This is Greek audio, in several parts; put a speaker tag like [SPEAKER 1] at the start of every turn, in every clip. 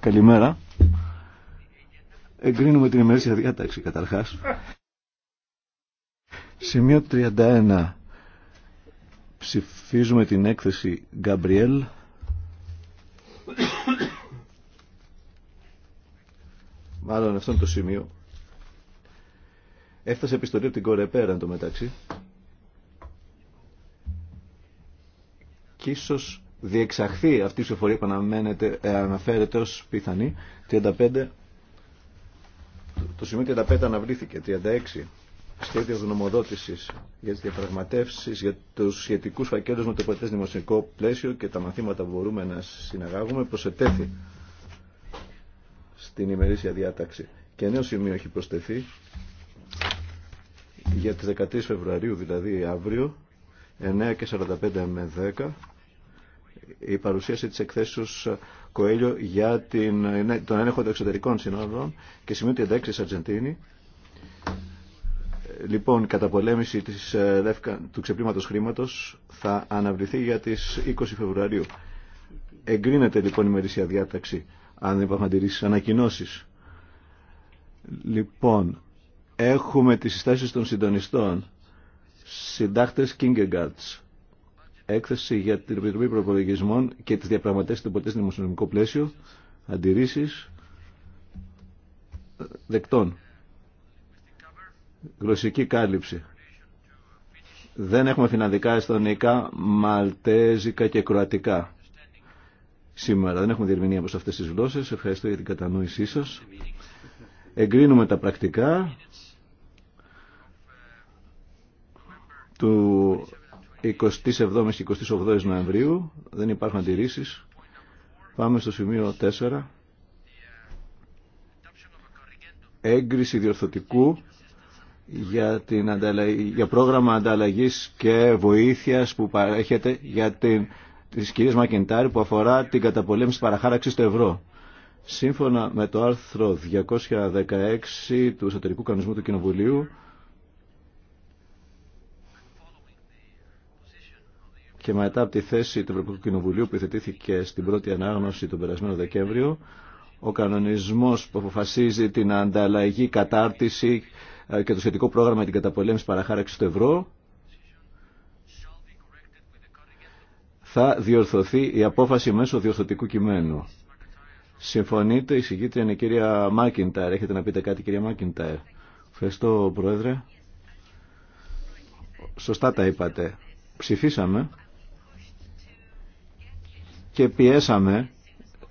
[SPEAKER 1] Καλημέρα. Εγκρίνουμε την ημερήσια διάταξη καταρχάς. Σημείο 31. Ψηφίζουμε την έκθεση Γκαμπριέλ. Μάλλον αυτό είναι το σημείο. Έφτασε επιστολή από την Κορεπέρα εν τω μεταξύ. και ίσως διεξαχθεί αυτή η ψηφοφορία που ε, αναφέρεται ως πιθανή 35 το σημείο 35 αναβλήθηκε 36 σχέδιο γνωμοδότηση για τι διαπραγματεύσει για του σχετικού φακέλου με το ποτέ δημοσιονομικό πλαίσιο και τα μαθήματα που μπορούμε να συναγάγουμε προσετέθη στην ημερήσια διάταξη. Και νέο σημείο έχει προσθεθεί για τις 13 Φεβρουαρίου, δηλαδή αύριο, 9 με 10 η παρουσίαση της εκθέσεως ε, Κοέλιο για την, ε, τον έλεγχο των εξωτερικών συνόδων και σημείο 36 Αργεντίνη. Ε, λοιπόν, η καταπολέμηση της, του ξεπλήματος χρήματος θα αναβληθεί για τις 20 Φεβρουαρίου. Εγκρίνεται λοιπόν η μερίσια διάταξη, αν δεν υπάρχουν αντιρρήσεις, Λοιπόν, έχουμε τις συστάσεις των συντονιστών. Συντάχτες Κίνγκεγκάρτς, έκθεση για την Επιτροπή Προπολογισμών και τι διαπραγματεύσει του ποτέ δημοσιονομικό πλαίσιο, αντιρρήσει δεκτών. Γλωσσική κάλυψη. Δεν έχουμε φιναδικά, εσθονικά, μαλτέζικα και κροατικά. Σήμερα δεν έχουμε διερμηνία από αυτές τις γλώσσε. Ευχαριστώ για την κατανόησή σας. Εγκρίνουμε τα πρακτικά του 27 και 28 Νοεμβρίου. Δεν υπάρχουν αντιρρήσει. Πάμε στο σημείο 4. Έγκριση διορθωτικού για, την ανταλλαγή, για πρόγραμμα ανταλλαγής και βοήθειας που παρέχεται για την, της κυρίας Μακεντάρη που αφορά την καταπολέμηση παραχάραξης του ευρώ. Σύμφωνα με το άρθρο 216 του εσωτερικού κανονισμού του Κοινοβουλίου, και μετά από τη θέση του Ευρωπαϊκού Κοινοβουλίου που υθετήθηκε στην πρώτη ανάγνωση τον περασμένο Δεκέμβριο, ο κανονισμός που αποφασίζει την ανταλλαγή, κατάρτιση ε, και το σχετικό πρόγραμμα για την καταπολέμηση παραχάραξης του ευρώ θα διορθωθεί η απόφαση μέσω διορθωτικού κειμένου. Συμφωνείτε, η είναι η κυρία Μάκινταρ. Έχετε να πείτε κάτι κυρία Μάκινταρ. Ευχαριστώ Πρόεδρε. Σωστά τα είπατε. Ψηφίσαμε και πιέσαμε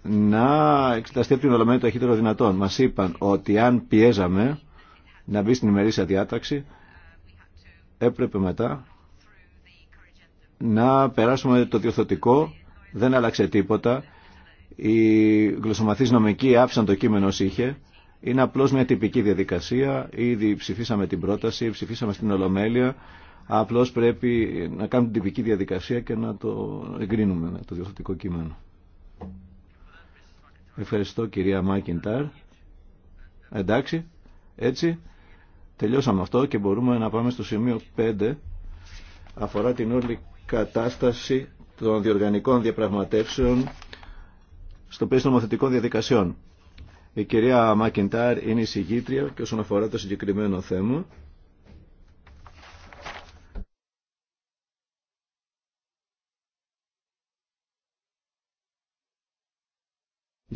[SPEAKER 1] να εξεταστεί από την Ολομέλεια το ταχύτερο δυνατόν. Μας είπαν ότι αν πιέζαμε να μπει στην ημερήσια διάταξη, έπρεπε μετά να περάσουμε το διορθωτικό, δεν άλλαξε τίποτα. Οι γλωσσομαθείς νομικοί άφησαν το κείμενο είχε. Είναι απλώς μια τυπική διαδικασία. Ήδη ψηφίσαμε την πρόταση, ψηφίσαμε στην Ολομέλεια. Απλώς πρέπει να κάνουμε την τυπική διαδικασία και να το εγκρίνουμε, το διορθωτικό κείμενο. Ευχαριστώ κυρία Μάκιντάρ. Εντάξει, έτσι. Τελειώσαμε αυτό και μπορούμε να πάμε στο σημείο 5. Αφορά την όλη κατάσταση των διοργανικών διαπραγματεύσεων στο πλαίσιο νομοθετικών διαδικασιών. Η κυρία Μακιντάρ είναι η συγγήτρια και όσον αφορά το συγκεκριμένο θέμα.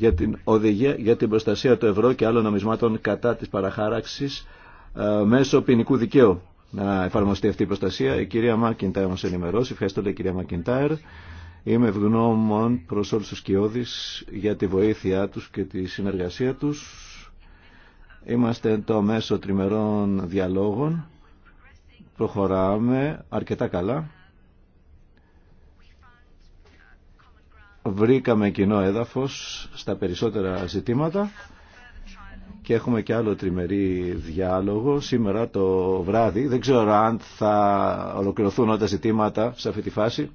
[SPEAKER 1] για την οδηγία για την προστασία του ευρώ και άλλων νομισμάτων κατά της παραχάραξης ε, μέσω ποινικού δικαίου να εφαρμοστεί αυτή η προστασία. Η κυρία Μάκιντάιρ μας ενημερώσει. Ευχαριστώ λέει, κυρία Μάκιντάιρ. Είμαι ευγνώμων προς όλους τους κοιόδης για τη βοήθειά τους και τη συνεργασία τους. Είμαστε το μέσο τριμερών διαλόγων. Προχωράμε αρκετά καλά. βρήκαμε κοινό έδαφος στα περισσότερα ζητήματα και έχουμε και άλλο τριμερή διάλογο σήμερα το βράδυ. Δεν ξέρω αν θα ολοκληρωθούν όλα τα ζητήματα σε αυτή τη φάση.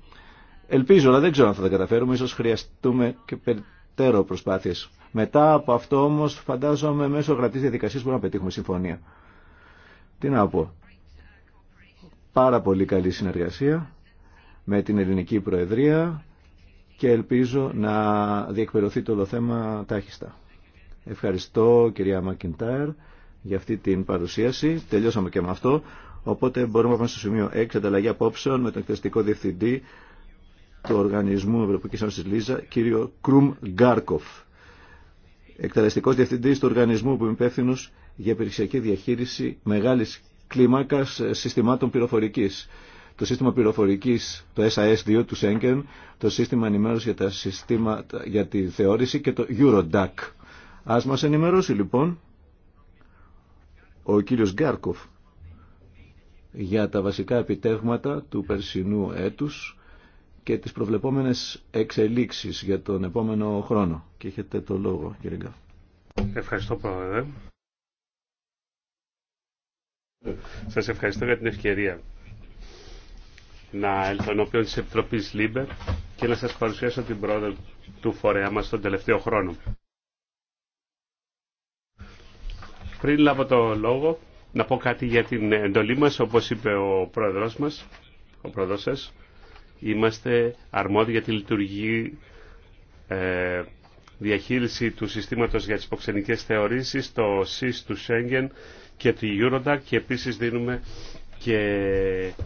[SPEAKER 1] Ελπίζω, αλλά δεν ξέρω αν θα τα καταφέρουμε. Ίσως χρειαστούμε και περιττέρω προσπάθειες. Μετά από αυτό όμως φαντάζομαι μέσω γραπτής διαδικασίας μπορούμε να πετύχουμε συμφωνία. Τι να πω. Πάρα πολύ καλή συνεργασία με την Ελληνική Προεδρία και ελπίζω να διεκπαιρωθεί το όλο θέμα τάχιστα. Ευχαριστώ κυρία Μακιντάρ για αυτή την παρουσίαση. Τελειώσαμε και με αυτό. Οπότε μπορούμε να πάμε στο σημείο 6, ανταλλαγή απόψεων με τον εκτελεστικό διευθυντή του Οργανισμού Ευρωπαϊκή Ένωση Λίζα, κύριο Κρουμ Γκάρκοφ. Εκτελεστικός διευθυντή του οργανισμού που είναι υπεύθυνο για υπηρεσιακή διαχείριση μεγάλη κλίμακα συστημάτων πληροφορική το σύστημα πληροφορικής, το SAS2 του Σέγγεν, το σύστημα ενημέρωση για για τη θεώρηση και το Eurodac. Ας μας ενημερώσει λοιπόν ο κύριος Γκάρκοφ για τα βασικά επιτεύγματα του περσινού έτους και τις προβλεπόμενες εξελίξεις για τον επόμενο χρόνο. Και έχετε το λόγο κύριε Γκάρκοφ.
[SPEAKER 2] Ευχαριστώ πρόεδρε. Σας ευχαριστώ για την ευκαιρία να έλθω ενώπιον της Επιτροπής Λίμπερ και να σα παρουσιάσω την πρόοδο του φορέα μα τον τελευταίο χρόνο. Πριν λάβω το λόγο, να πω κάτι για την εντολή μα, όπω είπε ο πρόεδρο μα, ο πρόεδρο σα. είμαστε αρμόδιοι για τη λειτουργή ε, διαχείριση του συστήματος για τις υποξενικές θεωρήσεις, το ΣΥΣ του Σέγγεν και του Eurodac και επίσης δίνουμε και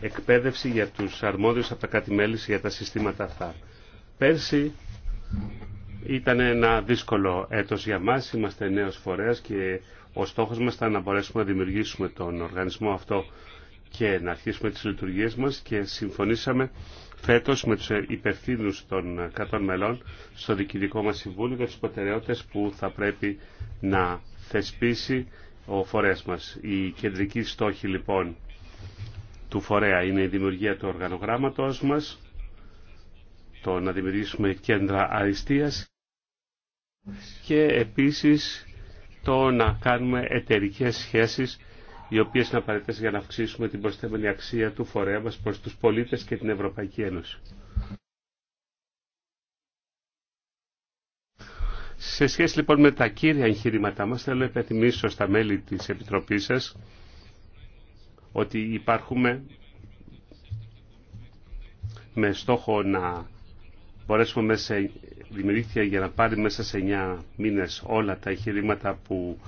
[SPEAKER 2] εκπαίδευση για τους αρμόδιους από τα κάτι για τα συστήματα αυτά. Πέρσι ήταν ένα δύσκολο έτος για μας, είμαστε νέος φορέας και ο στόχος μας ήταν να μπορέσουμε να δημιουργήσουμε τον οργανισμό αυτό και να αρχίσουμε τις λειτουργίες μας και συμφωνήσαμε φέτος με τους υπευθύνους των κρατών μελών στο Διοικητικό μας Συμβούλιο για τις προτεραιότητες που θα πρέπει να θεσπίσει ο φορέας μας. Η κεντρική στόχη λοιπόν του φορέα είναι η δημιουργία του οργανογράμματος μας, το να δημιουργήσουμε κέντρα αριστείας και επίσης το να κάνουμε εταιρικέ σχέσεις οι οποίες είναι απαραίτητες για να αυξήσουμε την προσθέμενη αξία του φορέα μας προς τους πολίτες και την Ευρωπαϊκή Ένωση. Σε σχέση λοιπόν με τα κύρια εγχειρήματά μας, θέλω να υπενθυμίσω στα μέλη της Επιτροπής σας ότι υπάρχουμε με στόχο να μπορέσουμε μέσα, δημιουργήθεια για να πάρει μέσα σε 9 μήνες όλα τα εγχειρήματα που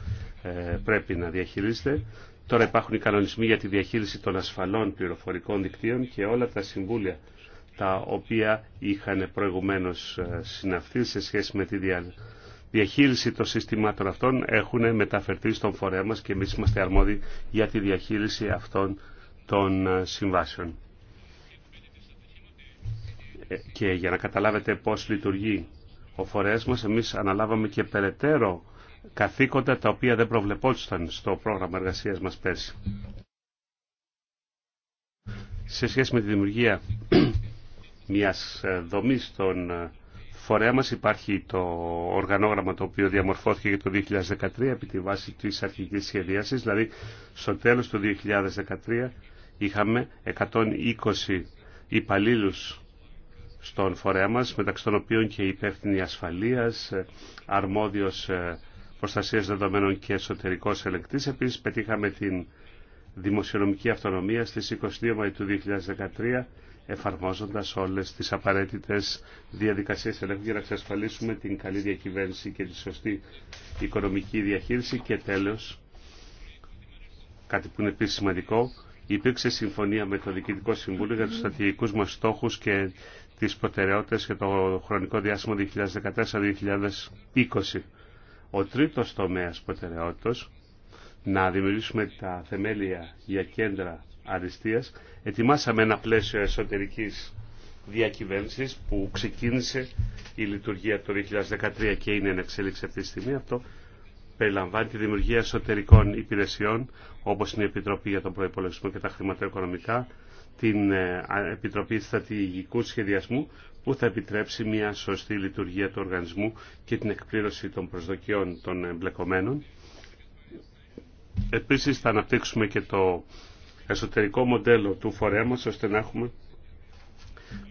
[SPEAKER 2] ε, πρέπει να διαχειρίζεται. Τώρα υπάρχουν οι κανονισμοί για τη διαχείριση των ασφαλών πληροφορικών δικτύων και όλα τα συμβούλια τα οποία είχαν προηγουμένως ε, συναυθεί σε σχέση με τη διαχείριση των συστημάτων αυτών έχουν μεταφερθεί στον φορέα μας και εμείς είμαστε αρμόδιοι για τη διαχείριση αυτών των ε, συμβάσεων. Ε, και για να καταλάβετε πώς λειτουργεί ο φορέας μας, εμείς αναλάβαμε και περαιτέρω καθήκοντα τα οποία δεν προβλεπόταν στο πρόγραμμα εργασίας μας πέρσι. Σε σχέση με τη δημιουργία μιας ε, δομής των φορέα μας υπάρχει το οργανόγραμμα το οποίο διαμορφώθηκε το 2013 επί τη βάση της αρχικής σχεδίασης, δηλαδή στο τέλος του 2013 είχαμε 120 υπαλλήλους στον φορέα μας, μεταξύ των οποίων και υπεύθυνη ασφαλείας, αρμόδιος ε, προστασίας δεδομένων και εσωτερικός ελεκτής. Επίσης πετύχαμε την δημοσιονομική αυτονομία στις 22 Μαΐου του 2013 εφαρμόζοντας όλες τις απαραίτητες διαδικασίες ελέγχου για να εξασφαλίσουμε την καλή διακυβέρνηση και τη σωστή οικονομική διαχείριση και τέλος, κάτι που είναι επίσης σημαντικό, υπήρξε συμφωνία με το Διοικητικό Συμβούλιο για τους στρατηγικούς μας στόχους και τις προτεραιότητες για το χρονικό διάστημα 2014-2020. Ο τρίτος τομέας προτεραιότητας να δημιουργήσουμε τα θεμέλια για κέντρα αριστείας, ετοιμάσαμε ένα πλαίσιο εσωτερικής διακυβέρνησης που ξεκίνησε η λειτουργία το 2013 και είναι εν εξέλιξη αυτή τη στιγμή. Αυτό περιλαμβάνει τη δημιουργία εσωτερικών υπηρεσιών όπως είναι η Επιτροπή για τον Προϋπολογισμό και τα Χρηματοοικονομικά, την ε, Επιτροπή Στατηγικού Σχεδιασμού που θα επιτρέψει μια σωστή λειτουργία του οργανισμού και την εκπλήρωση των προσδοκιών των εμπλεκομένων. Επίσης θα αναπτύξουμε και το εσωτερικό μοντέλο του φορέα ώστε να έχουμε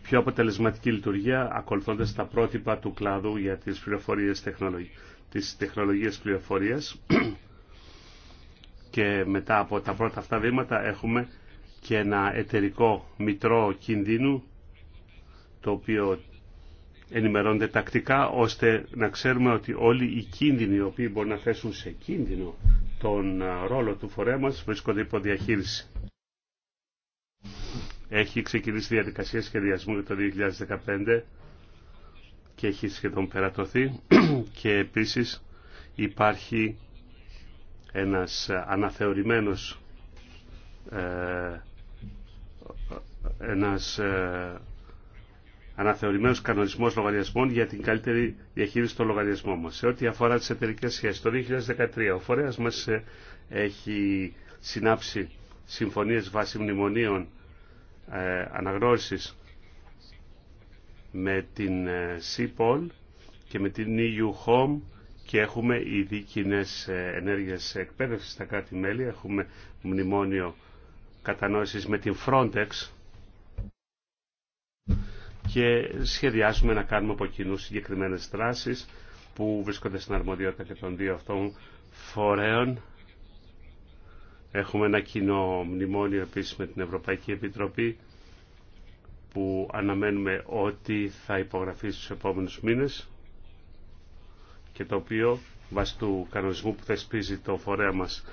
[SPEAKER 2] πιο αποτελεσματική λειτουργία, ακολουθώντας τα πρότυπα του κλάδου για τις, πληροφορίες τις τεχνολογίες πληροφορίας. και μετά από τα πρώτα αυτά βήματα έχουμε και ένα εταιρικό μητρό κινδύνου, το οποίο ενημερώνεται τακτικά ώστε να ξέρουμε ότι όλοι οι κίνδυνοι οι οποίοι μπορεί να θέσουν σε κίνδυνο τον ρόλο του φορέα μας βρίσκονται υπό διαχείριση. Έχει ξεκινήσει διαδικασία σχεδιασμού για το 2015 και έχει σχεδόν περατωθεί και επίσης υπάρχει ένας αναθεωρημένος ε, ένας ε, αναθεωρημένους κανονισμό λογαριασμών για την καλύτερη διαχείριση των λογαριασμών μας. Σε ό,τι αφορά τις εταιρικέ σχέσει, το 2013 ο φορέα μας ε, έχει συνάψει συμφωνίε βάσει μνημονίων ε, με την ε, ΣΥΠΟΛ και με την EU Home και έχουμε ήδη κοινέ ε, ενέργειες εκπαίδευση στα κράτη-μέλη. Έχουμε μνημόνιο κατανόηση με την Frontex και σχεδιάζουμε να κάνουμε από κοινού συγκεκριμένε δράσει που βρίσκονται στην αρμοδιότητα και των δύο αυτών φορέων. Έχουμε ένα κοινό μνημόνιο επίσης με την Ευρωπαϊκή Επιτροπή που αναμένουμε ότι θα υπογραφεί στους επόμενους μήνες και το οποίο βάσει του κανονισμού που θεσπίζει το φορέα μας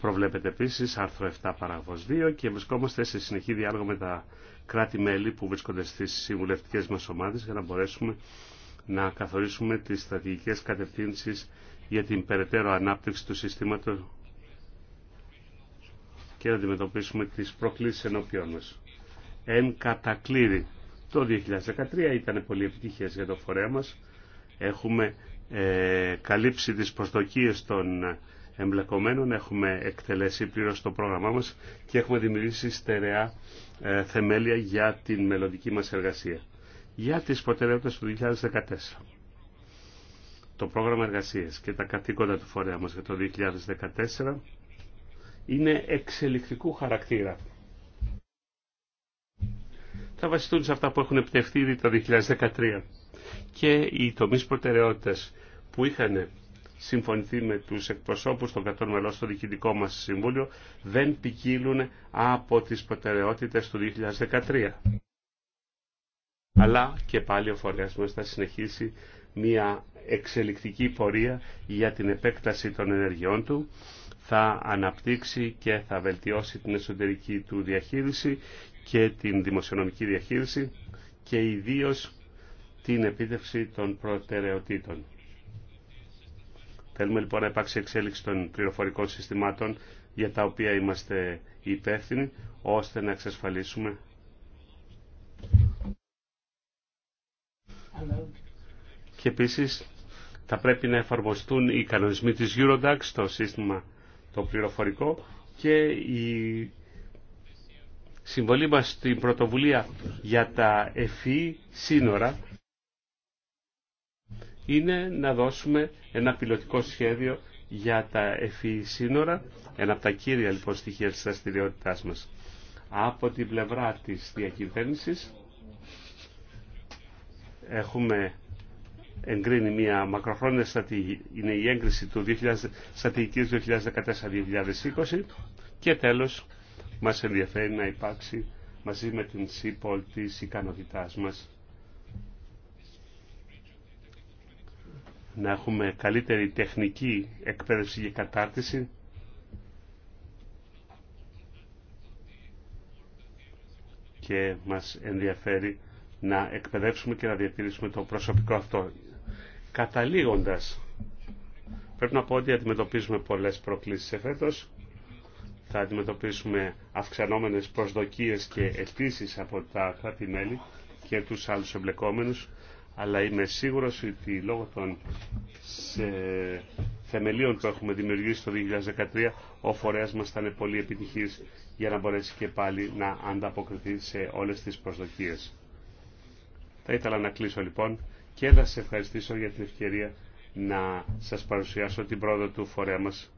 [SPEAKER 2] προβλέπεται επίσης άρθρο 7 παράγωγος 2 και βρισκόμαστε σε συνεχή διάλογο με τα κράτη-μέλη που βρίσκονται στις συμβουλευτικές μας ομάδες για να μπορέσουμε να καθορίσουμε τις στρατηγικές κατευθύνσεις για την περαιτέρω ανάπτυξη του συστήματος και να αντιμετωπίσουμε τις προκλήσεις ενώπιών μας. Εν κατακλείδη, το 2013 ήταν πολύ επιτυχές για το φορέα μας. Έχουμε ε, καλύψει τις προσδοκίες των εμπλεκομένων, έχουμε εκτελέσει πλήρως το πρόγραμμά μας και έχουμε δημιουργήσει στερεά ε, θεμέλια για την μελλοντική μας εργασία. Για τις προτεραιότητες του 2014. Το πρόγραμμα εργασίας και τα καθήκοντα του φορέα μας για το 2014 είναι εξελικτικού χαρακτήρα. Θα βασιστούν σε αυτά που έχουν επιτευχθεί ήδη το 2013 και οι τομείς προτεραιότητες που είχαν συμφωνηθεί με τους εκπροσώπους των κρατών μελών στο διοικητικό μας συμβούλιο δεν ποικίλουν από τις προτεραιότητες του 2013. Αλλά και πάλι ο φορέας μας θα συνεχίσει μια εξελικτική πορεία για την επέκταση των ενεργειών του, θα αναπτύξει και θα βελτιώσει την εσωτερική του διαχείριση και την δημοσιονομική διαχείριση και ιδίως την επίτευξη των προτεραιοτήτων. Θέλουμε λοιπόν να υπάρξει εξέλιξη των πληροφορικών συστημάτων για τα οποία είμαστε υπεύθυνοι, ώστε να εξασφαλίσουμε και επίσης θα πρέπει να εφαρμοστούν οι κανονισμοί της Eurodax στο σύστημα το πληροφορικό και η συμβολή μας στην πρωτοβουλία για τα ΕΦΗ e, σύνορα είναι να δώσουμε ένα πιλωτικό σχέδιο για τα ευφυή σύνορα, ένα από τα κύρια λοιπόν στοιχεία της δραστηριότητά μας. Από την πλευρά της διακυβέρνησης έχουμε εγκρίνει μια μακροχρόνια στρατηγική, είναι η έγκριση του 2000, στρατηγικής 2014-2020 και τέλος μας ενδιαφέρει να υπάρξει μαζί με την ΣΥΠΟΛ της ικανότητάς μας να έχουμε καλύτερη τεχνική εκπαίδευση και κατάρτιση. Και μας ενδιαφέρει να εκπαιδεύσουμε και να διατηρήσουμε το προσωπικό αυτό. Καταλήγοντας, πρέπει να πω ότι αντιμετωπίζουμε πολλές προκλήσεις εφέτος. Θα αντιμετωπίσουμε αυξανόμενες προσδοκίες και αιτήσει από τα κράτη-μέλη και τους άλλους εμπλεκόμενους αλλά είμαι σίγουρος ότι λόγω των σε θεμελίων που έχουμε δημιουργήσει το 2013, ο φορέας μας θα είναι πολύ επιτυχής για να μπορέσει και πάλι να ανταποκριθεί σε όλες τις προσδοκίες. Θα ήθελα να κλείσω λοιπόν και να σας ευχαριστήσω για την ευκαιρία να σας παρουσιάσω την πρόοδο του φορέα μας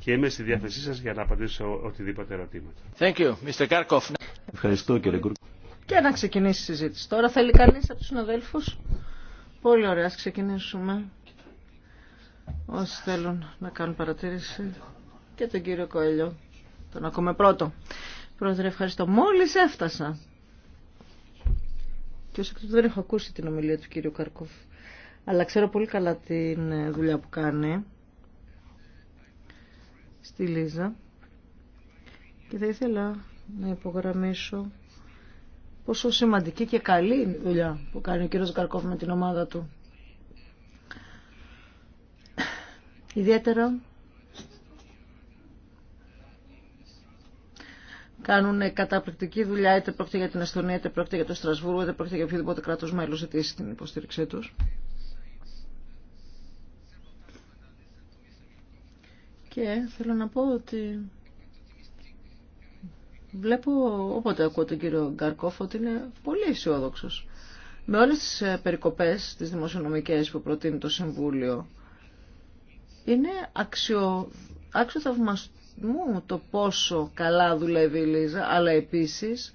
[SPEAKER 2] και είμαι στη διάθεσή σας για να απαντήσω οτιδήποτε ερωτήματα.
[SPEAKER 1] Thank you, Mr. Ευχαριστώ κύριε
[SPEAKER 3] και να ξεκινήσει η συζήτηση. Τώρα θέλει κανεί από τους συναδέλφου. Πολύ ωραία, ας ξεκινήσουμε. Όσοι θέλουν να κάνουν παρατήρηση. Και τον κύριο Κοέλιο. Τον ακόμα πρώτο. Πρόεδρε, ευχαριστώ. Μόλις έφτασα. Και ω εκ τούτου δεν έχω ακούσει την ομιλία του κύριου Καρκόφ. Αλλά ξέρω πολύ καλά την ε, δουλειά που κάνει. Στη Λίζα. Και θα ήθελα να υπογραμμίσω πόσο σημαντική και καλή είναι η δουλειά που κάνει ο κύριος Γκαρκόφ με την ομάδα του. Ιδιαίτερα κάνουν καταπληκτική δουλειά, είτε πρόκειται για την Εστονία, είτε πρόκειται για το Στρασβούργο, είτε πρόκειται για οποιοδήποτε κράτος μέλος ζητήσει την υποστήριξή τους. Και θέλω να πω ότι βλέπω όποτε ακούω τον κύριο Γκαρκόφ ότι είναι πολύ αισιόδοξο. Με όλες τις ε, περικοπές, τις δημοσιονομικές που προτείνει το Συμβούλιο, είναι αξιο, άξιο θαυμασμού το πόσο καλά δουλεύει η Λίζα, αλλά επίσης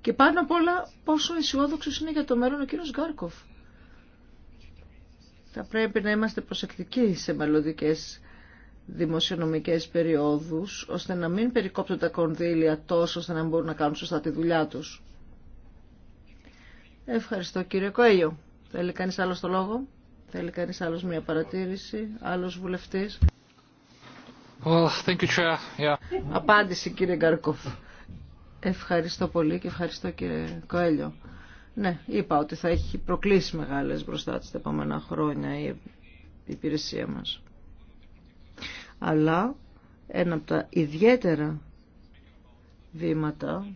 [SPEAKER 3] και πάνω απ' όλα πόσο αισιόδοξο είναι για το μέλλον ο κύριος Γκάρκοφ. Θα πρέπει να είμαστε προσεκτικοί σε μελλοντικέ δημοσιονομικές περιόδους, ώστε να μην περικόπτουν τα κονδύλια τόσο, ώστε να μπορούν να κάνουν σωστά τη δουλειά τους. Ευχαριστώ κύριε Κοέλιο. Θέλει κανείς άλλο το λόγο. Θέλει κανείς άλλος μια παρατήρηση, άλλος βουλευτής.
[SPEAKER 4] Well, Yeah. Απάντηση
[SPEAKER 3] κύριε Γκαρκόφ. Ευχαριστώ πολύ και ευχαριστώ κύριε Κοέλιο. Ναι, είπα ότι θα έχει προκλήσει μεγάλες μπροστά τα επόμενα χρόνια η υπηρεσία μας αλλά ένα από τα ιδιαίτερα βήματα,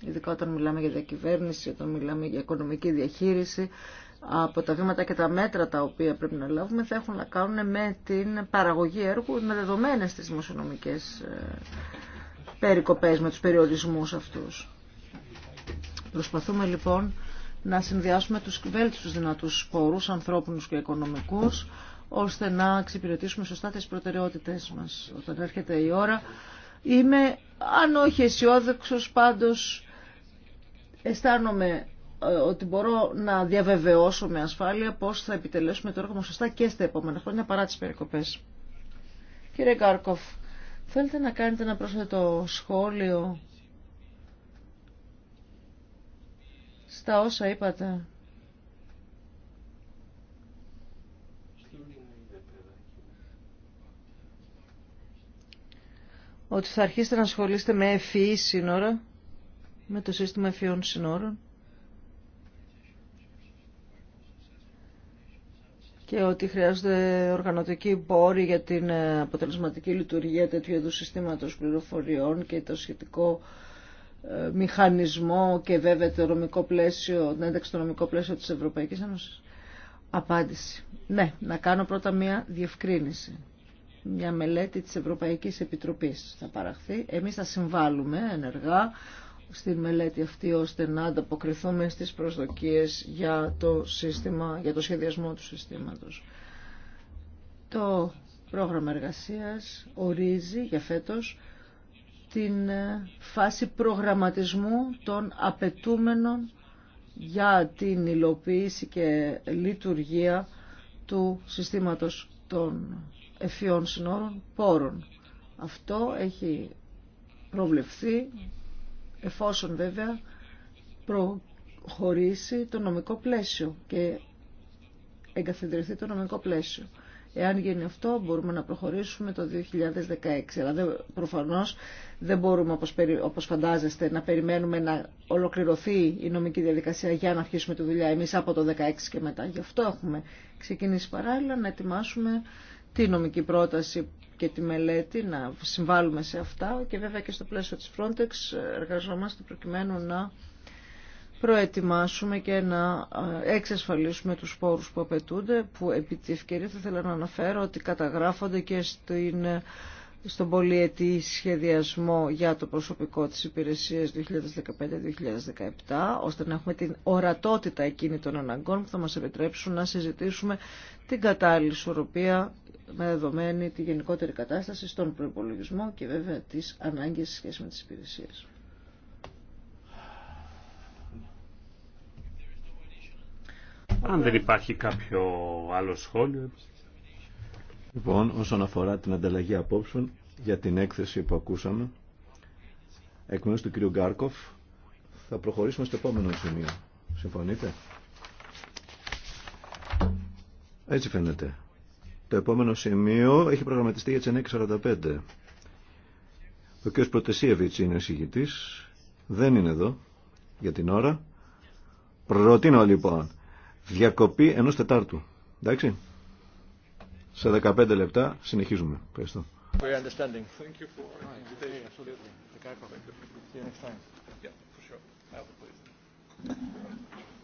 [SPEAKER 3] ειδικά όταν μιλάμε για διακυβέρνηση, όταν μιλάμε για οικονομική διαχείριση, από τα βήματα και τα μέτρα τα οποία πρέπει να λάβουμε θα έχουν να κάνουν με την παραγωγή έργου με δεδομένες τις δημοσιονομικές ε, περικοπές, με τους περιορισμούς αυτούς. Προσπαθούμε λοιπόν να συνδυάσουμε τους βέλτιστους δυνατούς σπόρους, ανθρώπινους και οικονομικούς, ώστε να εξυπηρετήσουμε σωστά τις προτεραιότητες μας όταν έρχεται η ώρα. Είμαι, αν όχι αισιόδοξο πάντως αισθάνομαι ε, ότι μπορώ να διαβεβαιώσω με ασφάλεια πώς θα επιτελέσουμε το έργο μας σωστά και στα επόμενα χρόνια παρά τις περικοπές. Κύριε Γκάρκοφ, θέλετε να κάνετε ένα πρόσθετο σχόλιο στα όσα είπατε. ότι θα αρχίσετε να ασχολείστε με FEE σύνορα, με το σύστημα εφιών e σύνορων και ότι χρειάζονται οργανωτικοί πόροι για την ε, αποτελεσματική λειτουργία τέτοιου είδους συστήματος πληροφοριών και το σχετικό ε, μηχανισμό και βέβαια το νομικό πλαίσιο, την ένταξη στο νομικό πλαίσιο της Ευρωπαϊκής Ένωσης. Απάντηση. Ναι, να κάνω πρώτα μία διευκρίνηση μια μελέτη της Ευρωπαϊκής Επιτροπής θα παραχθεί. Εμείς θα συμβάλλουμε ενεργά στην μελέτη αυτή ώστε να ανταποκριθούμε στις προσδοκίες για το, σύστημα, για το σχεδιασμό του συστήματος. Το πρόγραμμα εργασίας ορίζει για φέτος την φάση προγραμματισμού των απαιτούμενων για την υλοποίηση και λειτουργία του συστήματος των ευφυών συνόρων πόρων. Αυτό έχει προβλεφθεί εφόσον βέβαια προχωρήσει το νομικό πλαίσιο και εγκαθιδρυθεί το νομικό πλαίσιο. Εάν γίνει αυτό μπορούμε να προχωρήσουμε το 2016. Αλλά δεν, προφανώς δεν μπορούμε όπως, όπως φαντάζεστε να περιμένουμε να ολοκληρωθεί η νομική διαδικασία για να αρχίσουμε τη δουλειά εμείς από το 2016 και μετά. Γι' αυτό έχουμε ξεκινήσει παράλληλα να ετοιμάσουμε τη νομική πρόταση και τη μελέτη, να συμβάλλουμε σε αυτά και βέβαια και στο πλαίσιο της Frontex εργαζόμαστε προκειμένου να προετοιμάσουμε και να ε, εξασφαλίσουμε τους πόρους που απαιτούνται, που επί τη ευκαιρία θα ήθελα να αναφέρω ότι καταγράφονται και στην ε, στον πολιετή σχεδιασμό για το προσωπικό της υπηρεσίας 2015-2017, ώστε να έχουμε την ορατότητα εκείνη των αναγκών που θα μας επιτρέψουν να συζητήσουμε την κατάλληλη ισορροπία με δεδομένη τη γενικότερη κατάσταση στον προϋπολογισμό και βέβαια τις ανάγκες σχέση με τις υπηρεσίες.
[SPEAKER 5] Αν δεν
[SPEAKER 2] υπάρχει κάποιο άλλο σχόλιο,
[SPEAKER 1] Λοιπόν, όσον αφορά την ανταλλαγή απόψεων για την έκθεση που ακούσαμε, εκ μέρους του κ. Γκάρκοφ, θα προχωρήσουμε στο επόμενο σημείο. Συμφωνείτε? Έτσι φαίνεται. Το επόμενο σημείο έχει προγραμματιστεί για τις 9.45. Ο κ. Προτεσίεβιτς είναι ο εισηγητής. Δεν είναι εδώ για την ώρα. Προτείνω λοιπόν διακοπή ενός τετάρτου. Εντάξει. Σε 15 λεπτά συνεχίζουμε. Ευχαριστώ.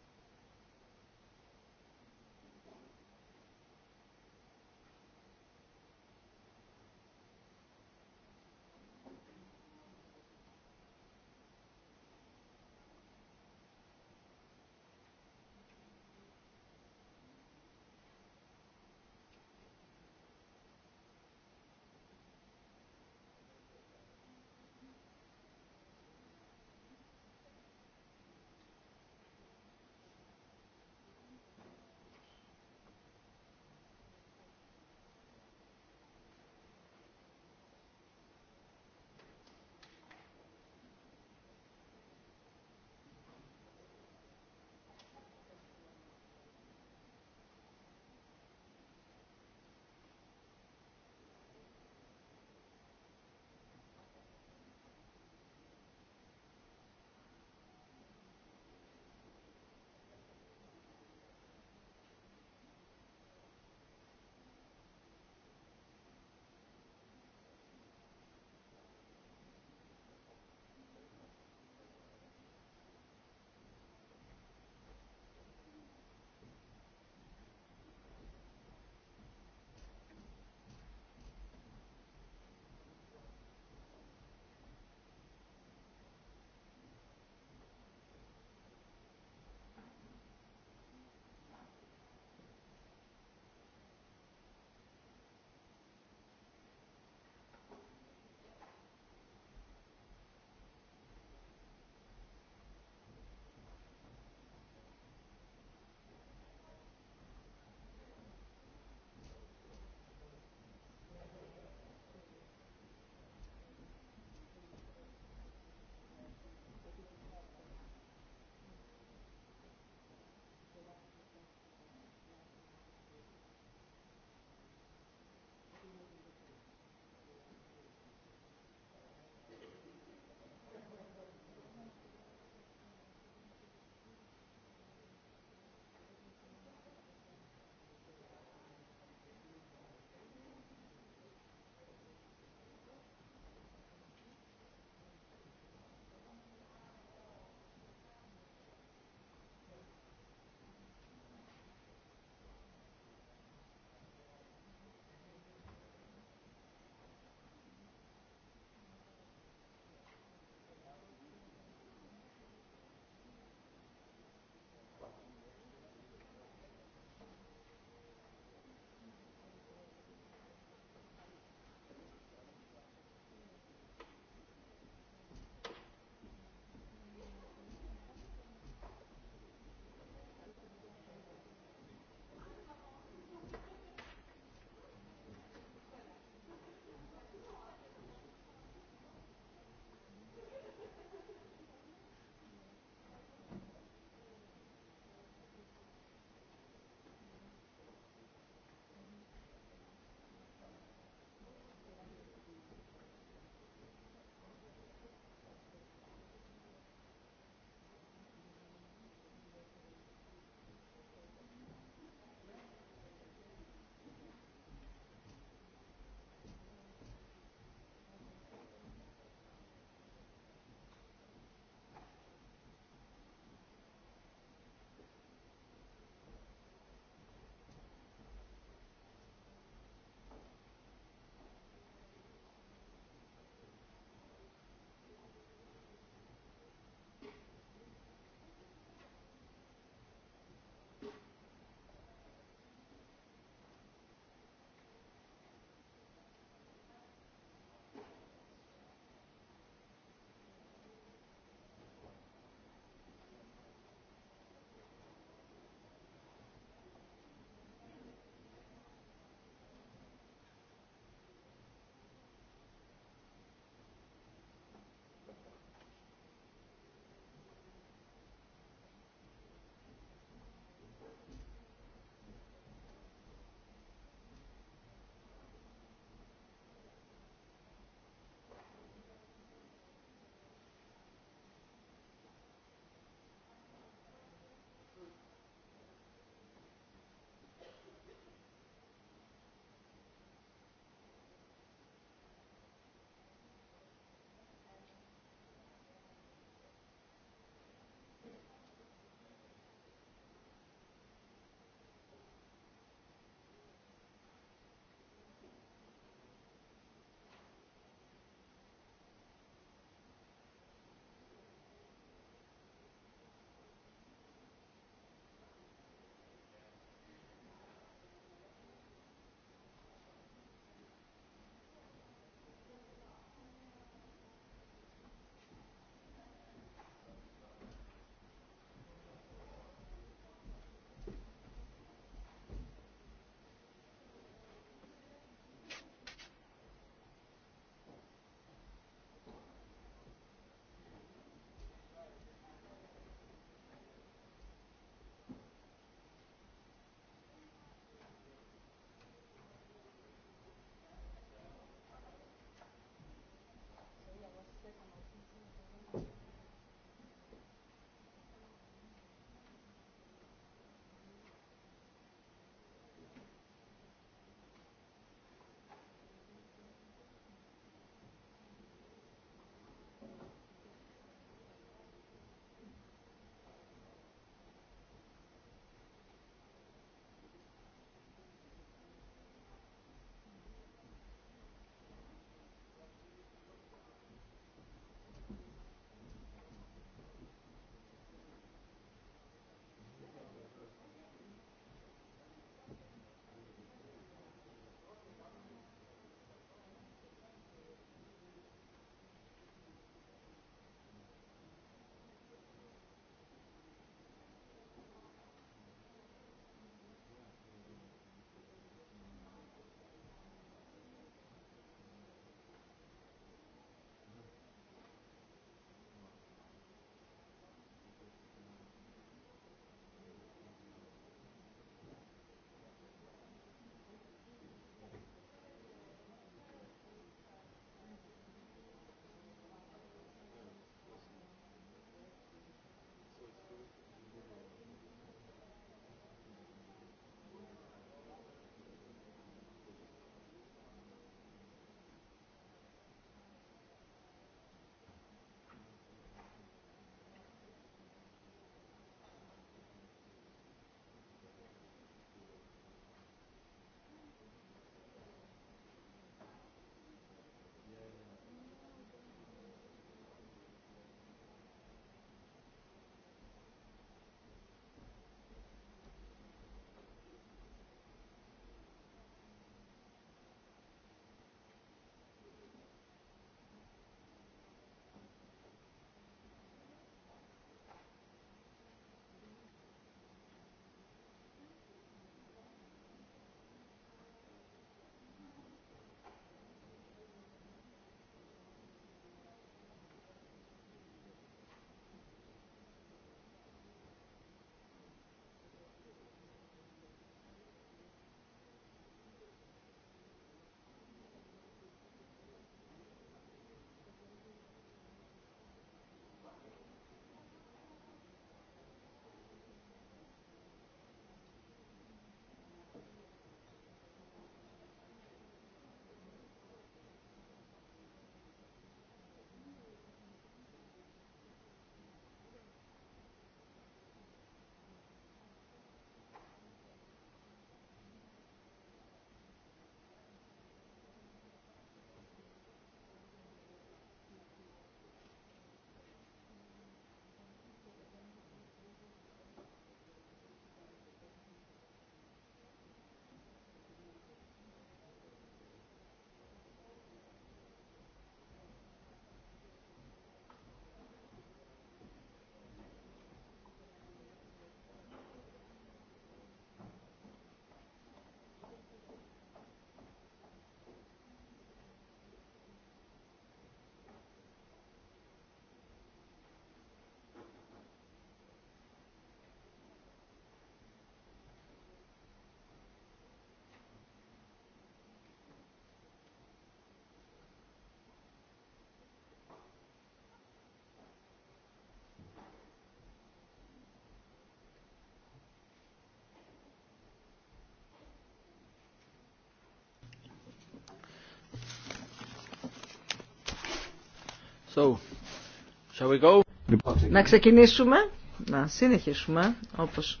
[SPEAKER 3] shall λοιπόν, Να ξεκινήσουμε, να συνεχίσουμε όπως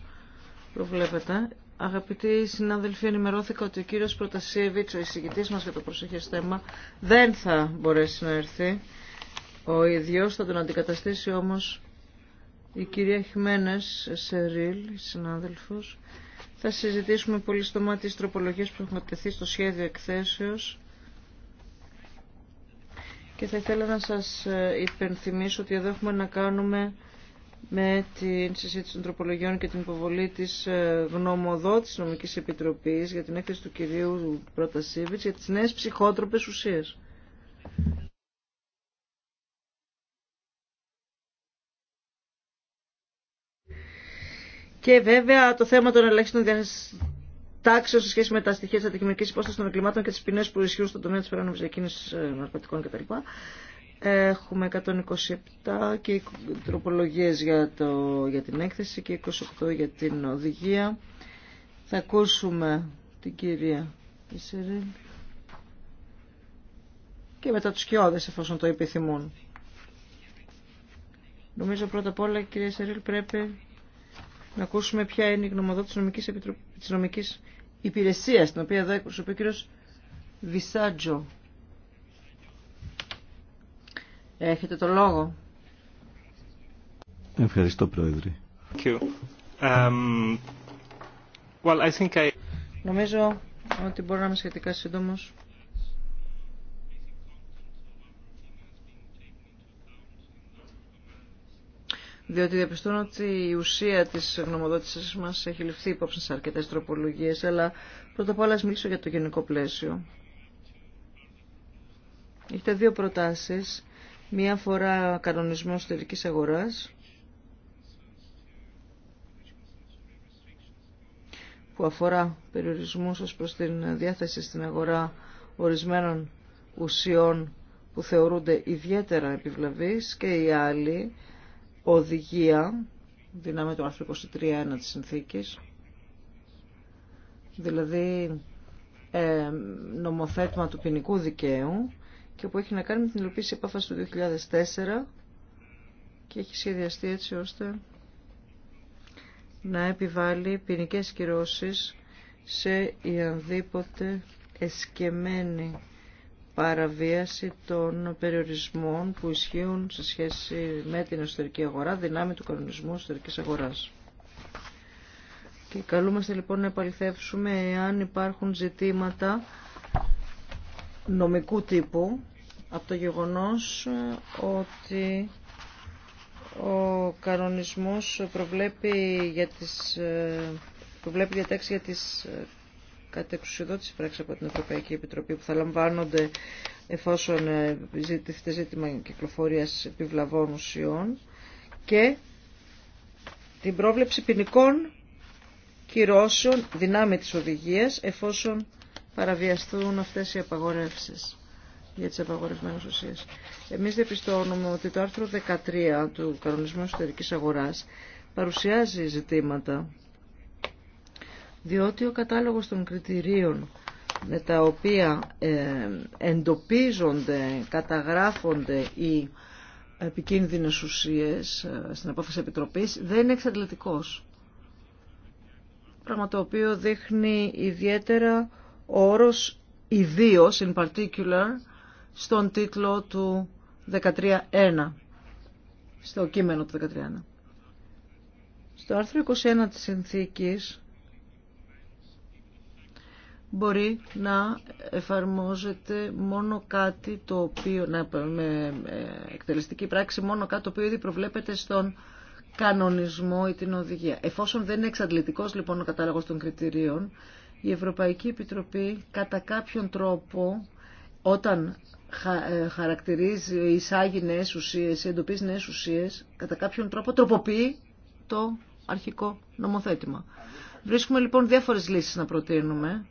[SPEAKER 3] προβλέπετε. Αγαπητοί συνάδελφοι, ενημερώθηκα ότι ο κύριος Προτασίεβιτς, ο εισηγητής μας για το προσεχές θέμα, δεν θα μπορέσει να έρθει. Ο ίδιος θα τον αντικαταστήσει όμως η κυρία Χιμένες Σερίλ, συνάδελφος. Θα συζητήσουμε πολύ μάτι τις τροπολογίες που έχουν τεθεί στο σχέδιο εκθέσεως και θα ήθελα να σας ε, υπενθυμίσω ότι εδώ έχουμε να κάνουμε με την συζήτηση των τροπολογιών και την υποβολή της ε, γνωμοδότης νομικής επιτροπής για την έκθεση του κυρίου Πρωτασίβιτς για τις νέες ψυχότροπες ουσίες. Και βέβαια το θέμα των ελέγχων των τάξεω σε σχέση με τα στοιχεία τη αντικειμενική υπόσταση των εγκλημάτων και τι ποινέ που ισχύουν στον τομέα τη παράνομη διακίνηση ε, ναρκωτικών κτλ. Έχουμε 127 και τροπολογίε για, για την έκθεση και 28 για την οδηγία. Θα ακούσουμε την κυρία Ισερή και μετά τους κοιόδες εφόσον το επιθυμούν. Νομίζω πρώτα απ' όλα κυρία Σερίλ πρέπει να ακούσουμε ποια είναι η γνωμοδότηση της νομικής, επιτρο... της νομικής υπηρεσίας, την οποία εδώ εκπροσωπεί ο κύριος Βισάτζο. Έχετε το λόγο.
[SPEAKER 1] Ευχαριστώ, Πρόεδρε. Um,
[SPEAKER 4] well, I think I...
[SPEAKER 3] Νομίζω ότι μπορώ να είμαι σχετικά σύντομος. διότι διαπιστώνω ότι η ουσία τη γνωμοδότησή μα έχει ληφθεί υπόψη σε αρκετέ τροπολογίε, αλλά πρώτα απ' όλα ας μιλήσω για το γενικό πλαίσιο. Έχετε δύο προτάσει: Μία αφορά κανονισμό εσωτερική αγορά, που αφορά περιορισμούς ως προς την διάθεση στην αγορά ορισμένων ουσιών που θεωρούνται ιδιαίτερα επιβλαβείς και οι άλλοι οδηγία δυνάμει του άρθρου 23.1 της συνθήκης δηλαδή ε, νομοθέτημα του ποινικού δικαίου και που έχει να κάνει με την υλοποίηση επάφαση του 2004 και έχει σχεδιαστεί έτσι ώστε να επιβάλλει ποινικές κυρώσεις σε ιανδήποτε εσκεμμένη παραβίαση των περιορισμών που ισχύουν σε σχέση με την εσωτερική αγορά, δυνάμει του κανονισμού εσωτερικής αγοράς. Και καλούμαστε λοιπόν να επαληθεύσουμε εάν υπάρχουν ζητήματα νομικού τύπου από το γεγονός ότι ο κανονισμός προβλέπει για τις προβλέπει για τις εξουσιοδότηση πράξη από την Ευρωπαϊκή Επιτροπή που θα λαμβάνονται εφόσον ε, ζητείται ζήτημα κυκλοφορίας επιβλαβών ουσιών και την πρόβλεψη ποινικών κυρώσεων δυνάμει της οδηγίας εφόσον παραβιαστούν αυτές οι απαγορεύσεις για τις απαγορευμένες ουσίες. Εμείς διαπιστώνουμε ότι το άρθρο 13 του Κανονισμού Εσωτερικής Αγοράς παρουσιάζει ζητήματα διότι ο κατάλογος των κριτηρίων με τα οποία ε, εντοπίζονται, καταγράφονται οι επικίνδυνες ουσίες ε, στην απόφαση επιτροπής δεν είναι εξαντλητικός. Πράγμα το οποίο δείχνει ιδιαίτερα ο όρος ιδίω in particular στον τίτλο του 13.1 στο κείμενο του 13.1 στο άρθρο 21 της συνθήκης μπορεί να εφαρμόζεται μόνο κάτι το οποίο, να, με εκτελεστική πράξη, μόνο κάτι το οποίο ήδη προβλέπεται στον κανονισμό ή την οδηγία. Εφόσον δεν είναι εξαντλητικός λοιπόν ο κατάλογος των κριτηρίων, η Ευρωπαϊκή Επιτροπή κατά κάποιον τρόπο όταν ε, χαρακτηρίζει, εισάγει νέες ουσίες, εντοπίζει νέες ουσίες, κατά κάποιον τρόπο τροποποιεί το αρχικό νομοθέτημα. Βρίσκουμε λοιπόν διάφορες λύσεις να προτείνουμε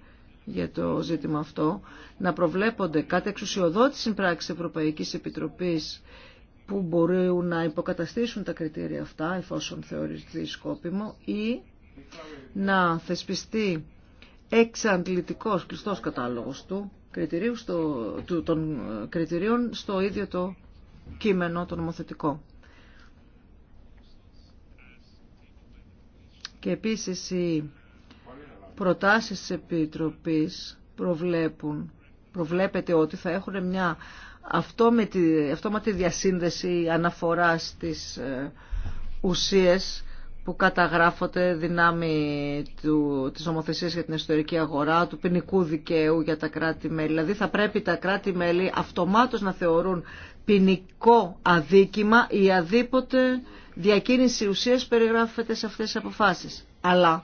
[SPEAKER 3] για το ζήτημα αυτό, να προβλέπονται κάτι εξουσιοδότης συμπράξης Ευρωπαϊκής Επιτροπής που μπορούν να υποκαταστήσουν τα κριτήρια αυτά, εφόσον θεωρηθεί σκόπιμο, ή να θεσπιστεί εξαντλητικός κλειστός κατάλογος του, κριτηρίου στο, του, των ε, κριτηρίων στο ίδιο το κείμενο, το νομοθετικό. Και επίσης η προτάσεις της Επιτροπής προβλέπουν, προβλέπεται ότι θα έχουν μια αυτόματη, διασύνδεση αναφορά στις ε, ουσίες που καταγράφονται δυνάμει του, της νομοθεσίας για την ιστορική αγορά, του ποινικού δικαίου για τα κράτη-μέλη. Δηλαδή θα πρέπει τα κράτη-μέλη αυτομάτως να θεωρούν ποινικό αδίκημα ή αδίποτε διακίνηση ουσίας περιγράφεται σε αυτές τις αποφάσεις. Αλλά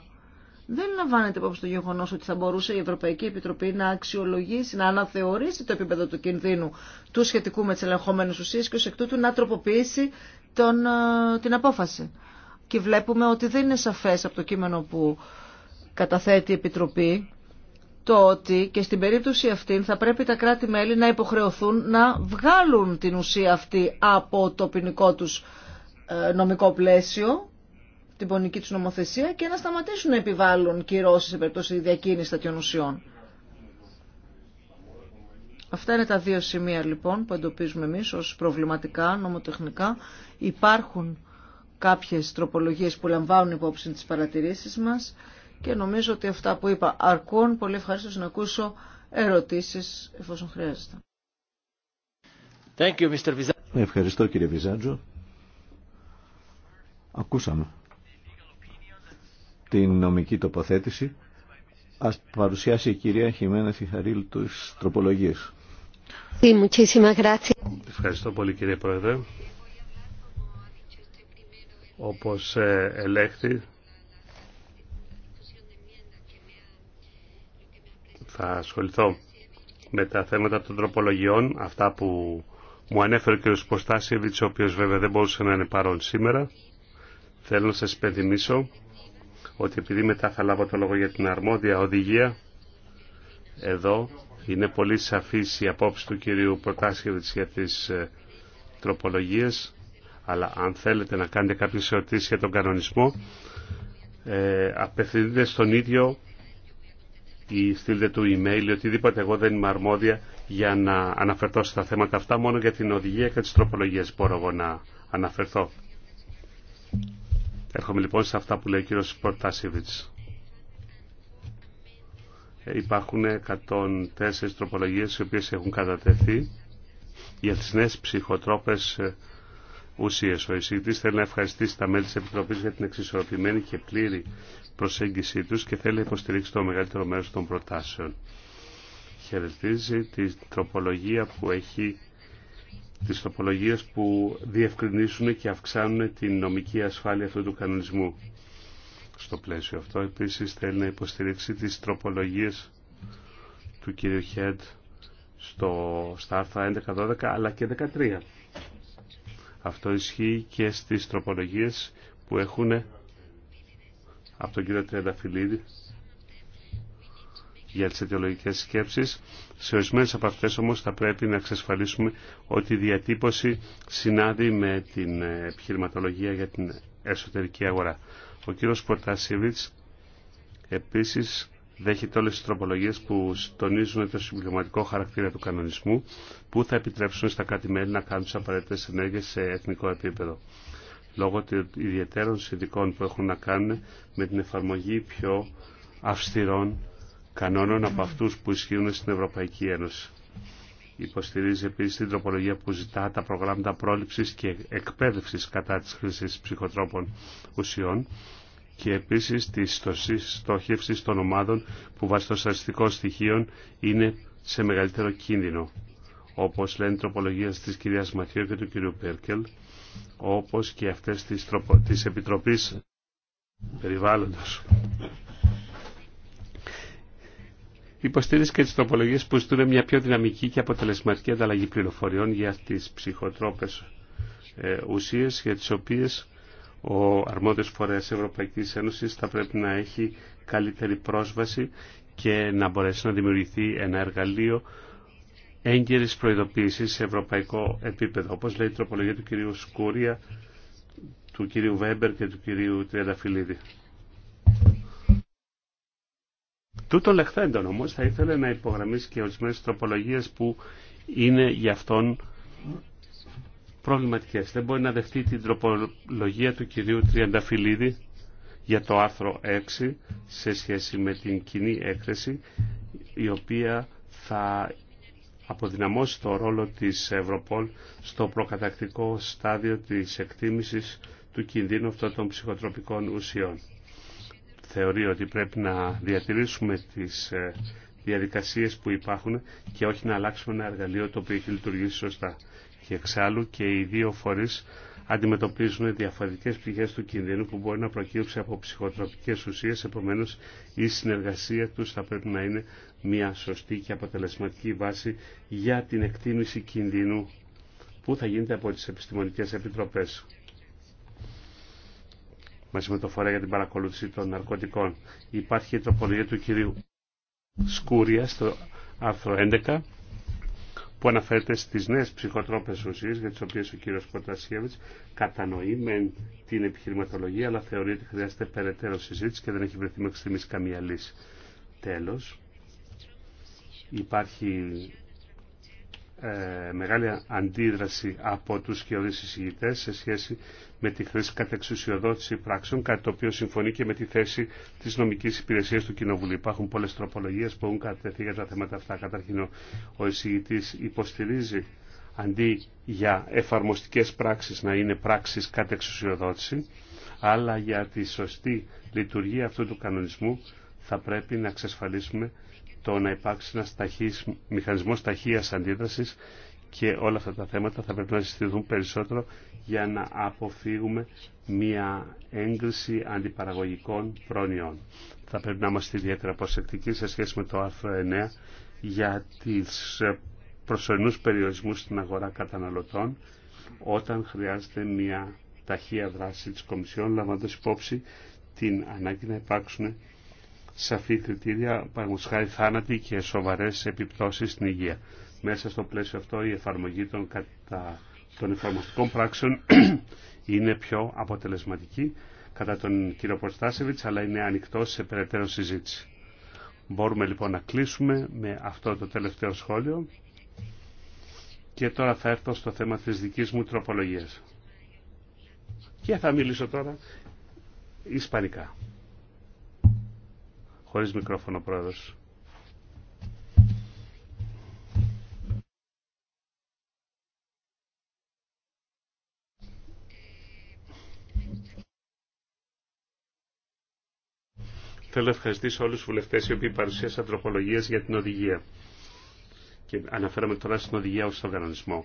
[SPEAKER 3] δεν λαμβάνεται υπόψη το γεγονό ότι θα μπορούσε η Ευρωπαϊκή Επιτροπή να αξιολογήσει, να αναθεωρήσει το επίπεδο του κινδύνου του σχετικού με τι ελεγχόμενε ουσίε και ω εκ τούτου να τροποποιήσει τον, ε, την απόφαση. Και βλέπουμε ότι δεν είναι σαφέ από το κείμενο που καταθέτει η Επιτροπή το ότι και στην περίπτωση αυτή θα πρέπει τα κράτη-μέλη να υποχρεωθούν να βγάλουν την ουσία αυτή από το ποινικό τους ε, νομικό πλαίσιο την πονική του νομοθεσία και να σταματήσουν να επιβάλλουν κυρώσει σε περίπτωση διακίνηση τέτοιων ουσιών. Αυτά είναι τα δύο σημεία λοιπόν που εντοπίζουμε εμεί ως προβληματικά, νομοτεχνικά. Υπάρχουν κάποιες τροπολογίες που λαμβάνουν υπόψη τις παρατηρήσεις μας και νομίζω ότι αυτά που είπα αρκούν. Πολύ ευχαριστώ να ακούσω ερωτήσει εφόσον χρειάζεται. Thank you, Mr.
[SPEAKER 1] Ευχαριστώ κύριε Βυζάντζο. Ακούσαμε την νομική τοποθέτηση. Ας παρουσιάσει η κυρία Χιμένα Φιχαρίλ τους τροπολογίες.
[SPEAKER 2] Ευχαριστώ πολύ κύριε Πρόεδρε. Όπως ε, ελέγχθη, θα ασχοληθώ με τα θέματα των τροπολογιών, αυτά που μου ανέφερε ο κ. Ποστάσιεβιτς, ο οποίος βέβαια δεν μπορούσε να είναι παρόν σήμερα. Θέλω να σας υπενθυμίσω ότι επειδή μετά θα λάβω το λόγο για την αρμόδια οδηγία, εδώ είναι πολύ σαφής η απόψη του κυρίου Προτάσχευης για τις ε, τροπολογίες, αλλά αν θέλετε να κάνετε κάποιες ερωτήσεις για τον κανονισμό, ε, απευθυνθείτε στον ίδιο ή στείλτε του email ή οτιδήποτε. Εγώ δεν είμαι αρμόδια για να αναφερθώ στα θέματα αυτά, μόνο για την οδηγία και τις τροπολογίες μπορώ εγώ να αναφερθώ. Έρχομαι λοιπόν σε αυτά που λέει ο κύριος Πορτάσιβιτς. Ε, υπάρχουν 104 τροπολογίες οι οποίες έχουν κατατεθεί για τις νέες ψυχοτρόπες ε, ουσίες. Ο εισηγητής θέλει να ευχαριστήσει τα μέλη της Επιτροπής για την εξισορροπημένη και πλήρη προσέγγιση τους και θέλει να υποστηρίξει το μεγαλύτερο μέρος των προτάσεων. Χαιρετίζει την τροπολογία που έχει τις τροπολογίες που διευκρινίσουν και αυξάνουν την νομική ασφάλεια αυτού του κανονισμού. Στο πλαίσιο αυτό επίσης θέλει να υποστηρίξει τις τροπολογίες του κύριου Χέντ στο, στα άρθρα 11, 12 αλλά και 13. Αυτό ισχύει και στις τροπολογίες που έχουν από τον κύριο Φιλίδη για τις αιτιολογικές σκέψεις. Σε ορισμένε από αυτές όμως θα πρέπει να εξασφαλίσουμε ότι η διατύπωση συνάδει με την ε, επιχειρηματολογία για την εσωτερική αγορά. Ο κύριος Πορτασίβιτς επίσης δέχεται όλες τις τροπολογίες που τονίζουν το συμπληρωματικό χαρακτήρα του κανονισμού που θα επιτρέψουν στα κράτη-μέλη να κάνουν τις απαραίτητες ενέργειες σε εθνικό επίπεδο λόγω των ιδιαίτερων συνδικών που έχουν να κάνουν με την εφαρμογή πιο αυστηρών κανόνων από αυτούς που ισχύουν στην Ευρωπαϊκή Ένωση. Υποστηρίζει επίσης την τροπολογία που ζητά τα προγράμματα πρόληψης και εκπαίδευση κατά της χρήσης ψυχοτρόπων ουσιών και επίσης τη στόχευση των ομάδων που βάσει των στοιχείων είναι σε μεγαλύτερο κίνδυνο. Όπως λένε τροπολογίες της κυρίας Ματιό και του κυρίου Πέρκελ, όπως και αυτές της, επιτροπή της Υποστήριζε και τι τροπολογίε που ζητούν μια πιο δυναμική και αποτελεσματική ανταλλαγή πληροφοριών για τι ψυχοτρόπε ε, ουσίε για τι οποίε ο αρμόδιος φορέας Ευρωπαϊκής Ένωσης θα πρέπει να έχει καλύτερη πρόσβαση και να μπορέσει να δημιουργηθεί ένα εργαλείο έγκαιρης προειδοποίησης σε ευρωπαϊκό επίπεδο. Όπως λέει η τροπολογία του κυρίου Σκούρια, του κυρίου Βέμπερ και του κυρίου Τριανταφυλλίδη. Τούτο λεχθέντον όμως θα ήθελε να υπογραμμίσει και ορισμένε τροπολογίε που είναι για αυτόν προβληματικές. Δεν μπορεί να δεχτεί την τροπολογία του κυρίου Τριανταφυλλίδη για το άρθρο 6 σε σχέση με την κοινή έκθεση η οποία θα αποδυναμώσει το ρόλο της Ευρωπόλ στο προκατακτικό στάδιο της εκτίμησης του κινδύνου αυτών των ψυχοτροπικών ουσιών θεωρεί ότι πρέπει να διατηρήσουμε τις ε, διαδικασίες που υπάρχουν και όχι να αλλάξουμε ένα εργαλείο το οποίο έχει λειτουργήσει σωστά. Και εξάλλου και οι δύο φορείς αντιμετωπίζουν διαφορετικές πηγές του κινδύνου που μπορεί να προκύψει από ψυχοτροπικές ουσίες, επομένως η συνεργασία τους θα πρέπει να είναι μια σωστή και αποτελεσματική βάση για την εκτίμηση κινδύνου που θα γίνεται από τις επιστημονικές επιτροπές μαζί με το φορέα για την παρακολούθηση των ναρκωτικών. Υπάρχει η τροπολογία του κυρίου Σκούρια στο άρθρο 11 που αναφέρεται στις νέες ψυχοτρόπες ουσίες για τις οποίες ο κύριος Κοτασιέβιτς κατανοεί με την επιχειρηματολογία αλλά θεωρεί ότι χρειάζεται περαιτέρω συζήτηση και δεν έχει βρεθεί μέχρι στιγμής καμία λύση. Τέλος, υπάρχει ε, μεγάλη αντίδραση από τους σκιώδεις εισηγητές σε σχέση με τη χρήση κατεξουσιοδότηση πράξεων, κάτι το οποίο συμφωνεί και με τη θέση της νομικής υπηρεσίας του Κοινοβουλίου. Υπάρχουν πολλές τροπολογίες που έχουν κατατεθεί για τα θέματα αυτά. Καταρχήν ο εισηγητής υποστηρίζει αντί για εφαρμοστικές πράξεις να είναι πράξεις κατεξουσιοδότηση, αλλά για τη σωστή λειτουργία αυτού του κανονισμού θα πρέπει να εξασφαλίσουμε το να υπάρξει ένα ταχύς, μηχανισμός ταχείας αντίδρασης και όλα αυτά τα θέματα θα πρέπει να συστηθούν περισσότερο για να αποφύγουμε μια έγκριση αντιπαραγωγικών πρόνοιων. Θα πρέπει να είμαστε ιδιαίτερα προσεκτικοί σε σχέση με το άρθρο 9 για τις προσωρινούς περιορισμούς στην αγορά καταναλωτών όταν χρειάζεται μια ταχεία δράση της Κομισιόν λαμβάνοντας υπόψη την ανάγκη να υπάρξουν σε αυτή σαφή κριτήρια, παραγωγικά θάνατοι και σοβαρές επιπτώσεις στην υγεία. Μέσα στο πλαίσιο αυτό η εφαρμογή των, κατα... των εφαρμοστικών πράξεων είναι πιο αποτελεσματική κατά τον κύριο Προστάσεβιτς, αλλά είναι ανοιχτό σε περαιτέρω συζήτηση. Μπορούμε λοιπόν να κλείσουμε με αυτό το τελευταίο σχόλιο και τώρα θα έρθω στο θέμα της δικής μου τροπολογίας. Και θα μιλήσω τώρα ισπανικά. Χωρίς μικρόφωνο, πρόεδρος. Θέλω να ευχαριστήσω όλους τους βουλευτές οι οποίοι παρουσίασαν τροπολογίες για την οδηγία. Και αναφέρομαι τώρα στην οδηγία ως τον κανονισμό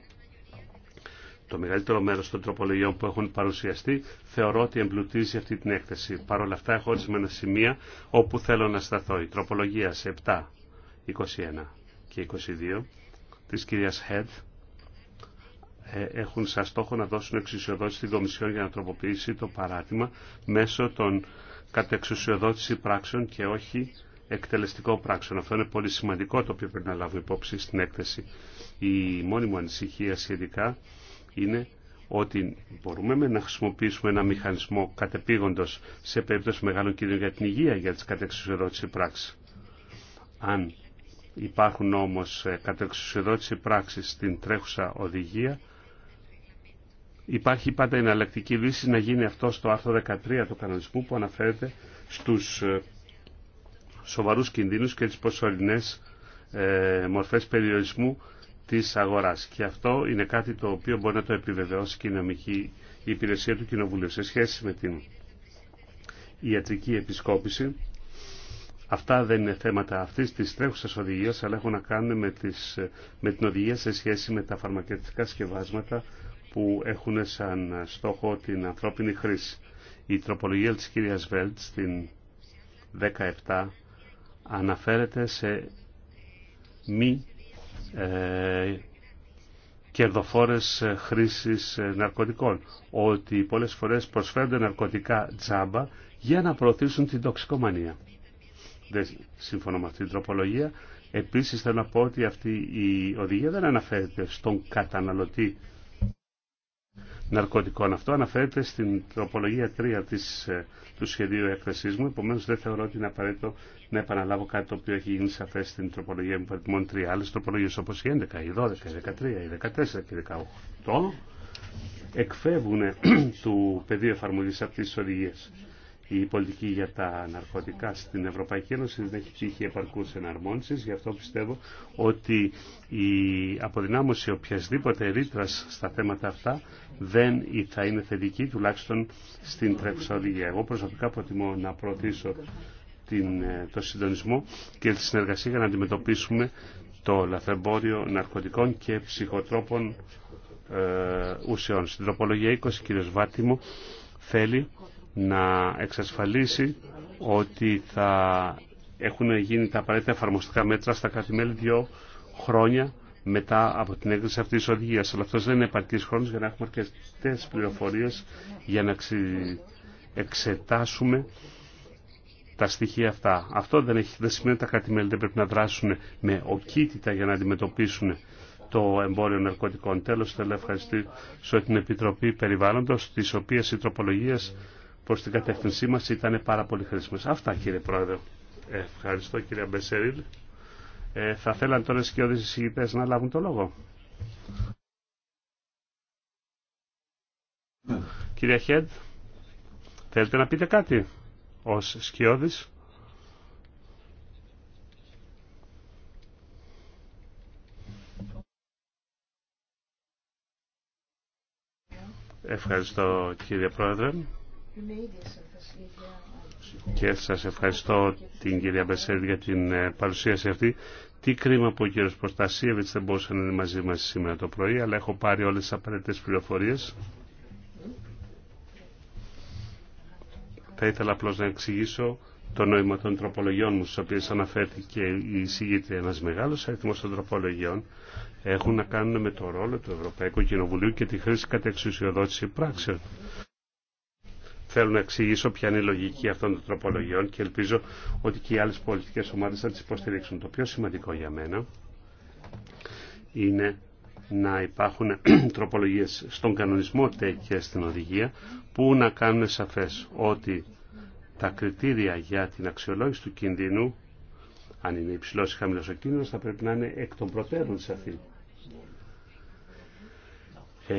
[SPEAKER 2] το μεγαλύτερο μέρος των τροπολογιών που έχουν παρουσιαστεί θεωρώ ότι εμπλουτίζει αυτή την έκθεση. Παρ' όλα αυτά έχω ορισμένα σημεία όπου θέλω να σταθώ. Η τροπολογία σε 7, 21 και 22 της κυρίας Head ε, έχουν σαν στόχο να δώσουν εξουσιοδότηση στην Κομισιόν για να τροποποιήσει το παράδειγμα μέσω των κατεξουσιοδότηση πράξεων και όχι εκτελεστικό πράξεων. Αυτό είναι πολύ σημαντικό το οποίο πρέπει να λάβουμε υπόψη στην έκθεση. Η μόνη μου ανησυχία σχετικά είναι ότι μπορούμε να χρησιμοποιήσουμε ένα μηχανισμό κατεπήγοντος σε περίπτωση μεγάλων κινδύνων για την υγεία για τις κατεξουσιοδότηση πράξη. Αν υπάρχουν όμως ε, κατεξουσιοδότηση πράξη στην τρέχουσα οδηγία, υπάρχει πάντα εναλλακτική λύση να γίνει αυτό στο άρθρο 13 του κανονισμού που αναφέρεται στους ε, σοβαρούς κινδύνους και τις προσωρινές ε, μορφές περιορισμού της αγοράς. Και αυτό είναι κάτι το οποίο μπορεί να το επιβεβαιώσει και η νομική υπηρεσία του Κοινοβουλίου σε σχέση με την ιατρική επισκόπηση. Αυτά δεν είναι θέματα αυτής της τρέχουσας οδηγίας, αλλά έχουν να κάνουν με, τις, με την οδηγία σε σχέση με τα φαρμακευτικά σκευάσματα που έχουν σαν στόχο την ανθρώπινη χρήση. Η τροπολογία της κυρίας Βέλτ στην 17 αναφέρεται σε μη ε, κερδοφόρες ε, χρήσης ε, ναρκωτικών, ότι πολλές φορές προσφέρονται ναρκωτικά τζάμπα για να προωθήσουν την τοξικομανία. Δεν συμφωνώ με αυτή την τροπολογία. Επίσης θέλω να πω ότι αυτή η οδηγία δεν αναφέρεται στον καταναλωτή ναρκωτικών. Αυτό αναφέρεται στην τροπολογία 3 της, ε, του σχεδίου έκθεσή μου, Επομένω δεν θεωρώ ότι είναι απαραίτητο να επαναλάβω κάτι το οποίο έχει γίνει σαφέ στην τροπολογία μου Μόνο τρία άλλε τροπολογίε όπω η 11, η 12, η 13, η 14 και η 18 εκφεύγουν του πεδίου εφαρμογή αυτή τη οδηγία. Η πολιτική για τα ναρκωτικά στην Ευρωπαϊκή Ένωση δεν έχει τύχει επαρκού εναρμόνιση. Γι' αυτό πιστεύω ότι η αποδυνάμωση οποιασδήποτε ρήτρα στα θέματα αυτά δεν θα είναι θετική, τουλάχιστον στην τρέχουσα οδηγία. Εγώ προσωπικά προτιμώ να προωθήσω την, ε, το συντονισμό και τη συνεργασία για να αντιμετωπίσουμε το λαθρεμπόριο ναρκωτικών και ψυχοτρόπων ε, ουσιών. Στην τροπολογία 20, κύριος Βάτιμο θέλει να εξασφαλίσει ότι θα έχουν γίνει τα απαραίτητα εφαρμοστικά μέτρα στα καθημέρι δύο χρόνια μετά από την έκδοση αυτή τη οδηγία. Αλλά αυτό δεν είναι επαρκή χρόνο για να έχουμε αρκετέ πληροφορίε για να εξετάσουμε τα στοιχεία αυτά. Αυτό δεν, έχει, δεν σημαίνει ότι τα κρατη δεν πρέπει να δράσουν με οκίτητα για να αντιμετωπίσουν το εμπόριο ναρκωτικών. Τέλο, θέλω να ευχαριστήσω την Επιτροπή Περιβάλλοντο, τη οποία οι τροπολογίε προ την κατεύθυνσή μα ήταν πάρα πολύ χρήσιμε. Αυτά κύριε Πρόεδρε. Ευχαριστώ κύριε Μπεσερίλ. Ε, θα θέλαν τώρα οι σκιώδες να λάβουν το λόγο. Κύριε Χέντ, θέλετε να πείτε κάτι ως σκιώδης. Ευχαριστώ κύριε Πρόεδρε και σας ευχαριστώ την κυρία Μπεσέρη για την ε, παρουσίαση αυτή. Τι κρίμα που ο κύριος Προστασίεβιτς δεν μπορούσε να είναι μαζί μας σήμερα το πρωί, αλλά έχω πάρει όλες τις απαραίτητες πληροφορίες. Θα ήθελα απλώς να εξηγήσω το νόημα των τροπολογιών μου, στις οποίες αναφέρθηκε η εισηγήτρια ένας μεγάλος αριθμός των τροπολογιών, έχουν να κάνουν με το ρόλο του Ευρωπαϊκού Κοινοβουλίου και τη χρήση κατεξουσιοδότηση πράξεων θέλω να εξηγήσω ποια είναι η λογική αυτών των τροπολογιών και ελπίζω ότι και οι άλλες πολιτικές ομάδες θα τις υποστηρίξουν. Το πιο σημαντικό για μένα είναι να υπάρχουν τροπολογίες στον κανονισμό τε και στην οδηγία που να κάνουν σαφές ότι τα κριτήρια για την αξιολόγηση του κινδύνου αν είναι υψηλό ή χαμηλό ο κίνδυνο, θα πρέπει να είναι εκ των προτέρων σαφή.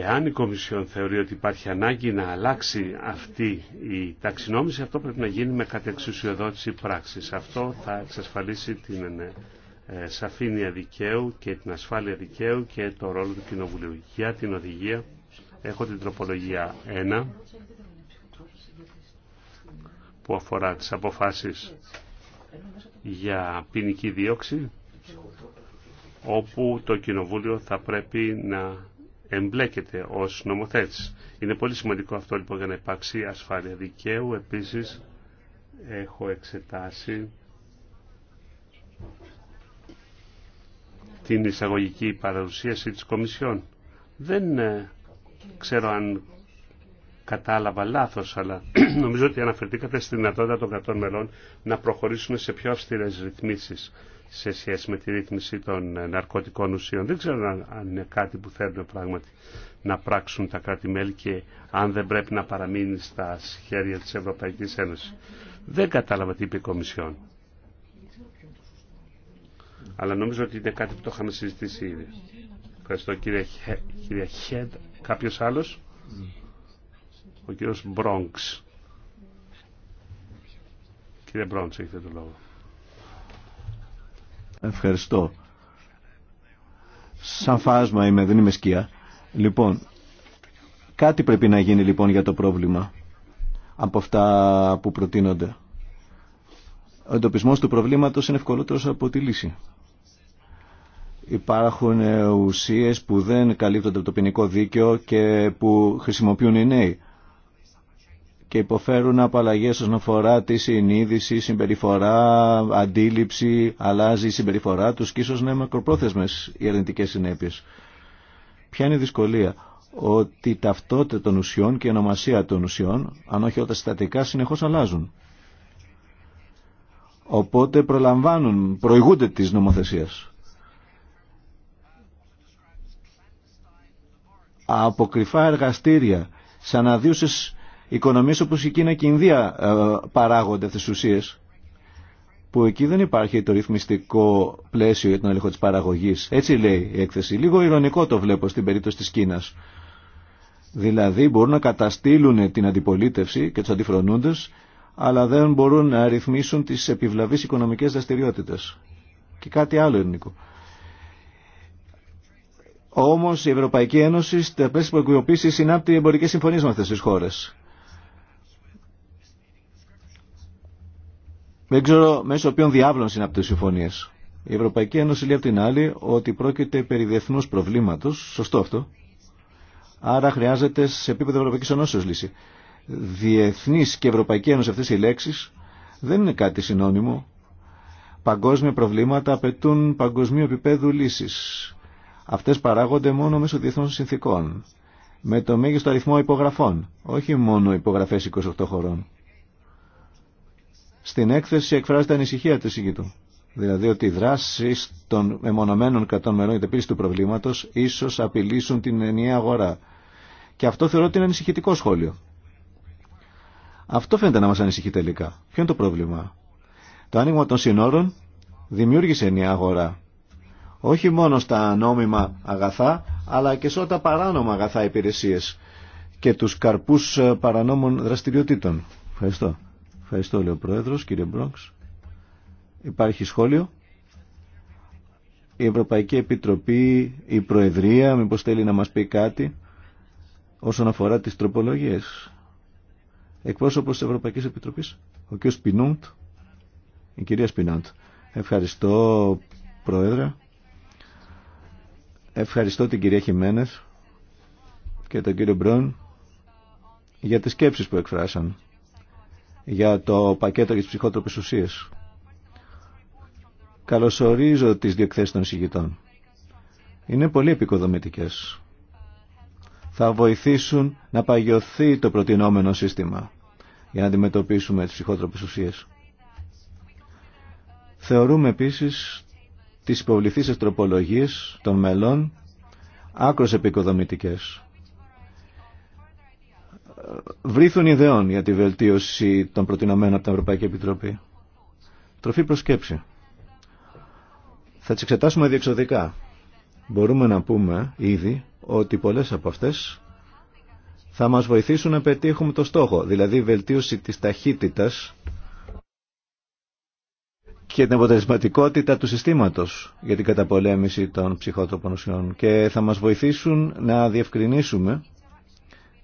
[SPEAKER 2] Εάν η Κομισιόν θεωρεί ότι υπάρχει ανάγκη να αλλάξει αυτή η ταξινόμηση, αυτό πρέπει να γίνει με κατεξουσιοδότηση πράξης. Αυτό θα εξασφαλίσει την ε, ε, σαφήνεια δικαίου και την ασφάλεια δικαίου και το ρόλο του Κοινοβουλίου. Για την οδηγία έχω την τροπολογία 1 που αφορά τις αποφάσεις για ποινική δίωξη όπου το Κοινοβούλιο θα πρέπει να εμπλέκεται ως νομοθέτης. Είναι πολύ σημαντικό αυτό λοιπόν για να υπάρξει ασφάλεια δικαίου. Επίσης έχω εξετάσει την εισαγωγική παραδοσίαση της Κομισιόν. Δεν ε, ξέρω αν κατάλαβα λάθος, αλλά νομίζω ότι αναφερθήκατε στη δυνατότητα των κρατών μελών να προχωρήσουν σε πιο αυστηρές ρυθμίσεις σε σχέση με τη ρύθμιση των ε, ναρκωτικών ουσίων. Δεν ξέρω αν είναι κάτι που θέλουν πράγματι να πράξουν τα κράτη-μέλη και αν δεν πρέπει να παραμείνει στα χέρια της Ευρωπαϊκής Ένωσης. Δεν κατάλαβα τι είπε η Κομισιόν. Αλλά νομίζω ότι είναι κάτι που το είχαμε συζητήσει ήδη. Ευχαριστώ κύριε, κύριε Χέντ. Κάποιος άλλος. Ο κύριος Μπρόγκς. Κύριε Μπρόγκς έχετε το
[SPEAKER 1] λόγο. Ευχαριστώ. Σαν φάσμα είμαι, δεν είμαι σκία. Λοιπόν, κάτι πρέπει να γίνει λοιπόν για το πρόβλημα από αυτά που προτείνονται. Ο εντοπισμός του προβλήματος είναι ευκολότερος από τη λύση. Υπάρχουν ουσίες που δεν καλύπτονται από το ποινικό δίκαιο και που χρησιμοποιούν οι νέοι και υποφέρουν από αλλαγέ όσον αφορά τη συνείδηση, συμπεριφορά, αντίληψη, αλλάζει η συμπεριφορά του και ίσω να είναι μακροπρόθεσμε οι αρνητικέ συνέπειε. Ποια είναι η δυσκολία, ότι η ταυτότητα των ουσιών και η ονομασία των ουσιών, αν όχι όταν συστατικά, συνεχώ αλλάζουν. Οπότε προλαμβάνουν, προηγούνται τη νομοθεσία. Αποκρυφά εργαστήρια, σαν αδίουσες Οικονομίες όπως η Κίνα και η Ινδία ε, παράγονται αυτές τις ουσίες που εκεί δεν υπάρχει το ρυθμιστικό πλαίσιο για τον έλεγχο της παραγωγής. Έτσι λέει η έκθεση. Λίγο ηρωνικό το βλέπω στην περίπτωση της Κίνας. Δηλαδή μπορούν να καταστήλουν την αντιπολίτευση και τους αντιφρονούντες, αλλά δεν μπορούν να ρυθμίσουν τις επιβλαβείς οικονομικές δραστηριότητες. Και κάτι άλλο ελληνικό. Όμως η Ευρωπαϊκή Ένωση στα πλαίσια συνάπτει εμπορικές συμφωνίες με αυτές τις χώρες. Δεν ξέρω μέσω οποίων διάβλων συνάπτουν συμφωνίε. Η Ευρωπαϊκή Ένωση λέει από την άλλη ότι πρόκειται περί διεθνού προβλήματο. Σωστό αυτό. Άρα χρειάζεται σε επίπεδο Ευρωπαϊκή Ενώσεω λύση. Διεθνή και Ευρωπαϊκή Ένωση αυτέ οι λέξει δεν είναι κάτι συνώνυμο. Παγκόσμια προβλήματα απαιτούν παγκοσμίου επίπεδου λύσει. Αυτέ παράγονται μόνο μέσω διεθνών συνθήκων. Με το μέγιστο αριθμό υπογραφών. Όχι μόνο υπογραφέ 28 χωρών. Στην έκθεση εκφράζεται ανησυχία του Δηλαδή ότι οι δράσει των μεμονωμένων κατών μελών για την επίλυση του προβλήματο ίσω απειλήσουν την ενιαία αγορά. Και αυτό θεωρώ ότι είναι ανησυχητικό σχόλιο. Αυτό φαίνεται να μα ανησυχεί τελικά. Ποιο είναι το πρόβλημα. Το άνοιγμα των συνόρων δημιούργησε ενιαία αγορά. Όχι μόνο στα νόμιμα αγαθά, αλλά και σε όλα τα παράνομα αγαθά υπηρεσίε και του καρπού παρανόμων δραστηριοτήτων. Ευχαριστώ. Ευχαριστώ, λέει ο Πρόεδρος, κύριε Μπρόξ. Υπάρχει σχόλιο. Η Ευρωπαϊκή Επιτροπή, η Προεδρία, μήπω θέλει να μας πει κάτι όσον αφορά τις τροπολογίες. Εκπρόσωπος της Ευρωπαϊκής Επιτροπής, ο κ. Σπινούντ, η κυρία Σπινούντ. Ευχαριστώ, Πρόεδρε. Ευχαριστώ την κυρία Χιμένες και τον κύριο Μπρόν για τις σκέψεις που εκφράσαν για το πακέτο για τις ψυχότροπες ουσίες. Καλωσορίζω τις δύο των εισηγητών. Είναι πολύ επικοδομητικές. Θα βοηθήσουν να παγιωθεί το προτινόμενο σύστημα για να αντιμετωπίσουμε τις ψυχότροπες ουσίες. Θεωρούμε επίσης τις υποβληθήσεις τροπολογίες των μελών άκρως επικοδομητικές Βρίθουν ιδεών για τη βελτίωση των προτινομένων από την Ευρωπαϊκή Επιτροπή. Τροφή προσκέψη. Θα τις εξετάσουμε διεξοδικά. Μπορούμε να πούμε ήδη ότι πολλές από αυτές θα μας βοηθήσουν να πετύχουμε το στόχο, δηλαδή βελτίωση της ταχύτητας και την αποτελεσματικότητα του συστήματος για την καταπολέμηση των ψυχότροπων ουσιών και θα μας βοηθήσουν να διευκρινίσουμε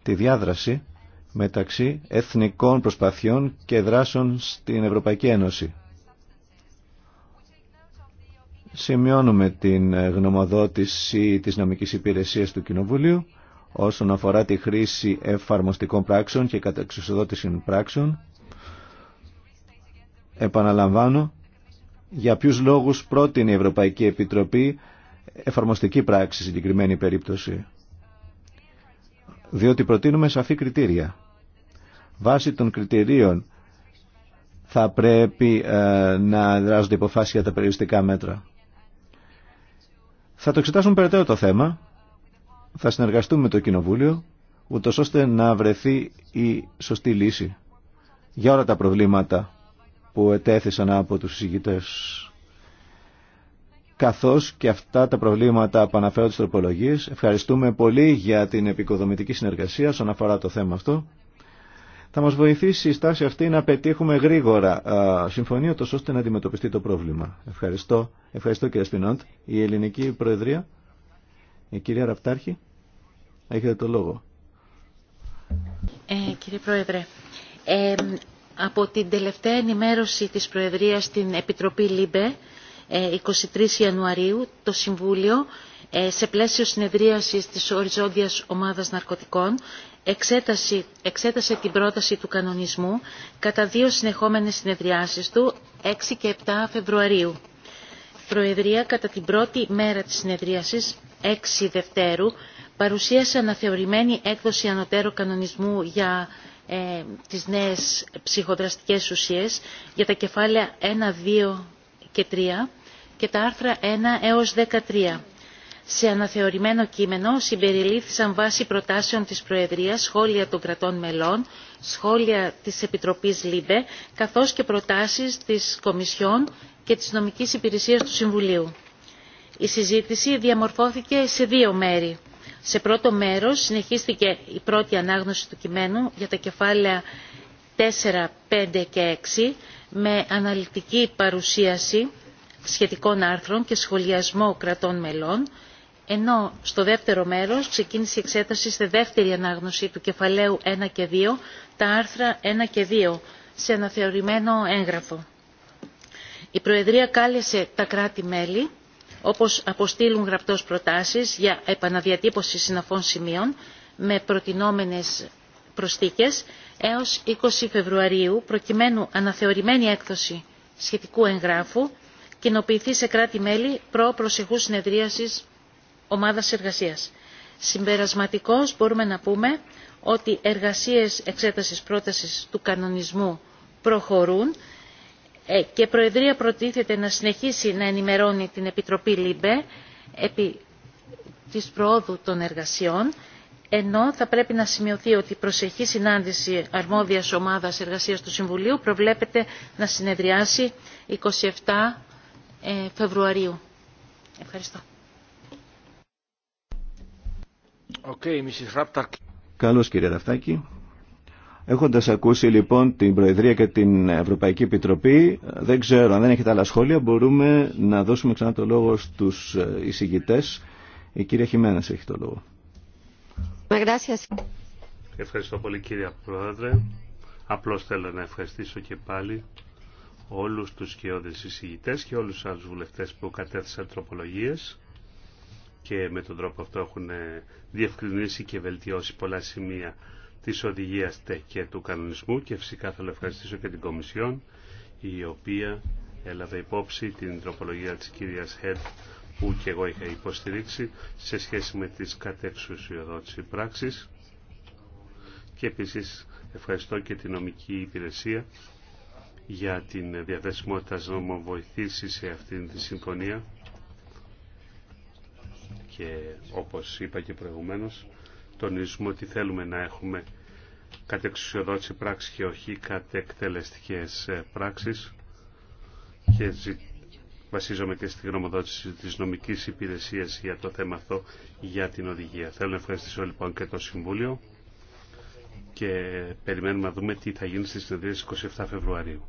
[SPEAKER 1] τη διάδραση μεταξύ εθνικών προσπαθειών και δράσεων στην Ευρωπαϊκή Ένωση. Σημειώνουμε την γνωμοδότηση της νομικής υπηρεσίας του Κοινοβουλίου όσον αφορά τη χρήση εφαρμοστικών πράξεων και καταξουσιοδότηση πράξεων. Επαναλαμβάνω, για ποιους λόγους πρότεινε η Ευρωπαϊκή Επιτροπή εφαρμοστική πράξη συγκεκριμένη περίπτωση. Διότι προτείνουμε σαφή κριτήρια βάσει των κριτηρίων θα πρέπει ε, να δράζονται υποφάσεις για τα περιοριστικά μέτρα. Θα το εξετάσουμε περαιτέρω το θέμα. Θα συνεργαστούμε με το Κοινοβούλιο, ούτως ώστε να βρεθεί η σωστή λύση για όλα τα προβλήματα που ετέθησαν από τους συζητητές. Καθώς και αυτά τα προβλήματα που αναφέρονται στις τροπολογίες, ευχαριστούμε πολύ για την επικοδομητική συνεργασία όσον αφορά το θέμα αυτό. Θα μας βοηθήσει η στάση αυτή να πετύχουμε γρήγορα συμφωνία τόσο ώστε να αντιμετωπιστεί το πρόβλημα. Ευχαριστώ. Ευχαριστώ κύριε Σπινόντ. Η ελληνική προεδρία, η κυρία Ραπτάρχη, έχετε το λόγο.
[SPEAKER 5] Ε, κύριε Πρόεδρε, ε, από την τελευταία ενημέρωση της Προεδρίας στην Επιτροπή ΛΥΜΠΕ, 23 ε, Ιανουαρίου, το Συμβούλιο, ε, σε πλαίσιο συνεδρίασης της Οριζόντιας Ομάδας Ναρκωτικών, εξέτασε, εξέτασε την πρόταση του κανονισμού κατά δύο συνεχόμενες συνεδριάσεις του, 6 και 7 Φεβρουαρίου. Προεδρία κατά την πρώτη μέρα της συνεδρίασης, 6 Δευτέρου, παρουσίασε αναθεωρημένη έκδοση ανωτέρου κανονισμού για ε, τις νέες ψυχοδραστικές ουσίες για τα κεφάλαια 1, 2 και 3 και τα άρθρα 1 έως 13 σε αναθεωρημένο κείμενο συμπεριλήφθησαν βάσει προτάσεων της προεδρίας σχόλια των κρατών μελών σχόλια της επιτροπής ΛΥΜΠΕ καθώς και προτάσεις της κομισιόν και της νομικής υπηρεσίας του συμβουλίου. η συζήτηση διαμορφώθηκε σε δύο μέρη. σε πρώτο μέρος συνεχίστηκε η πρώτη ανάγνωση του κειμένου για τα κεφάλαια 4, 5 και 6 με αναλυτική παρουσίαση σχετικών άρθρων και σχολιασμό κρατών μελών ενώ στο δεύτερο μέρος ξεκίνησε η εξέταση στη δεύτερη ανάγνωση του κεφαλαίου 1 και 2, τα άρθρα 1 και 2, σε αναθεωρημένο έγγραφο. Η Προεδρία κάλεσε τα κράτη-μέλη, όπως αποστείλουν γραπτός προτάσεις για επαναδιατύπωση συναφών σημείων, με προτινόμενες προσθήκες, έως 20 Φεβρουαρίου, προκειμένου αναθεωρημένη έκδοση σχετικού εγγράφου, κοινοποιηθεί σε κράτη-μέλη προ προσεχού συνεδρίασης ομάδας εργασίας. Συμπερασματικώς μπορούμε να πούμε ότι εργασίες εξέτασης πρότασης του κανονισμού προχωρούν ε, και η Προεδρία προτίθεται να συνεχίσει να ενημερώνει την Επιτροπή ΛΥΜΠΕ επί της προόδου των εργασιών, ενώ θα πρέπει να σημειωθεί ότι η προσεχή συνάντηση αρμόδιας ομάδας εργασίας του Συμβουλίου προβλέπεται να συνεδριάσει 27 ε, Φεβρουαρίου. Ευχαριστώ.
[SPEAKER 1] Καλώς κύριε Ραφτάκη. Έχοντας ακούσει λοιπόν την Προεδρία και την Ευρωπαϊκή Επιτροπή, δεν ξέρω αν δεν έχετε άλλα σχόλια, μπορούμε να δώσουμε ξανά το λόγο στους ε, εισηγητές. Η κυρία Χιμένας έχει το λόγο.
[SPEAKER 2] Ευχαριστώ πολύ κύριε Πρόεδρε. Απλώς θέλω να ευχαριστήσω και πάλι όλους τους σκιώδες εισηγητές και όλους τους άλλους βουλευτές που κατέθεσαν τροπολογίες και με τον τρόπο αυτό έχουν ε, διευκρινίσει και βελτιώσει πολλά σημεία της οδηγίας και του κανονισμού και φυσικά θέλω να ευχαριστήσω και την Κομισιόν η οποία έλαβε υπόψη την τροπολογία της κυρίας Χερτ που και εγώ είχα υποστηρίξει σε σχέση με τις κατεξουσιοδότηση πράξεις και επίσης ευχαριστώ και την νομική υπηρεσία για την διαθεσιμότητα να σε αυτήν τη συμφωνία και όπως είπα και προηγουμένως τονίζουμε ότι θέλουμε να έχουμε κατεξουσιοδότηση πράξη και όχι κατεκτελεστικές ε, πράξεις και βασίζομαι και στη γνωμοδότηση της νομικής υπηρεσίας για το θέμα αυτό για την οδηγία. Θέλω να ευχαριστήσω λοιπόν και το Συμβούλιο και περιμένουμε να δούμε τι θα γίνει στις συνεδρίες 27 Φεβρουαρίου.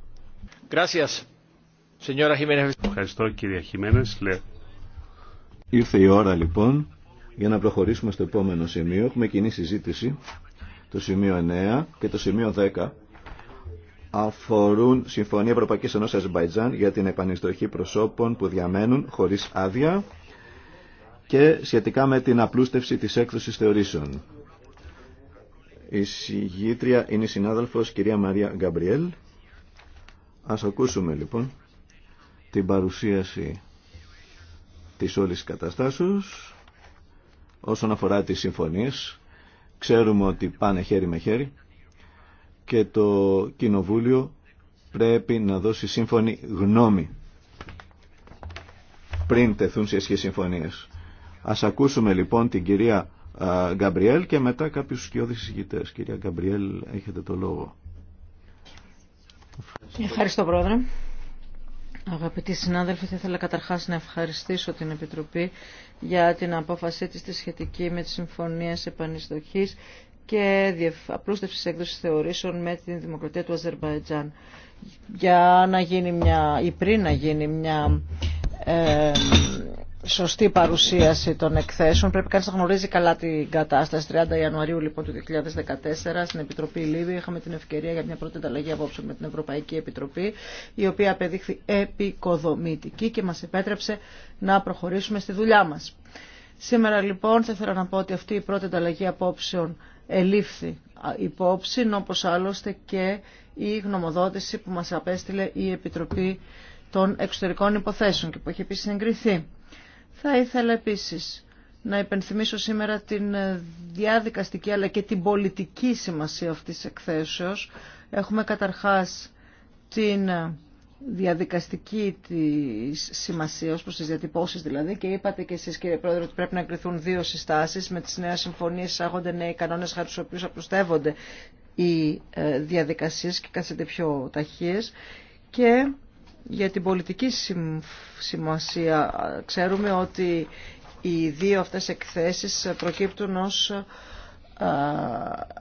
[SPEAKER 2] Ευχαριστώ κύριε Χιμένες.
[SPEAKER 1] Ήρθε η ώρα λοιπόν για να προχωρήσουμε στο επόμενο σημείο. Έχουμε κοινή συζήτηση. Το σημείο 9 και το σημείο 10 αφορούν Συμφωνία Ευρωπαϊκή Ενώση Αζερμπαϊτζάν για την επανειστοχή προσώπων που διαμένουν χωρί άδεια και σχετικά με την απλούστευση της έκδοσης θεωρήσεων. Η συγγήτρια είναι η συνάδελφος κυρία Μαρία Γκαμπριέλ. Ας ακούσουμε λοιπόν την παρουσίαση της όλης καταστάσεως όσον αφορά τις συμφωνίες. Ξέρουμε ότι πάνε χέρι με χέρι και το Κοινοβούλιο πρέπει να δώσει σύμφωνη γνώμη πριν τεθούν σε σχέση συμφωνίες. Ας ακούσουμε λοιπόν την κυρία Γκαμπριέλ και μετά κάποιους σκιώδεις συζητητές. Κυρία Γκαμπριέλ, έχετε το λόγο.
[SPEAKER 3] Ευχαριστώ, Πρόεδρε. Αγαπητοί συνάδελφοι, θα ήθελα καταρχάς να ευχαριστήσω την Επιτροπή για την απόφασή της τη σχετική με τις συμφωνίες επανειστοχής και απλούστευσης έκδοσης θεωρήσεων με την Δημοκρατία του Αζερβαϊτζάν. Για να γίνει μια, ή πριν να γίνει μια ε, σωστή παρουσίαση των εκθέσεων. Πρέπει κανείς να γνωρίζει καλά την κατάσταση. 30 Ιανουαρίου λοιπόν του 2014 στην Επιτροπή Λίβη είχαμε την ευκαιρία για μια πρώτη ανταλλαγή απόψεων με την Ευρωπαϊκή Επιτροπή η οποία απεδείχθη επικοδομητική και μας επέτρεψε να προχωρήσουμε στη δουλειά μας. Σήμερα λοιπόν θα ήθελα να πω ότι αυτή η πρώτη ανταλλαγή απόψεων ελήφθη υπόψη όπως άλλωστε και η γνωμοδότηση που μας απέστειλε η Επιτροπή των Εξωτερικών Υποθέσεων και που έχει επίσης εγκριθεί. Θα ήθελα επίσης να υπενθυμίσω σήμερα την διαδικαστική αλλά και την πολιτική σημασία αυτής της εκθέσεως. Έχουμε καταρχάς την διαδικαστική της σημασίας προς τις διατυπώσεις δηλαδή και είπατε και εσείς κύριε Πρόεδρε ότι πρέπει να εγκριθούν δύο συστάσεις με τις νέες συμφωνίες εισάγονται νέοι κανόνες χάρη στους οποίους απλουστεύονται οι ε, διαδικασίες και κάθεται πιο ταχείες και για την πολιτική σημασία ξέρουμε ότι οι δύο αυτές εκθέσεις προκύπτουν ως ε,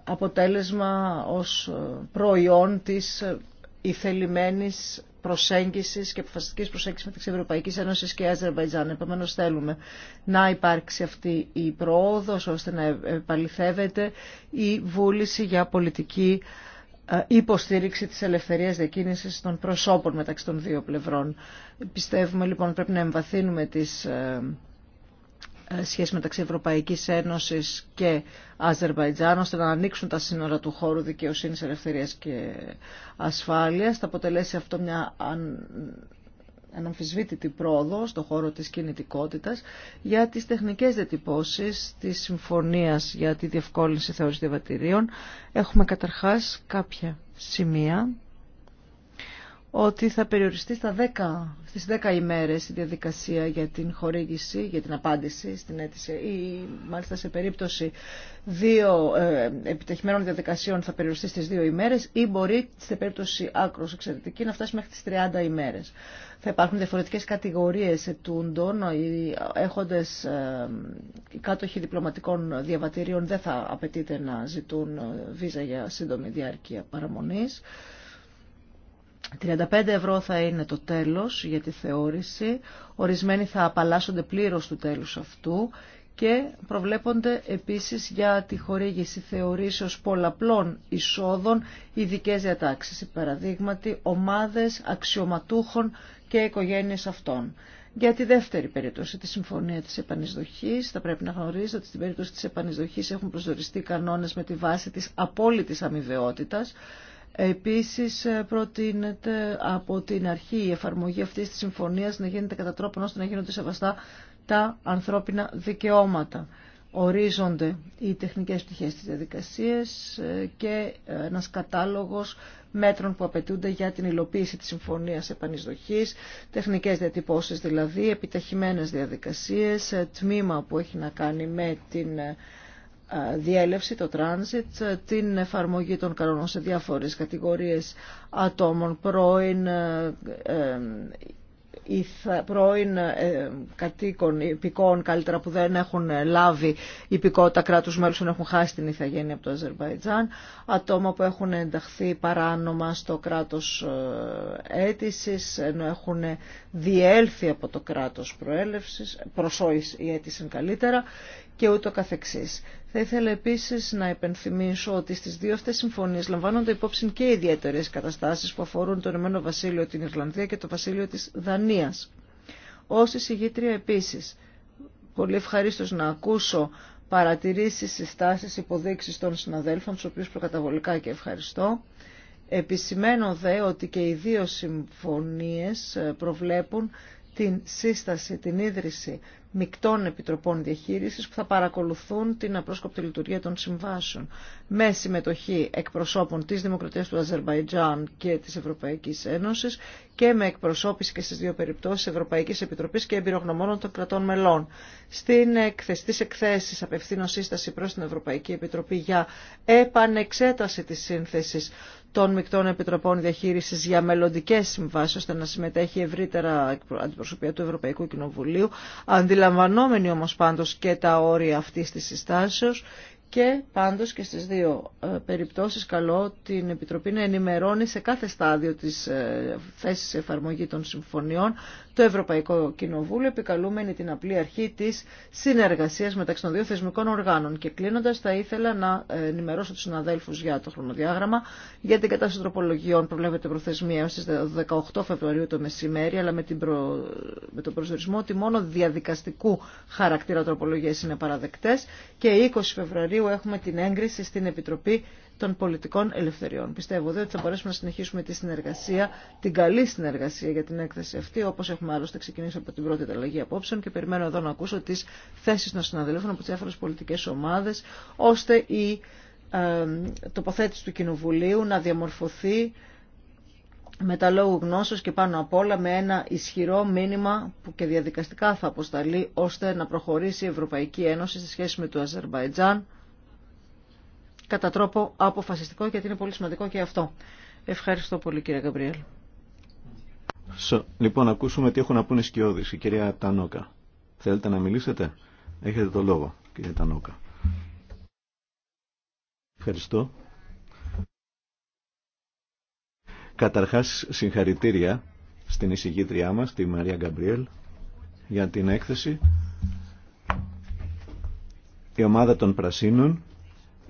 [SPEAKER 3] αποτέλεσμα, ως ε, προϊόν της ε, ηθελημένης προσέγγισης και αποφασιστικής προσέγγισης μεταξύ Ευρωπαϊκής Ένωσης και Αζερβαϊτζάν. Επομένως θέλουμε να υπάρξει αυτή η προόδος ώστε να επαληθεύεται η βούληση για πολιτική ε, υποστήριξη της ελευθερίας διακίνησης των προσώπων μεταξύ των δύο πλευρών. Πιστεύουμε λοιπόν πρέπει να εμβαθύνουμε τις ε, ε, σχέσεις μεταξύ Ευρωπαϊκής Ένωσης και Αζερβαϊτζάν ώστε να ανοίξουν τα σύνορα του χώρου δικαιοσύνης, ελευθερίας και ασφάλειας. Θα αποτελέσει αυτό μια αναμφισβήτητη πρόοδο στον χώρο της κινητικότητας για τις τεχνικές διατυπώσεις της συμφωνίας για τη διευκόλυνση Θεωρητή διαβατηρίων. Έχουμε καταρχάς κάποια σημεία ότι θα περιοριστεί στα 10, στις 10 ημέρες η διαδικασία για την χορήγηση, για την απάντηση στην αίτηση ή μάλιστα σε περίπτωση δύο ε, επιτυχημένων διαδικασιών θα περιοριστεί στις 2 ημέρες ή μπορεί σε περίπτωση άκρος εξαιρετική να φτάσει μέχρι τις 30 ημέρες. Θα υπάρχουν διαφορετικές κατηγορίες ετούντων, οι έχοντες ε, οι κάτοχοι διπλωματικών διαβατηρίων δεν θα απαιτείται να ζητούν ε, βίζα για σύντομη διάρκεια παραμονής. 35 ευρώ θα είναι το τέλος για τη θεώρηση, ορισμένοι θα απαλλάσσονται πλήρως του τέλους αυτού και προβλέπονται επίσης για τη χορήγηση θεωρήσεως πολλαπλών εισόδων ειδικέ διατάξεις, παραδείγματι ομάδες αξιωματούχων και οικογένειες αυτών. Για τη δεύτερη περίπτωση, τη συμφωνία της επανεισδοχής, θα πρέπει να γνωρίζετε ότι στην περίπτωση της επανεισδοχής έχουν προσδοριστεί κανόνες με τη βάση της απόλυτης αμοιβαιότητας, Επίσης ε, προτείνεται από την αρχή η εφαρμογή αυτής της συμφωνίας να γίνεται κατά τρόπον ώστε να γίνονται σεβαστά τα ανθρώπινα δικαιώματα. Ορίζονται οι τεχνικές πτυχές της διαδικασίας ε, και ένας κατάλογος μέτρων που απαιτούνται για την υλοποίηση της συμφωνίας επανεισδοχής, τεχνικές διατυπώσεις δηλαδή, επιταχυμένες διαδικασίες, ε, τμήμα που έχει να κάνει με την διέλευση, το transit, την εφαρμογή των κανόνων σε διάφορες κατηγορίες ατόμων, πρώην, ε, ε, πρώην ε, κατοίκων, υπηκών καλύτερα που δεν έχουν λάβει υπηκότητα κράτους μέλους, που έχουν χάσει την ηθαγένεια από το Αζερβαϊτζάν, ατόμα που έχουν ενταχθεί παράνομα στο κράτος αίτησης, ενώ έχουν διέλθει από το κράτος προέλευσης, προσώης η αίτηση καλύτερα και ούτω καθεξής. Θα ήθελα επίσης να υπενθυμίσω ότι στις δύο αυτές συμφωνίες λαμβάνονται υπόψη και ιδιαίτερε καταστάσεις που αφορούν το Ηνωμένο Βασίλειο, την Ιρλανδία και το Βασίλειο της Δανίας. Ως εισηγήτρια επίσης, πολύ ευχαρίστω να ακούσω παρατηρήσεις, συστάσεις, υποδείξεις των συναδέλφων, του οποίους προκαταβολικά και ευχαριστώ. Επισημένω δε ότι και οι δύο συμφωνίες ε, προβλέπουν την σύσταση, την ίδρυση μεικτών επιτροπών διαχείρισης που θα παρακολουθούν την απρόσκοπτη λειτουργία των συμβάσεων με συμμετοχή εκπροσώπων της Δημοκρατίας του Αζερβαϊτζάν και της Ευρωπαϊκής Ένωσης και με εκπροσώπηση και στις δύο περιπτώσεις Ευρωπαϊκής Επιτροπής και εμπειρογνωμόνων των κρατών μελών. Στην εκθέση, εκθέσεις απευθύνω σύσταση προς την Ευρωπαϊκή Επιτροπή για επανεξέταση της σύνθεσης των μεικτών επιτροπών διαχείριση για μελλοντικέ συμβάσει, ώστε να συμμετέχει ευρύτερα αντιπροσωπεία του Ευρωπαϊκού Κοινοβουλίου, αντιλαμβανόμενοι όμω πάντω και τα όρια αυτή τη συστάσεω και πάντω και στι δύο ε, περιπτώσει καλό την Επιτροπή να ενημερώνει σε κάθε στάδιο της ε, θέση εφαρμογή των συμφωνιών το Ευρωπαϊκό Κοινοβούλιο, επικαλούμενη την απλή αρχή της συνεργασίας μεταξύ των δύο θεσμικών οργάνων. Και κλείνοντας, θα ήθελα να ενημερώσω τους συναδέλφους για το χρονοδιάγραμμα, για την κατάσταση τροπολογιών προβλέπεται προθεσμία έως 18 Φεβρουαρίου το μεσημέρι, αλλά με, με τον προσδορισμό ότι μόνο διαδικαστικού χαρακτήρα τροπολογίες είναι παραδεκτές και 20 Φεβρουαρίου έχουμε την έγκριση στην Επιτροπή των πολιτικών ελευθεριών. Πιστεύω ότι θα μπορέσουμε να συνεχίσουμε τη συνεργασία, την καλή συνεργασία για την έκθεση αυτή, όπω έχουμε άλλωστε ξεκινήσει από την πρώτη ανταλλαγή απόψεων και περιμένω εδώ να ακούσω τι θέσει των συναδέλφων από τι διάφορε πολιτικέ ομάδε, ώστε η ε, τοποθέτηση του Κοινοβουλίου να διαμορφωθεί με τα λόγου γνώσεως και πάνω απ' όλα με ένα ισχυρό μήνυμα που και διαδικαστικά θα αποσταλεί ώστε να προχωρήσει η Ευρωπαϊκή Ένωση σε σχέση με το Αζερβαϊτζάν κατά τρόπο αποφασιστικό γιατί είναι πολύ σημαντικό και αυτό. Ευχαριστώ πολύ κύριε Γκαμπριέλ.
[SPEAKER 1] Λοιπόν, ακούσουμε τι έχουν να πούνε σκιώδεις. Η κυρία Τανόκα. Θέλετε να μιλήσετε. Έχετε το λόγο, κύριε Τανόκα. Ευχαριστώ. Καταρχάς, συγχαρητήρια στην εισηγήτριά μας, τη Μαρία Γκαμπριέλ, για την έκθεση. Η ομάδα των Πρασίνων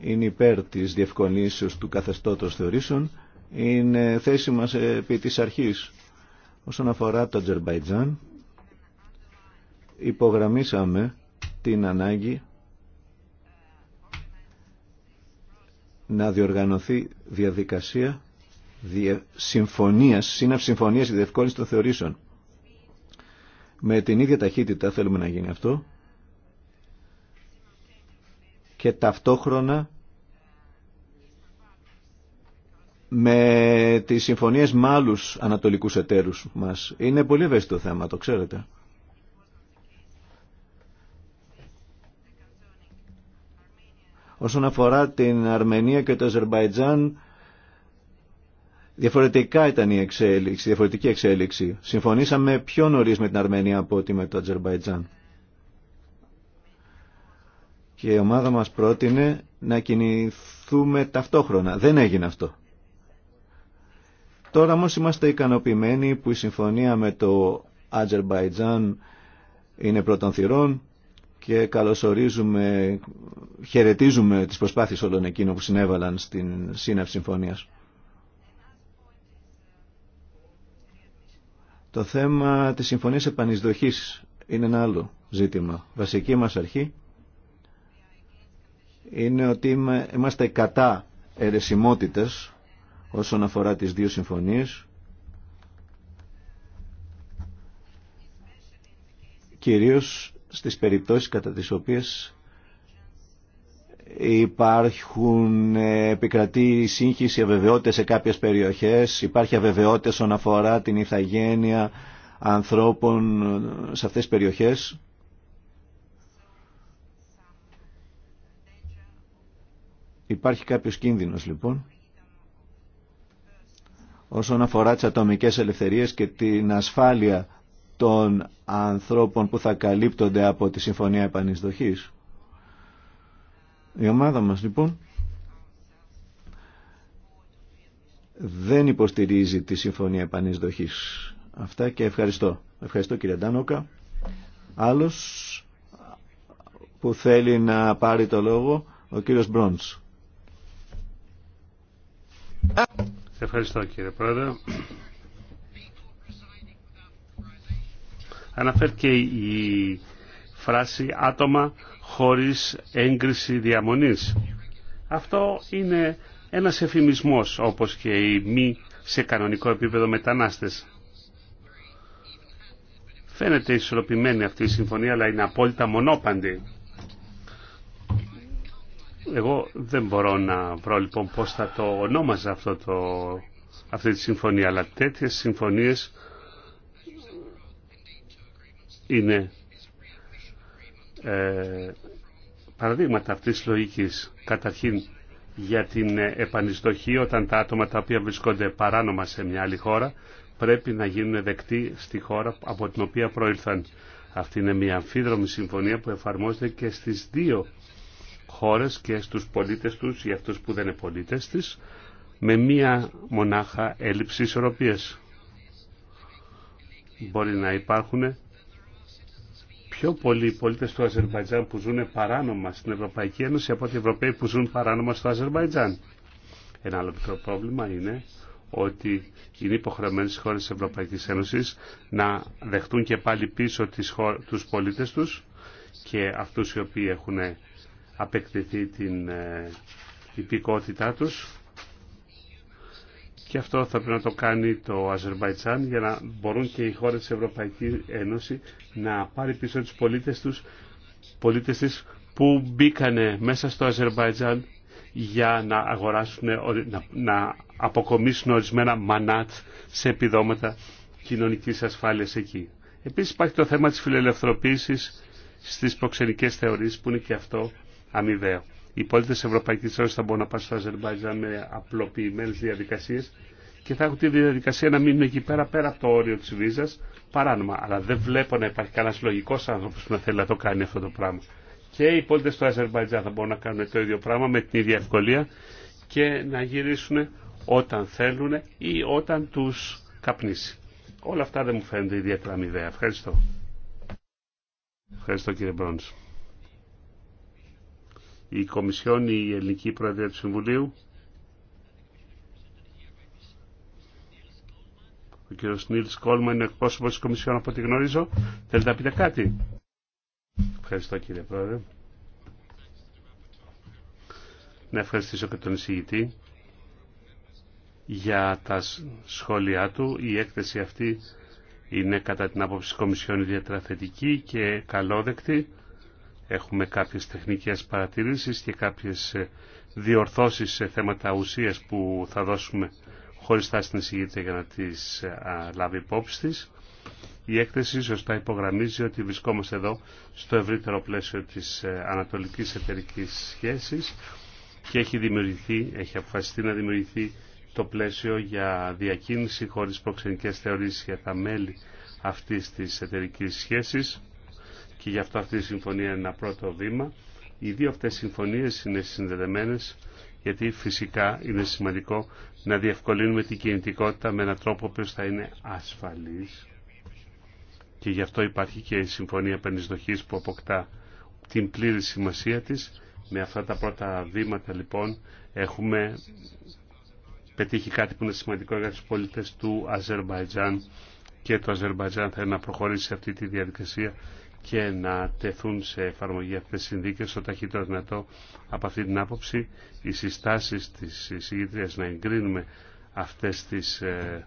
[SPEAKER 1] είναι υπέρ της διευκολύνσεως του καθεστώτος θεωρήσεων είναι θέση μας επί της αρχής. Όσον αφορά το Τζερμπαϊτζάν, υπογραμμίσαμε την ανάγκη να διοργανωθεί διαδικασία συμφωνίας, σύναυση συμφωνίας για διευκόλυνση των θεωρήσεων. Με την ίδια ταχύτητα θέλουμε να γίνει αυτό και ταυτόχρονα με τις συμφωνίες με άλλους ανατολικούς εταίρους μας. Είναι πολύ ευαίσθητο θέμα, το ξέρετε. Όσον αφορά την Αρμενία και το Αζερβαϊτζάν, διαφορετικά ήταν η εξέλιξη, διαφορετική εξέλιξη. Συμφωνήσαμε πιο νωρίς με την Αρμενία από ότι με το Αζερβαϊτζάν και η ομάδα μας πρότεινε να κινηθούμε ταυτόχρονα. Δεν έγινε αυτό. Τώρα όμως είμαστε ικανοποιημένοι που η συμφωνία με το Αζερμπαϊτζάν είναι πρώτων θυρών και καλωσορίζουμε, χαιρετίζουμε τις προσπάθειες όλων εκείνων που συνέβαλαν στην σύναψη συμφωνίας. Το θέμα της συμφωνίας επανεισδοχής είναι ένα άλλο ζήτημα. Βασική μας αρχή είναι ότι είμαστε κατά ερεσιμότητας όσον αφορά τις δύο συμφωνίες κυρίως στις περιπτώσεις κατά τις οποίες υπάρχουν ε, επικρατεί σύγχυση αβεβαιότητες σε κάποιες περιοχές υπάρχει αβεβαιότητα όσον αφορά την ηθαγένεια ανθρώπων ε, σε αυτές τις περιοχές Υπάρχει κάποιος κίνδυνος λοιπόν όσον αφορά τις ατομικές ελευθερίες και την ασφάλεια των ανθρώπων που θα καλύπτονται από τη Συμφωνία Επανεισδοχής. Η ομάδα μας λοιπόν δεν υποστηρίζει τη Συμφωνία Επανεισδοχής. Αυτά και ευχαριστώ. Ευχαριστώ κύριε Ντάνοκα. Άλλος που θέλει να πάρει το λόγο, ο κύριος Μπρόντς.
[SPEAKER 2] Ευχαριστώ κύριε Πρόεδρε. Αναφέρθηκε η φράση άτομα χωρίς έγκριση διαμονής. Αυτό είναι ένας εφημισμός όπως και η μη σε κανονικό επίπεδο μετανάστες. Φαίνεται ισορροπημένη αυτή η συμφωνία αλλά είναι απόλυτα μονόπαντη. Εγώ δεν μπορώ να βρω λοιπόν πώς θα το ονόμαζα αυτό το, αυτή τη συμφωνία, αλλά τέτοιες συμφωνίες είναι ε, παραδείγματα αυτής τη λογικής. Καταρχήν για την επανειστοχή όταν τα άτομα τα οποία βρισκόνται παράνομα σε μια άλλη χώρα πρέπει να γίνουν δεκτοί στη χώρα από την οποία προήλθαν. Αυτή είναι μια αμφίδρομη συμφωνία που εφαρμόζεται και στις δύο χώρες και στους πολίτες τους ή αυτούς που δεν είναι πολίτες της με μία μονάχα έλλειψη ισορροπίας. Μπορεί να υπάρχουν πιο πολλοί πολίτες του Αζερβαϊτζάν που ζουν παράνομα στην Ευρωπαϊκή Ένωση από ότι Ευρωπαίοι που ζουν παράνομα στο Αζερβαϊτζάν. Ένα άλλο μικρό πρόβλημα είναι ότι είναι υποχρεωμένες οι χώρες της Ευρωπαϊκής Ένωσης να δεχτούν και πάλι πίσω τους πολίτες τους και αυτούς οι οποίοι έχουν απεκτηθεί την ε, υπηκότητά τους και αυτό θα πρέπει να το κάνει το Αζερβαϊτσάν για να μπορούν και οι χώρες της Ευρωπαϊκής Ένωσης να πάρει πίσω τους πολίτες, τους, πολίτες που μπήκανε μέσα στο Αζερβαϊτζάν για να αγοράσουν, να αποκομίσουν ορισμένα μανάτ σε επιδόματα κοινωνικής ασφάλειας εκεί. Επίσης υπάρχει το θέμα της φιλελευθερωποίησης στις προξενικές θεωρίες που είναι και αυτό αμοιβαίο. Οι πολίτε τη Ευρωπαϊκή Ένωση θα μπορούν να πάνε στο Αζερμπαϊτζάν με απλοποιημένε διαδικασίε και θα έχουν τη διαδικασία να μείνουν εκεί πέρα πέρα από το όριο τη βίζα παράνομα. Αλλά δεν βλέπω να υπάρχει κανένα λογικό άνθρωπο που να θέλει να το κάνει αυτό το πράγμα. Και οι πολίτε του Αζερμπαϊτζάν θα μπορούν να κάνουν το ίδιο πράγμα με την ίδια ευκολία και να γυρίσουν όταν θέλουν ή όταν του καπνίσει. Όλα αυτά δεν μου φαίνονται ιδιαίτερα αμοιβαία. Ευχαριστώ. Ευχαριστώ κύριε η Κομισιόν, η Ελληνική Προεδρία του Συμβουλίου, ο κ. Νίλς Κόλμα είναι εκπρόσωπος της Κομισιόν από ό,τι γνωρίζω. Θέλετε να πείτε κάτι. Ευχαριστώ κύριε Πρόεδρε. Να ευχαριστήσω και τον εισηγητή για τα σχόλιά του. Η έκθεση αυτή είναι κατά την άποψη της Κομισιόν ιδιαίτερα θετική και καλόδεκτη. Έχουμε κάποιες τεχνικές παρατηρήσεις και κάποιες ε, διορθώσεις σε θέματα ουσίας που θα δώσουμε χωριστά στην εισηγήτρια για να τις ε, λάβει υπόψη της. Η έκθεση σωστά υπογραμμίζει ότι βρισκόμαστε εδώ στο ευρύτερο πλαίσιο της ε, ανατολικής εταιρικής σχέσης και έχει δημιουργηθεί, έχει αποφασιστεί να δημιουργηθεί το πλαίσιο για διακίνηση χωρίς προξενικές θεωρήσεις για τα μέλη αυτής της εταιρικής σχέσης και γι' αυτό αυτή η συμφωνία είναι ένα πρώτο βήμα. Οι δύο αυτές συμφωνίες είναι συνδεδεμένες γιατί φυσικά είναι σημαντικό να διευκολύνουμε την κινητικότητα με έναν τρόπο που θα είναι ασφαλής και γι' αυτό υπάρχει και η Συμφωνία Πενισδοχής που αποκτά την πλήρη σημασία της. Με αυτά τα πρώτα βήματα λοιπόν έχουμε πετύχει κάτι που είναι σημαντικό για τους πολίτες του Αζερμπαϊτζάν και το Αζερμπαϊτζάν είναι να προχωρήσει σε αυτή τη διαδικασία και να τεθούν σε εφαρμογή αυτές τις συνδίκες το ταχύτερο δυνατό από αυτή την άποψη. Οι συστάσεις της εισηγήτριας να εγκρίνουμε αυτές τις ε,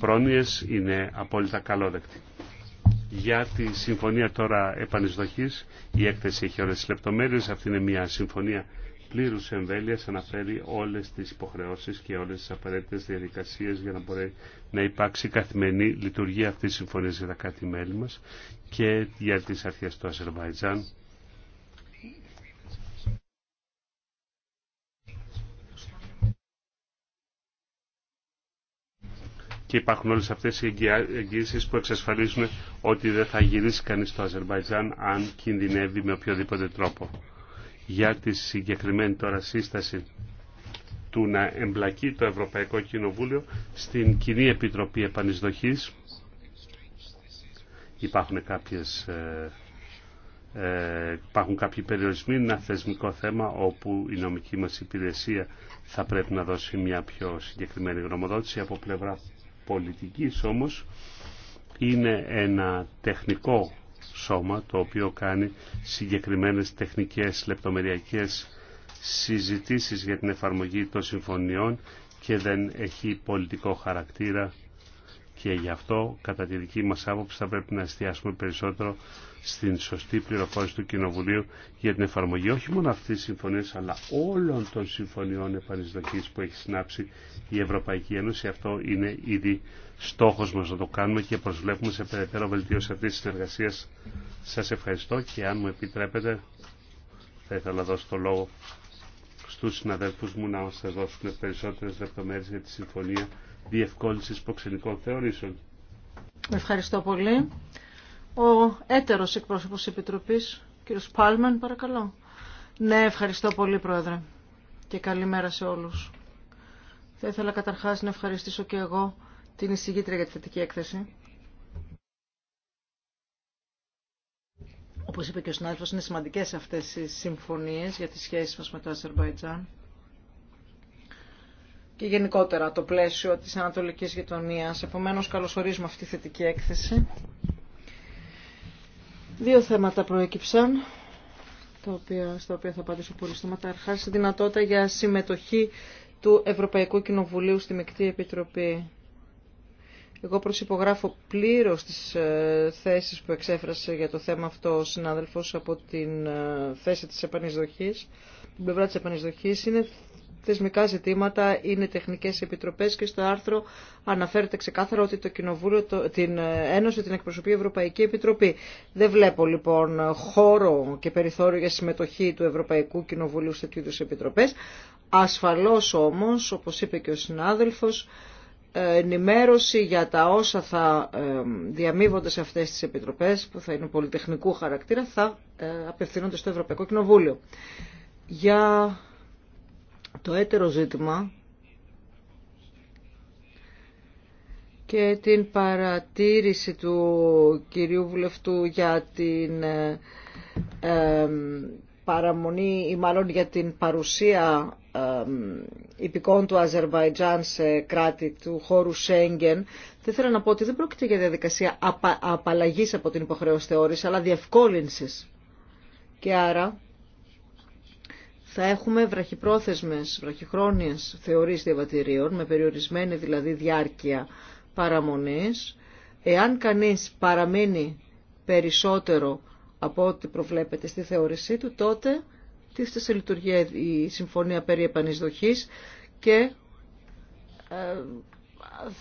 [SPEAKER 2] πρόνοιες είναι απόλυτα καλόδεκτη. Για τη συμφωνία τώρα επανεισδοχής, η έκθεση έχει όλες τις λεπτομέρειες, αυτή είναι μια συμφωνία πλήρους εμβέλεια αναφέρει όλες τις υποχρεώσεις και όλες τις απαραίτητε διαδικασίε για να μπορεί να υπάρξει καθημερινή λειτουργία αυτής της συμφωνία για τα κάτι μέλη μα και για τις αρχέ του Αζερβαϊτζάν. και υπάρχουν όλες αυτές οι εγγύησεις που εξασφαλίζουν ότι δεν θα γυρίσει κανείς στο Αζερβαϊτζάν αν κινδυνεύει με οποιοδήποτε τρόπο για τη συγκεκριμένη τώρα σύσταση του να εμπλακεί το Ευρωπαϊκό Κοινοβούλιο στην Κοινή Επιτροπή Επανεισδοχής. Υπάρχουν κάποιες ε, ε, υπάρχουν κάποιοι περιορισμοί, ένα θεσμικό θέμα όπου η νομική μας υπηρεσία θα πρέπει να δώσει μια πιο συγκεκριμένη γνωμοδότηση από πλευρά πολιτικής όμως είναι ένα τεχνικό σώμα το οποίο κάνει συγκεκριμένες τεχνικές λεπτομεριακές συζητήσεις για την εφαρμογή των συμφωνιών και δεν έχει πολιτικό χαρακτήρα και γι' αυτό κατά τη δική μας άποψη θα πρέπει να εστιάσουμε περισσότερο στην σωστή πληροφόρηση του Κοινοβουλίου για την εφαρμογή όχι μόνο αυτής της συμφωνίας αλλά όλων των συμφωνιών επανεισδοχής που έχει συνάψει η Ευρωπαϊκή Ένωση. Αυτό είναι ήδη στόχος μας να το κάνουμε και προσβλέπουμε σε περαιτέρω βελτίωση αυτής της συνεργασίας. Σας ευχαριστώ και αν μου επιτρέπετε θα ήθελα να δώσω το λόγο στους συναδέλφους μου να σας δώσουν περισσότερες λεπτομέρειες για τη συμφωνία διευκόλυνσης προξενικών θεωρήσεων.
[SPEAKER 3] Ευχαριστώ πολύ. Ο έτερος εκπρόσωπος της Επιτροπής, κύριος Πάλμαν, παρακαλώ. Ναι, ευχαριστώ πολύ, Πρόεδρε. Και καλημέρα σε όλους. Θα ήθελα καταρχάς να ευχαριστήσω και εγώ την εισηγήτρια για τη θετική έκθεση. Όπως είπε και ο συνάδελφος, είναι σημαντικές αυτές οι συμφωνίες για τις σχέσεις μας με το Αζερβαϊτζάν και γενικότερα το πλαίσιο της Ανατολικής Γειτονίας. Επομένως, καλωσορίζουμε αυτή τη θετική έκθεση. Δύο θέματα προέκυψαν, τα οποία, στα οποία θα απαντήσω πολύ στοματά. Αρχάς, δυνατότητα για συμμετοχή του Ευρωπαϊκού Κοινοβουλίου στη Μεκτή Επιτροπή εγώ προσυπογράφω πλήρως τις ε, θέσεις που εξέφρασε για το θέμα αυτό ο συνάδελφος από την ε, θέση της επανεισδοχής. Την πλευρά της επανεισδοχής είναι θεσμικά ζητήματα, είναι τεχνικές επιτροπές και στο άρθρο αναφέρεται ξεκάθαρα ότι το Κοινοβούλιο, την ε, Ένωση, την εκπροσωπεί Ευρωπαϊκή Επιτροπή. Δεν βλέπω λοιπόν χώρο και περιθώριο για συμμετοχή του Ευρωπαϊκού Κοινοβουλίου σε τέτοιου επιτροπές. Ασφαλώς όμως, όπως είπε και ο συνάδελφος, ενημέρωση για τα όσα θα ε, διαμείβονται σε αυτές τις επιτροπές που θα είναι πολυτεχνικού χαρακτήρα θα ε, απευθύνονται στο Ευρωπαϊκό Κοινοβούλιο. Για το έτερο ζήτημα και την παρατήρηση του κυρίου Βουλευτού για την ε, παραμονή ή μάλλον για την παρουσία υπηκόν του Αζερβαϊτζάν σε κράτη του χώρου Σέγγεν. δεν θέλω να πω ότι δεν πρόκειται για διαδικασία απα, από την υποχρέωση θεώρηση, αλλά διευκόλυνσης. Και άρα θα έχουμε βραχυπρόθεσμες, βραχυχρόνιες θεωρίες διαβατηρίων, με περιορισμένη δηλαδή διάρκεια παραμονής. Εάν κανείς παραμείνει περισσότερο από ό,τι προβλέπεται στη θεώρησή του, τότε τίθεται σε λειτουργία η συμφωνία περί επανεισδοχής και ε,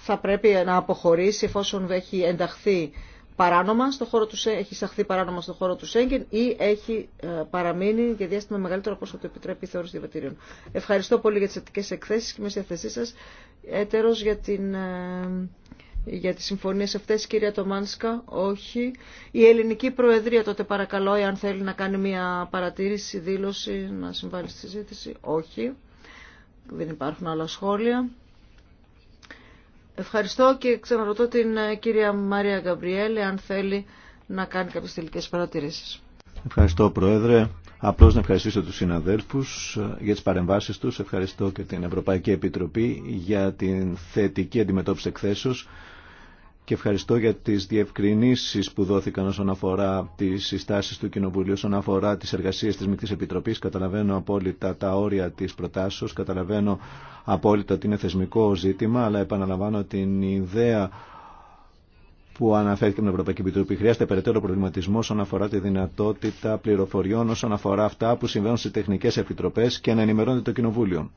[SPEAKER 3] θα πρέπει να αποχωρήσει εφόσον έχει ενταχθεί παράνομα στο χώρο του, έχει σαχθεί παράνομα στο χώρο του Σέγγεν ή έχει ε, παραμείνει για διάστημα μεγαλύτερο από όσο το επιτρέπει η θεώρηση διαβατήριων. Ευχαριστώ πολύ για τις ετικέ εκθέσεις και με στη θέση σας έτερος για την ε, για τις συμφωνίες αυτές, κυρία Τομάνσκα, όχι. Η ελληνική προεδρία τότε παρακαλώ, αν θέλει να κάνει μια παρατήρηση, δήλωση, να συμβάλλει στη συζήτηση, όχι. Δεν υπάρχουν άλλα σχόλια. Ευχαριστώ και ξαναρωτώ την ε, κυρία Μαρία Γκαμπριέλη αν θέλει να κάνει κάποιες τελικές παρατηρήσεις.
[SPEAKER 1] Ευχαριστώ Πρόεδρε. Απλώς να ευχαριστήσω τους συναδέλφους ε, για τις παρεμβάσεις τους. Ευχαριστώ και την Ευρωπαϊκή Επιτροπή για την θετική αντιμετώπιση εκθέσεως και ευχαριστώ για τις διευκρινήσεις που δόθηκαν όσον αφορά τις συστάσεις του Κοινοβουλίου, όσον αφορά τις εργασίες της Μικτής Επιτροπής. Καταλαβαίνω απόλυτα τα όρια της προτάσεως, καταλαβαίνω απόλυτα ότι είναι θεσμικό ζήτημα, αλλά επαναλαμβάνω την ιδέα που αναφέρθηκε την Ευρωπαϊκή Επιτροπή. Χρειάζεται περαιτέρω προβληματισμό όσον αφορά τη δυνατότητα πληροφοριών, όσον αφορά αυτά που συμβαίνουν στι τεχνικέ επιτροπέ και να ενημερώνεται το Κοινοβούλιο.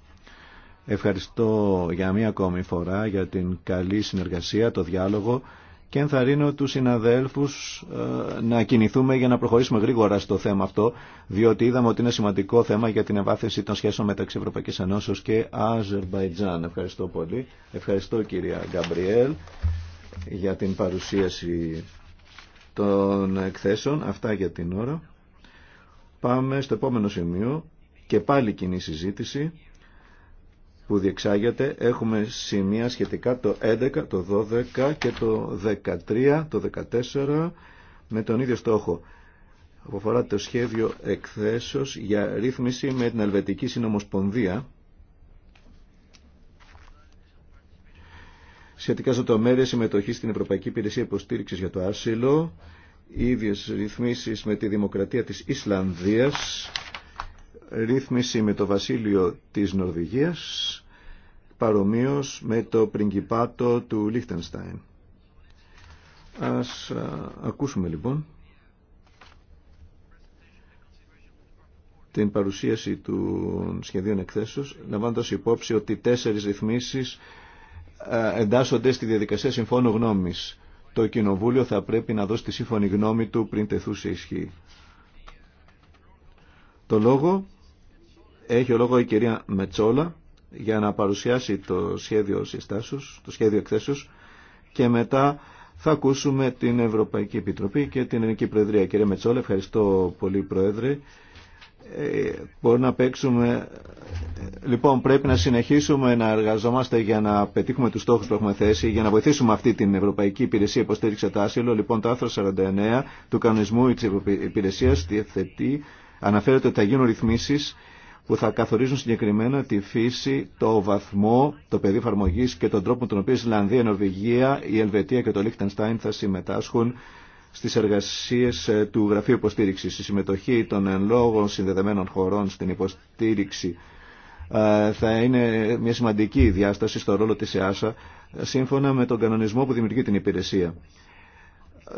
[SPEAKER 1] Ευχαριστώ για μία ακόμη φορά για την καλή συνεργασία, το διάλογο και ενθαρρύνω τους συναδέλφους ε, να κινηθούμε για να προχωρήσουμε γρήγορα στο θέμα αυτό, διότι είδαμε ότι είναι σημαντικό θέμα για την ευάθυνση των σχέσεων μεταξύ Ευρωπαϊκής Ενώσεως και Αζερβαϊτζάν. Ευχαριστώ πολύ. Ευχαριστώ κυρία Γκαμπριέλ για την παρουσίαση των εκθέσεων. Αυτά για την ώρα. Πάμε στο επόμενο σημείο και πάλι κοινή συζήτηση που διεξάγεται έχουμε σημεία σχετικά το 11, το 12 και το 13, το 14 με τον ίδιο στόχο Αποφορά το σχέδιο εκθέσεως για ρύθμιση με την Ελβετική Συνομοσπονδία σχετικά στο τομέα συμμετοχή στην Ευρωπαϊκή Υπηρεσία Υποστήριξη για το Άσυλο, ίδιες ρυθμίσεις με τη Δημοκρατία τη Ισλανδία ρύθμιση με το βασίλειο της Νορβηγίας, παρομοίως με το πριγκιπάτο του Λίχτενστάιν. Ας ακούσουμε λοιπόν την παρουσίαση του σχεδίων εκθέσεως, λαμβάνοντας υπόψη ότι τέσσερις ρυθμίσεις εντάσσονται στη διαδικασία συμφώνου γνώμης. Το Κοινοβούλιο θα πρέπει να δώσει τη σύμφωνη γνώμη του πριν τεθούσε ισχύ. Το λόγο έχει ο λόγο η κυρία Μετσόλα για να παρουσιάσει το σχέδιο συστάσεως, το σχέδιο εκθέσεως και μετά θα ακούσουμε την Ευρωπαϊκή Επιτροπή και την Ελληνική Προεδρία. Κύριε Μετσόλα, ευχαριστώ πολύ Πρόεδρε. Ε, μπορεί να παίξουμε... Ε, λοιπόν, πρέπει να συνεχίσουμε να εργαζόμαστε για να πετύχουμε τους στόχους που έχουμε θέσει, για να βοηθήσουμε αυτή την Ευρωπαϊκή Υπηρεσία Υποστήριξη το άσυλο. Λοιπόν, το άρθρο 49 του κανονισμού της Υπηρεσίας διαθετεί, αναφέρεται ότι θα γίνουν ρυθμίσεις που θα καθορίζουν συγκεκριμένα τη φύση, το βαθμό, το πεδίο εφαρμογή και τον τρόπο με τον οποίο η Ισλανδία, η Νορβηγία, η Ελβετία και το Λίχτενστάιν θα συμμετάσχουν στι εργασίε ε, του Γραφείου Υποστήριξη. Η συμμετοχή των εν λόγω συνδεδεμένων χωρών στην υποστήριξη ε, θα είναι μια σημαντική διάσταση στο ρόλο της ΕΑΣΑ σύμφωνα με τον κανονισμό που δημιουργεί την υπηρεσία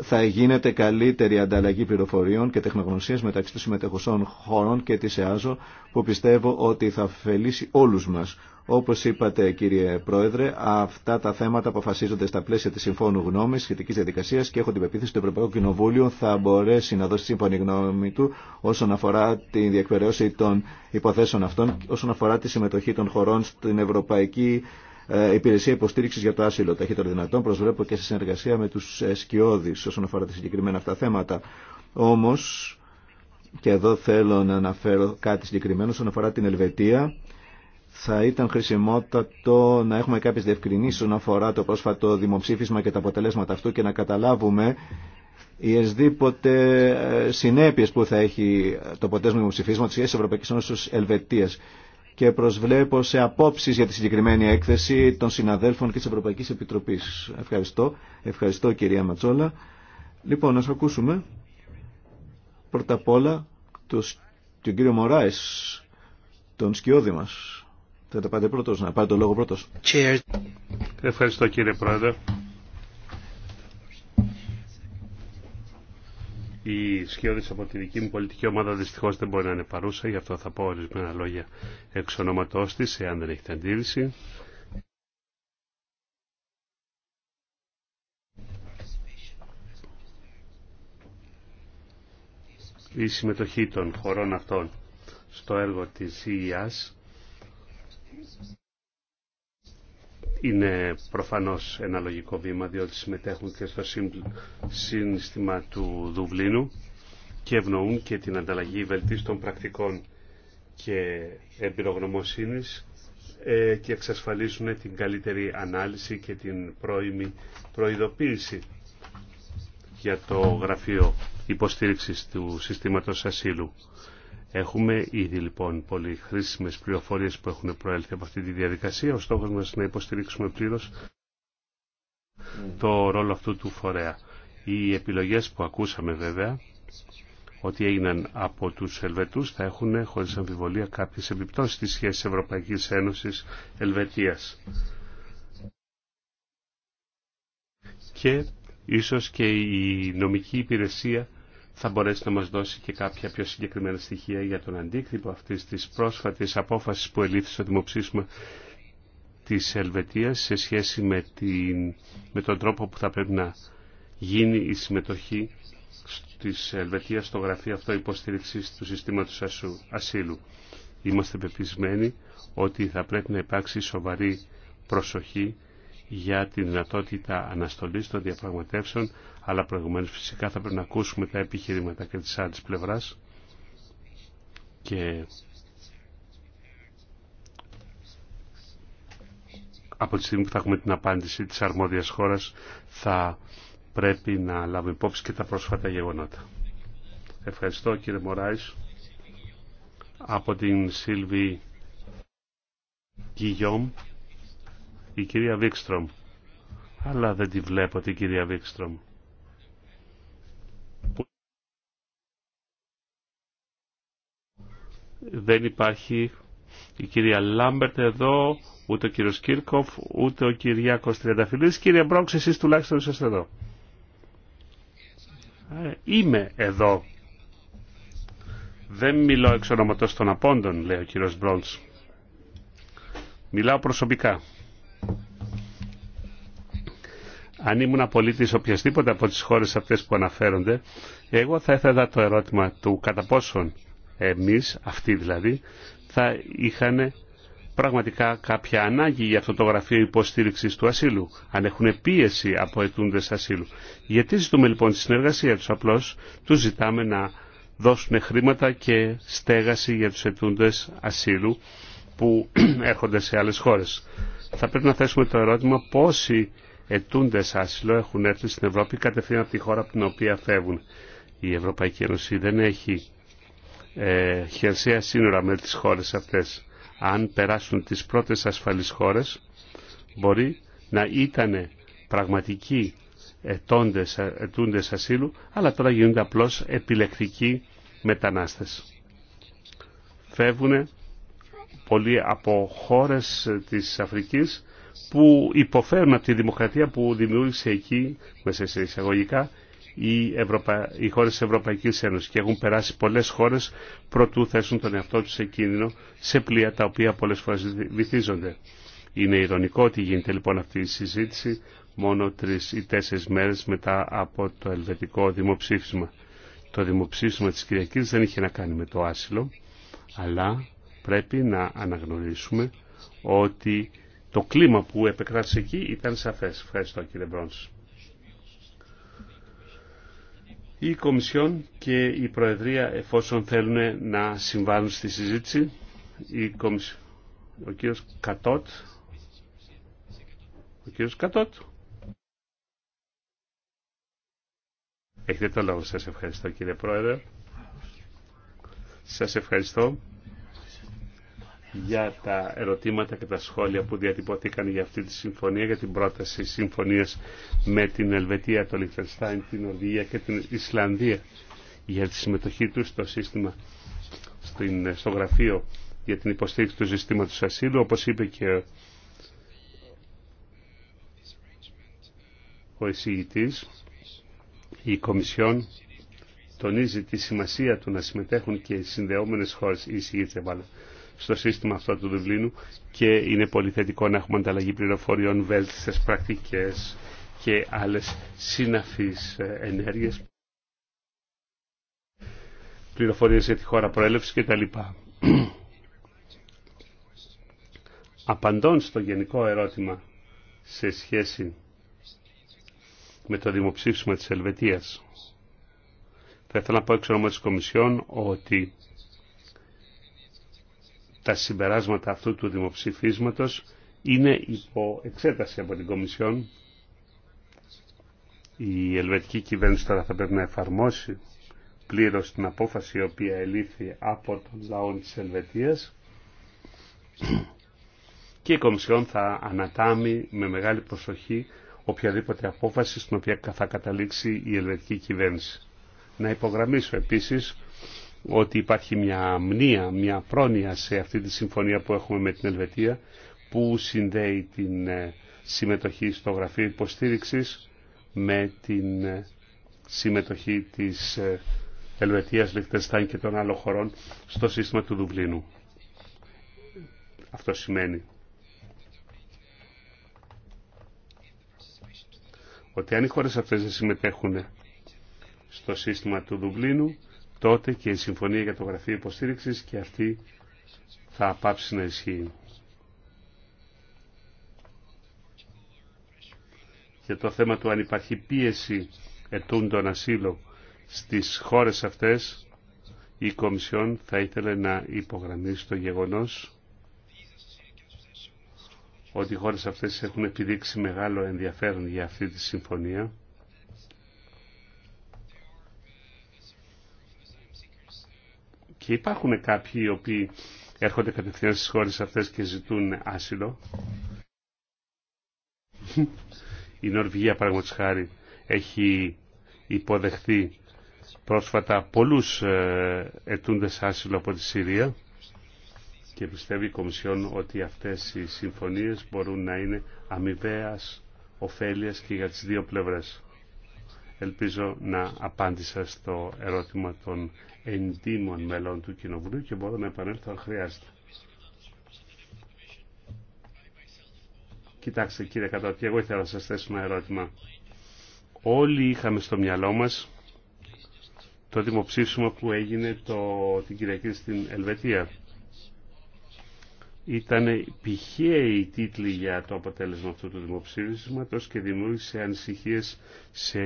[SPEAKER 1] θα γίνεται καλύτερη ανταλλαγή πληροφοριών και τεχνογνωσίας μεταξύ των συμμετεχουσών χωρών και της ΕΑΖΟ που πιστεύω ότι θα ωφελήσει όλους μας. Όπως είπατε κύριε Πρόεδρε, αυτά τα θέματα αποφασίζονται στα πλαίσια της Συμφώνου Γνώμης σχετικής διαδικασίας και έχω την πεποίθηση ότι το Ευρωπαϊκό Κοινοβούλιο θα μπορέσει να δώσει σύμφωνη γνώμη του όσον αφορά τη διεκπαιρέωση των υποθέσεων αυτών, όσον αφορά τη συμμετοχή των χωρών στην Ευρωπαϊκή ε, υπηρεσία υποστήριξη για το άσυλο. Ταχύτερο δυνατόν προσβλέπω και σε συνεργασία με του σκιώδει όσον αφορά τα συγκεκριμένα αυτά θέματα. Όμω, και εδώ θέλω να αναφέρω κάτι συγκεκριμένο όσον αφορά την Ελβετία. Θα ήταν χρησιμότατο να έχουμε κάποιε διευκρινήσει όσον αφορά το πρόσφατο δημοψήφισμα και τα αποτελέσματα αυτού και να καταλάβουμε οι εσδήποτε ε, συνέπειε που θα έχει το αποτέλεσμα δημοψηφίσματο τη Ευρωπαϊκή Ένωση Ελβετία και προσβλέπω σε απόψεις για τη συγκεκριμένη έκθεση των συναδέλφων και της Ευρωπαϊκής Επιτροπής. Ευχαριστώ. Ευχαριστώ κυρία Ματσόλα. Λοιπόν, να ακούσουμε πρώτα απ' όλα τον κύριο Μωράης, τον σκιώδη μας. Θα τα πάτε πρώτος, να πάρετε το λόγο πρώτος.
[SPEAKER 2] Ευχαριστώ κύριε Πρόεδρε. η Σκιώδης από τη δική μου πολιτική ομάδα δυστυχώ δεν μπορεί να είναι παρούσα, γι' αυτό θα πω ορισμένα λόγια εξ ονόματό τη, εάν δεν έχετε αντίληση. Η συμμετοχή των χωρών αυτών στο έργο της ΙΙΑΣ είναι προφανώς ένα λογικό βήμα διότι συμμετέχουν και στο σύστημα του Δουβλίνου και ευνοούν και την ανταλλαγή βελτίστων πρακτικών και εμπειρογνωμοσύνης ε, και εξασφαλίζουν την καλύτερη ανάλυση και την πρώιμη προειδοποίηση για το Γραφείο Υποστήριξης του Συστήματος Ασύλου. Έχουμε ήδη λοιπόν πολύ χρήσιμε πληροφορίε που έχουν προέλθει από αυτή τη διαδικασία. Ο στόχο μα είναι να υποστηρίξουμε πλήρω το ρόλο αυτού του φορέα. Οι επιλογέ που ακούσαμε βέβαια ότι έγιναν από τους Ελβετούς θα έχουν χωρίς αμφιβολία κάποιες επιπτώσεις στις σχέσεις Ευρωπαϊκής Ένωσης Ελβετίας. Και ίσως και η νομική υπηρεσία θα μπορέσει να μας δώσει και κάποια πιο συγκεκριμένα στοιχεία για τον αντίκτυπο αυτής της πρόσφατης απόφασης που ελήφθη στο δημοψήφισμα της Ελβετίας σε σχέση με, την, με τον τρόπο που θα πρέπει να γίνει η συμμετοχή της Ελβετίας στο γραφείο αυτό υποστήριξης του συστήματος ασύλου. Είμαστε πεπισμένοι ότι θα πρέπει να υπάρξει σοβαρή προσοχή για τη δυνατότητα αναστολής των διαπραγματεύσεων, αλλά προηγουμένως φυσικά θα πρέπει να ακούσουμε τα επιχειρήματα και της άλλης πλευράς και από τη στιγμή που θα έχουμε την απάντηση της αρμόδιας χώρας θα πρέπει να λάβουμε υπόψη και τα πρόσφατα γεγονότα. Ευχαριστώ κύριε Μωράης από την Σίλβη Κιγιόμ η κυρία Βίξτρομ. Αλλά δεν τη βλέπω την κυρία Βίξτρομ. Δεν υπάρχει η κυρία Λάμπερτ εδώ, ούτε ο κύριος Κίρκοφ, ούτε ο κυριάκος Τριανταφυλλής. Κύριε Μπρόξ, εσείς τουλάχιστον είσαστε εδώ. Ε, είμαι εδώ. Δεν μιλώ εξ ονόματος των απόντων, λέει ο κύριος Μπρόξ. Μιλάω προσωπικά. αν ήμουν πολίτης οποιασδήποτε από τις χώρες αυτές που αναφέρονται, εγώ θα έθετα το ερώτημα του κατά πόσον εμείς, αυτοί δηλαδή, θα είχαν πραγματικά κάποια ανάγκη για αυτό το γραφείο υποστήριξης του ασύλου, αν έχουν πίεση από ετούντε ασύλου. Γιατί ζητούμε λοιπόν τη συνεργασία τους, απλώς του ζητάμε να δώσουν χρήματα και στέγαση για τους ετούντε ασύλου που έρχονται σε άλλες χώρες. Θα πρέπει να θέσουμε το ερώτημα πόσοι Ετούντε άσυλο έχουν έρθει στην Ευρώπη κατευθείαν από τη χώρα από την οποία φεύγουν. Η Ευρωπαϊκή Ένωση δεν έχει ε, χερσαία σύνορα με τις χώρες αυτές. Αν περάσουν τις πρώτες ασφαλείς χώρες, μπορεί να ήταν πραγματικοί ετούντε ετούντες ασύλου, αλλά τώρα γίνονται απλώς επιλεκτικοί μετανάστες. Φεύγουν πολλοί από χώρες της Αφρικής που υποφέρουν από τη δημοκρατία που δημιούργησε εκεί, μέσα σε εισαγωγικά, οι, Ευρωπα... οι χώρες της Ευρωπαϊκής Ένωσης και έχουν περάσει πολλέ χώρε προτού θέσουν τον εαυτό του σε κίνδυνο σε πλοία τα οποία πολλέ φορέ βυθίζονται. Είναι ηρωνικό ότι γίνεται λοιπόν αυτή η συζήτηση μόνο τρει ή τέσσερι μέρε μετά από το ελβετικό δημοψήφισμα. Το δημοψήφισμα τη Κυριακή δεν είχε να κάνει με το άσυλο, αλλά πρέπει να αναγνωρίσουμε ότι το κλίμα που επεκράτησε εκεί ήταν σαφές. Ευχαριστώ κύριε Μπρόντς. Η Κομισιόν και η Προεδρία εφόσον θέλουν να συμβάλλουν στη συζήτηση, η Κομισιόν, ο κύριος Κατότ, ο Κατότ. Έχετε το λόγο σας. Ευχαριστώ κύριε Πρόεδρε. Σας ευχαριστώ για τα ερωτήματα και τα σχόλια που διατυπωθήκαν για αυτή τη συμφωνία, για την πρόταση συμφωνίας με την Ελβετία, το Λιχτενστάιν, την Ορδία και την Ισλανδία για τη συμμετοχή τους στο σύστημα, στο γραφείο για την υποστήριξη του συστήματος ασύλου, όπως είπε και ο εισηγητής, η Κομισιόν τονίζει τη σημασία του να συμμετέχουν και οι συνδεόμενες χώρες, η στο σύστημα αυτό του Δουβλίνου και είναι πολύ θετικό να έχουμε ανταλλαγή πληροφοριών, βέλτιστες πρακτικές και άλλες συναφείς ε, ενέργειες, πληροφορίες για τη χώρα προέλευσης κτλ. Απαντών στο γενικό ερώτημα σε σχέση με το δημοψήφισμα της Ελβετίας. Θα ήθελα να πω εξ της Κομισιόν ότι τα συμπεράσματα αυτού του δημοψηφίσματος είναι υπό εξέταση από την Κομισιόν. Η ελβετική κυβέρνηση τώρα θα πρέπει να εφαρμόσει πλήρως την απόφαση η οποία ελήφθη από τον λαό της Ελβετίας και η Κομισιόν θα ανατάμει με μεγάλη προσοχή οποιαδήποτε απόφαση στην οποία θα καταλήξει η ελβετική κυβέρνηση. Να υπογραμμίσω επίσης ότι υπάρχει μια μνήα, μια πρόνοια σε αυτή τη συμφωνία που έχουμε με την Ελβετία που συνδέει την ε, συμμετοχή στο γραφείο υποστήριξης με την ε, συμμετοχή της ε, Ελβετίας, Λιχτενστάιν και των άλλων χωρών στο σύστημα του Δουβλίνου. Αυτό σημαίνει ότι αν οι χώρες αυτές δεν συμμετέχουν στο σύστημα του Δουβλίνου τότε και η συμφωνία για το γραφείο υποστήριξης και αυτή θα πάψει να ισχύει. Για το θέμα του αν υπάρχει πίεση ετούντων ασύλων στις χώρες αυτές, η Κομισιόν θα ήθελε να υπογραμμίσει το γεγονός ότι οι χώρες αυτές έχουν επιδείξει μεγάλο ενδιαφέρον για αυτή τη συμφωνία Και υπάρχουν κάποιοι οι οποίοι έρχονται κατευθείαν στις χώρες αυτές και ζητούν άσυλο. Η Νορβηγία, παραγματικά χάρη, έχει υποδεχθεί πρόσφατα πολλούς ε, ετούντες άσυλο από τη Συρία και πιστεύει η Κομισιόν ότι αυτές οι συμφωνίες μπορούν να είναι αμοιβαίας ωφέλειας και για τις δύο πλευρές. Ελπίζω να απάντησα στο ερώτημα των εντύμων μελών του Κοινοβουλίου και μπορώ να επανέλθω αν χρειάζεται. Κοιτάξτε κύριε Κατώτη, εγώ ήθελα να σας θέσω ένα ερώτημα. Όλοι είχαμε στο μυαλό μας το δημοψήφισμα που έγινε το, την Κυριακή στην Ελβετία ήταν πηχαίοι οι τίτλοι για το αποτέλεσμα αυτού του δημοψήφισματος και δημιούργησε ανησυχίες σε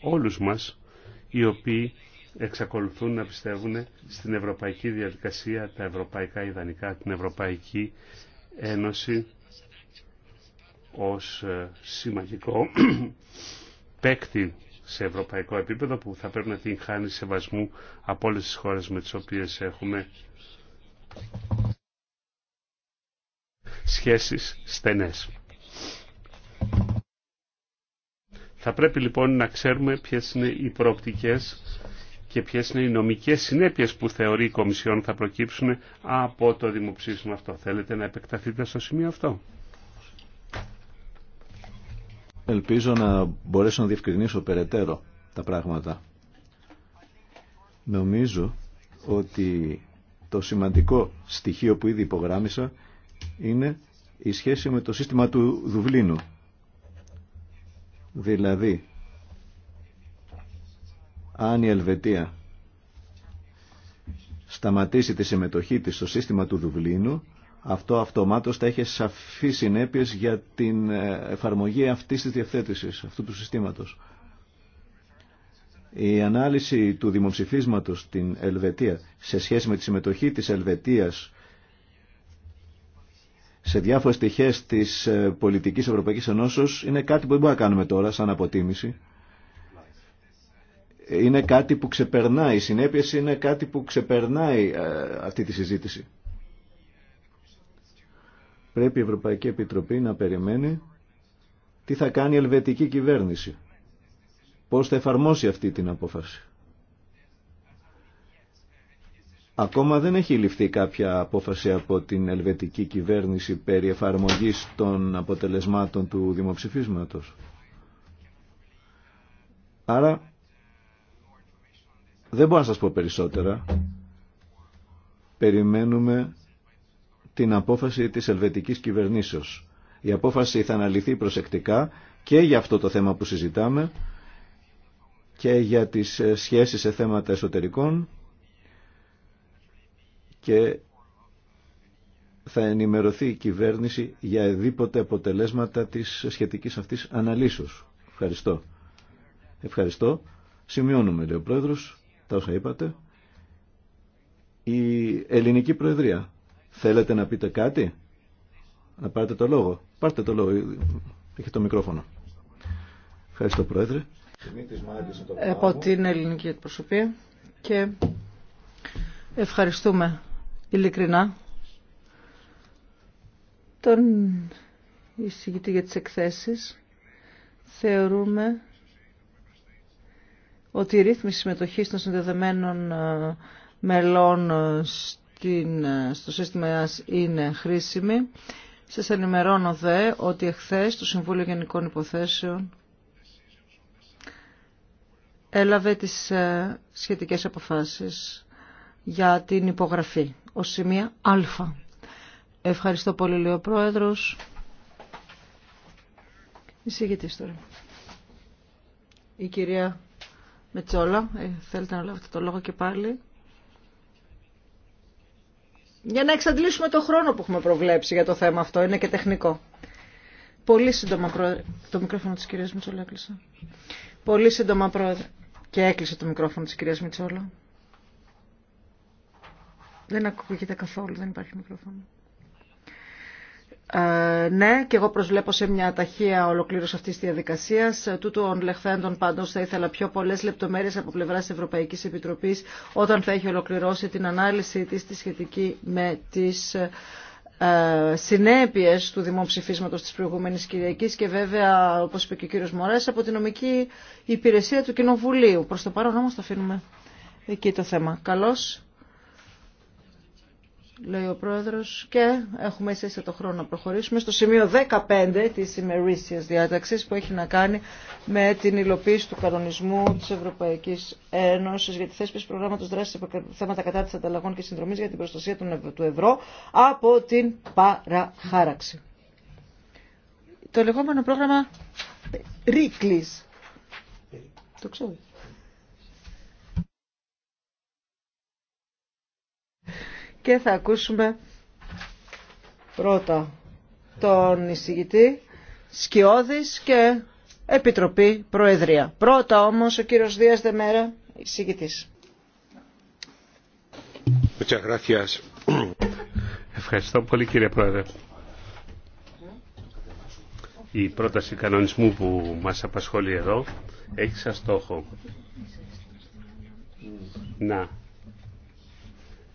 [SPEAKER 2] όλους μας οι οποίοι εξακολουθούν να πιστεύουν στην ευρωπαϊκή διαδικασία, τα ευρωπαϊκά ιδανικά, την Ευρωπαϊκή Ένωση ως ε, σημαντικό παίκτη σε ευρωπαϊκό επίπεδο που θα πρέπει να την χάνει σεβασμού από όλες τις χώρες με τις οποίες έχουμε σχέσεις στενές. Θα πρέπει λοιπόν να ξέρουμε ποιες είναι οι προοπτικές και ποιες είναι οι νομικές συνέπειες που θεωρεί η Κομισιόν θα προκύψουν από το δημοψήφισμα αυτό. Θέλετε να επεκταθείτε στο σημείο αυτό.
[SPEAKER 1] Ελπίζω να μπορέσω να διευκρινίσω περαιτέρω τα πράγματα. Νομίζω ότι το σημαντικό στοιχείο που ήδη υπογράμμισα είναι η σχέση με το σύστημα του Δουβλίνου. Δηλαδή, αν η Ελβετία σταματήσει τη συμμετοχή της στο σύστημα του Δουβλίνου, αυτό αυτομάτως θα έχει σαφή συνέπειες για την ε, εφαρμογή αυτής της διευθέτησης, αυτού του συστήματος. Η ανάλυση του δημοψηφίσματος στην Ελβετία σε σχέση με τη συμμετοχή της Ελβετίας σε διάφορες στοιχείες της ε, πολιτικής Ευρωπαϊκής Ενώσεω είναι κάτι που δεν μπορούμε να κάνουμε τώρα σαν αποτίμηση. Είναι κάτι που ξεπερνάει, Η συνέπεια είναι κάτι που ξεπερνάει ε, αυτή τη συζήτηση. Πρέπει η Ευρωπαϊκή Επιτροπή να περιμένει τι θα κάνει η ελβετική κυβέρνηση. Πώς θα εφαρμόσει αυτή την απόφαση. Ακόμα δεν έχει ληφθεί κάποια απόφαση από την ελβετική κυβέρνηση περί εφαρμογής των αποτελεσμάτων του δημοψηφίσματος. Άρα δεν μπορώ να σας πω περισσότερα. Περιμένουμε την απόφαση της ελβετικής κυβερνήσεως. Η απόφαση θα αναλυθεί προσεκτικά και για αυτό το θέμα που συζητάμε και για τις ε, σχέσεις σε θέματα εσωτερικών και θα ενημερωθεί η κυβέρνηση για εδήποτε αποτελέσματα της σχετικής αυτής αναλύσεως. Ευχαριστώ. Ευχαριστώ. Σημειώνουμε, λέει ο Πρόεδρος, τα όσα είπατε. Η Ελληνική Προεδρία, θέλετε να πείτε κάτι, να πάρετε το λόγο. Πάρτε το λόγο, έχει το μικρόφωνο. Ευχαριστώ, Πρόεδρε. Από την
[SPEAKER 3] Ελληνική Εκπροσωπεία και ευχαριστούμε ειλικρινά τον εισηγητή για τις εκθέσεις θεωρούμε ότι η ρύθμιση συμμετοχή των συνδεδεμένων ε, μελών ε, ε, στο σύστημα ΕΑΣ είναι χρήσιμη. Σας ενημερώνω δε ότι εχθές το Συμβούλιο Γενικών Υποθέσεων έλαβε τις σχετικές αποφάσεις για την υπογραφή ω σημεία α. Ευχαριστώ πολύ, λέει ο πρόεδρο. τώρα. Η κυρία Μετσόλα, ε, θέλετε να λάβετε το λόγο και πάλι. Για να εξαντλήσουμε το χρόνο που έχουμε προβλέψει για το θέμα αυτό, είναι και τεχνικό. Πολύ σύντομα, Πρόεδρε. Το μικρόφωνο τη κυρίας Μετσόλα έκλεισε. Πολύ σύντομα, Πρόεδρε. Και έκλεισε το μικρόφωνο τη κυρία Μετσόλα. Δεν ακούγεται καθόλου, δεν υπάρχει μικρόφωνο. Ε, ναι, και εγώ προσβλέπω σε μια ταχεία ολοκλήρωση αυτή τη διαδικασία. Ε, Τούτων λεχθέντων πάντω θα ήθελα πιο πολλέ λεπτομέρειε από πλευρά τη Ευρωπαϊκή Επιτροπή όταν θα έχει ολοκληρώσει την ανάλυση τη σχετική με τι ε, συνέπειε του δημοψηφίσματο τη προηγούμενη Κυριακή και βέβαια, όπω είπε και ο κύριο Μωρέ, από την νομική υπηρεσία του Κοινοβουλίου. Προ το παρόν όμω το αφήνουμε εκεί το θέμα. Καλώ λέει ο Πρόεδρος και έχουμε εσείς το χρόνο να προχωρήσουμε στο σημείο 15 της ημερήσιας διάταξης που έχει να κάνει με την υλοποίηση του κανονισμού της Ευρωπαϊκής Ένωσης για τη θέσπιση προγράμματος δράσης σε θέματα κατά της ανταλλαγών και συνδρομής για την προστασία του ευρώ από την παραχάραξη. Το λεγόμενο πρόγραμμα Ρίκλης. Το ξέρω. και θα ακούσουμε πρώτα τον εισηγητή Σκιώδης και Επιτροπή Προεδρία. Πρώτα όμως ο κύριος Δίας Δεμέρα, εισηγητής.
[SPEAKER 2] Ευχαριστώ πολύ κύριε Πρόεδρε. Η πρόταση κανονισμού που μας απασχολεί εδώ έχει σαν στόχο να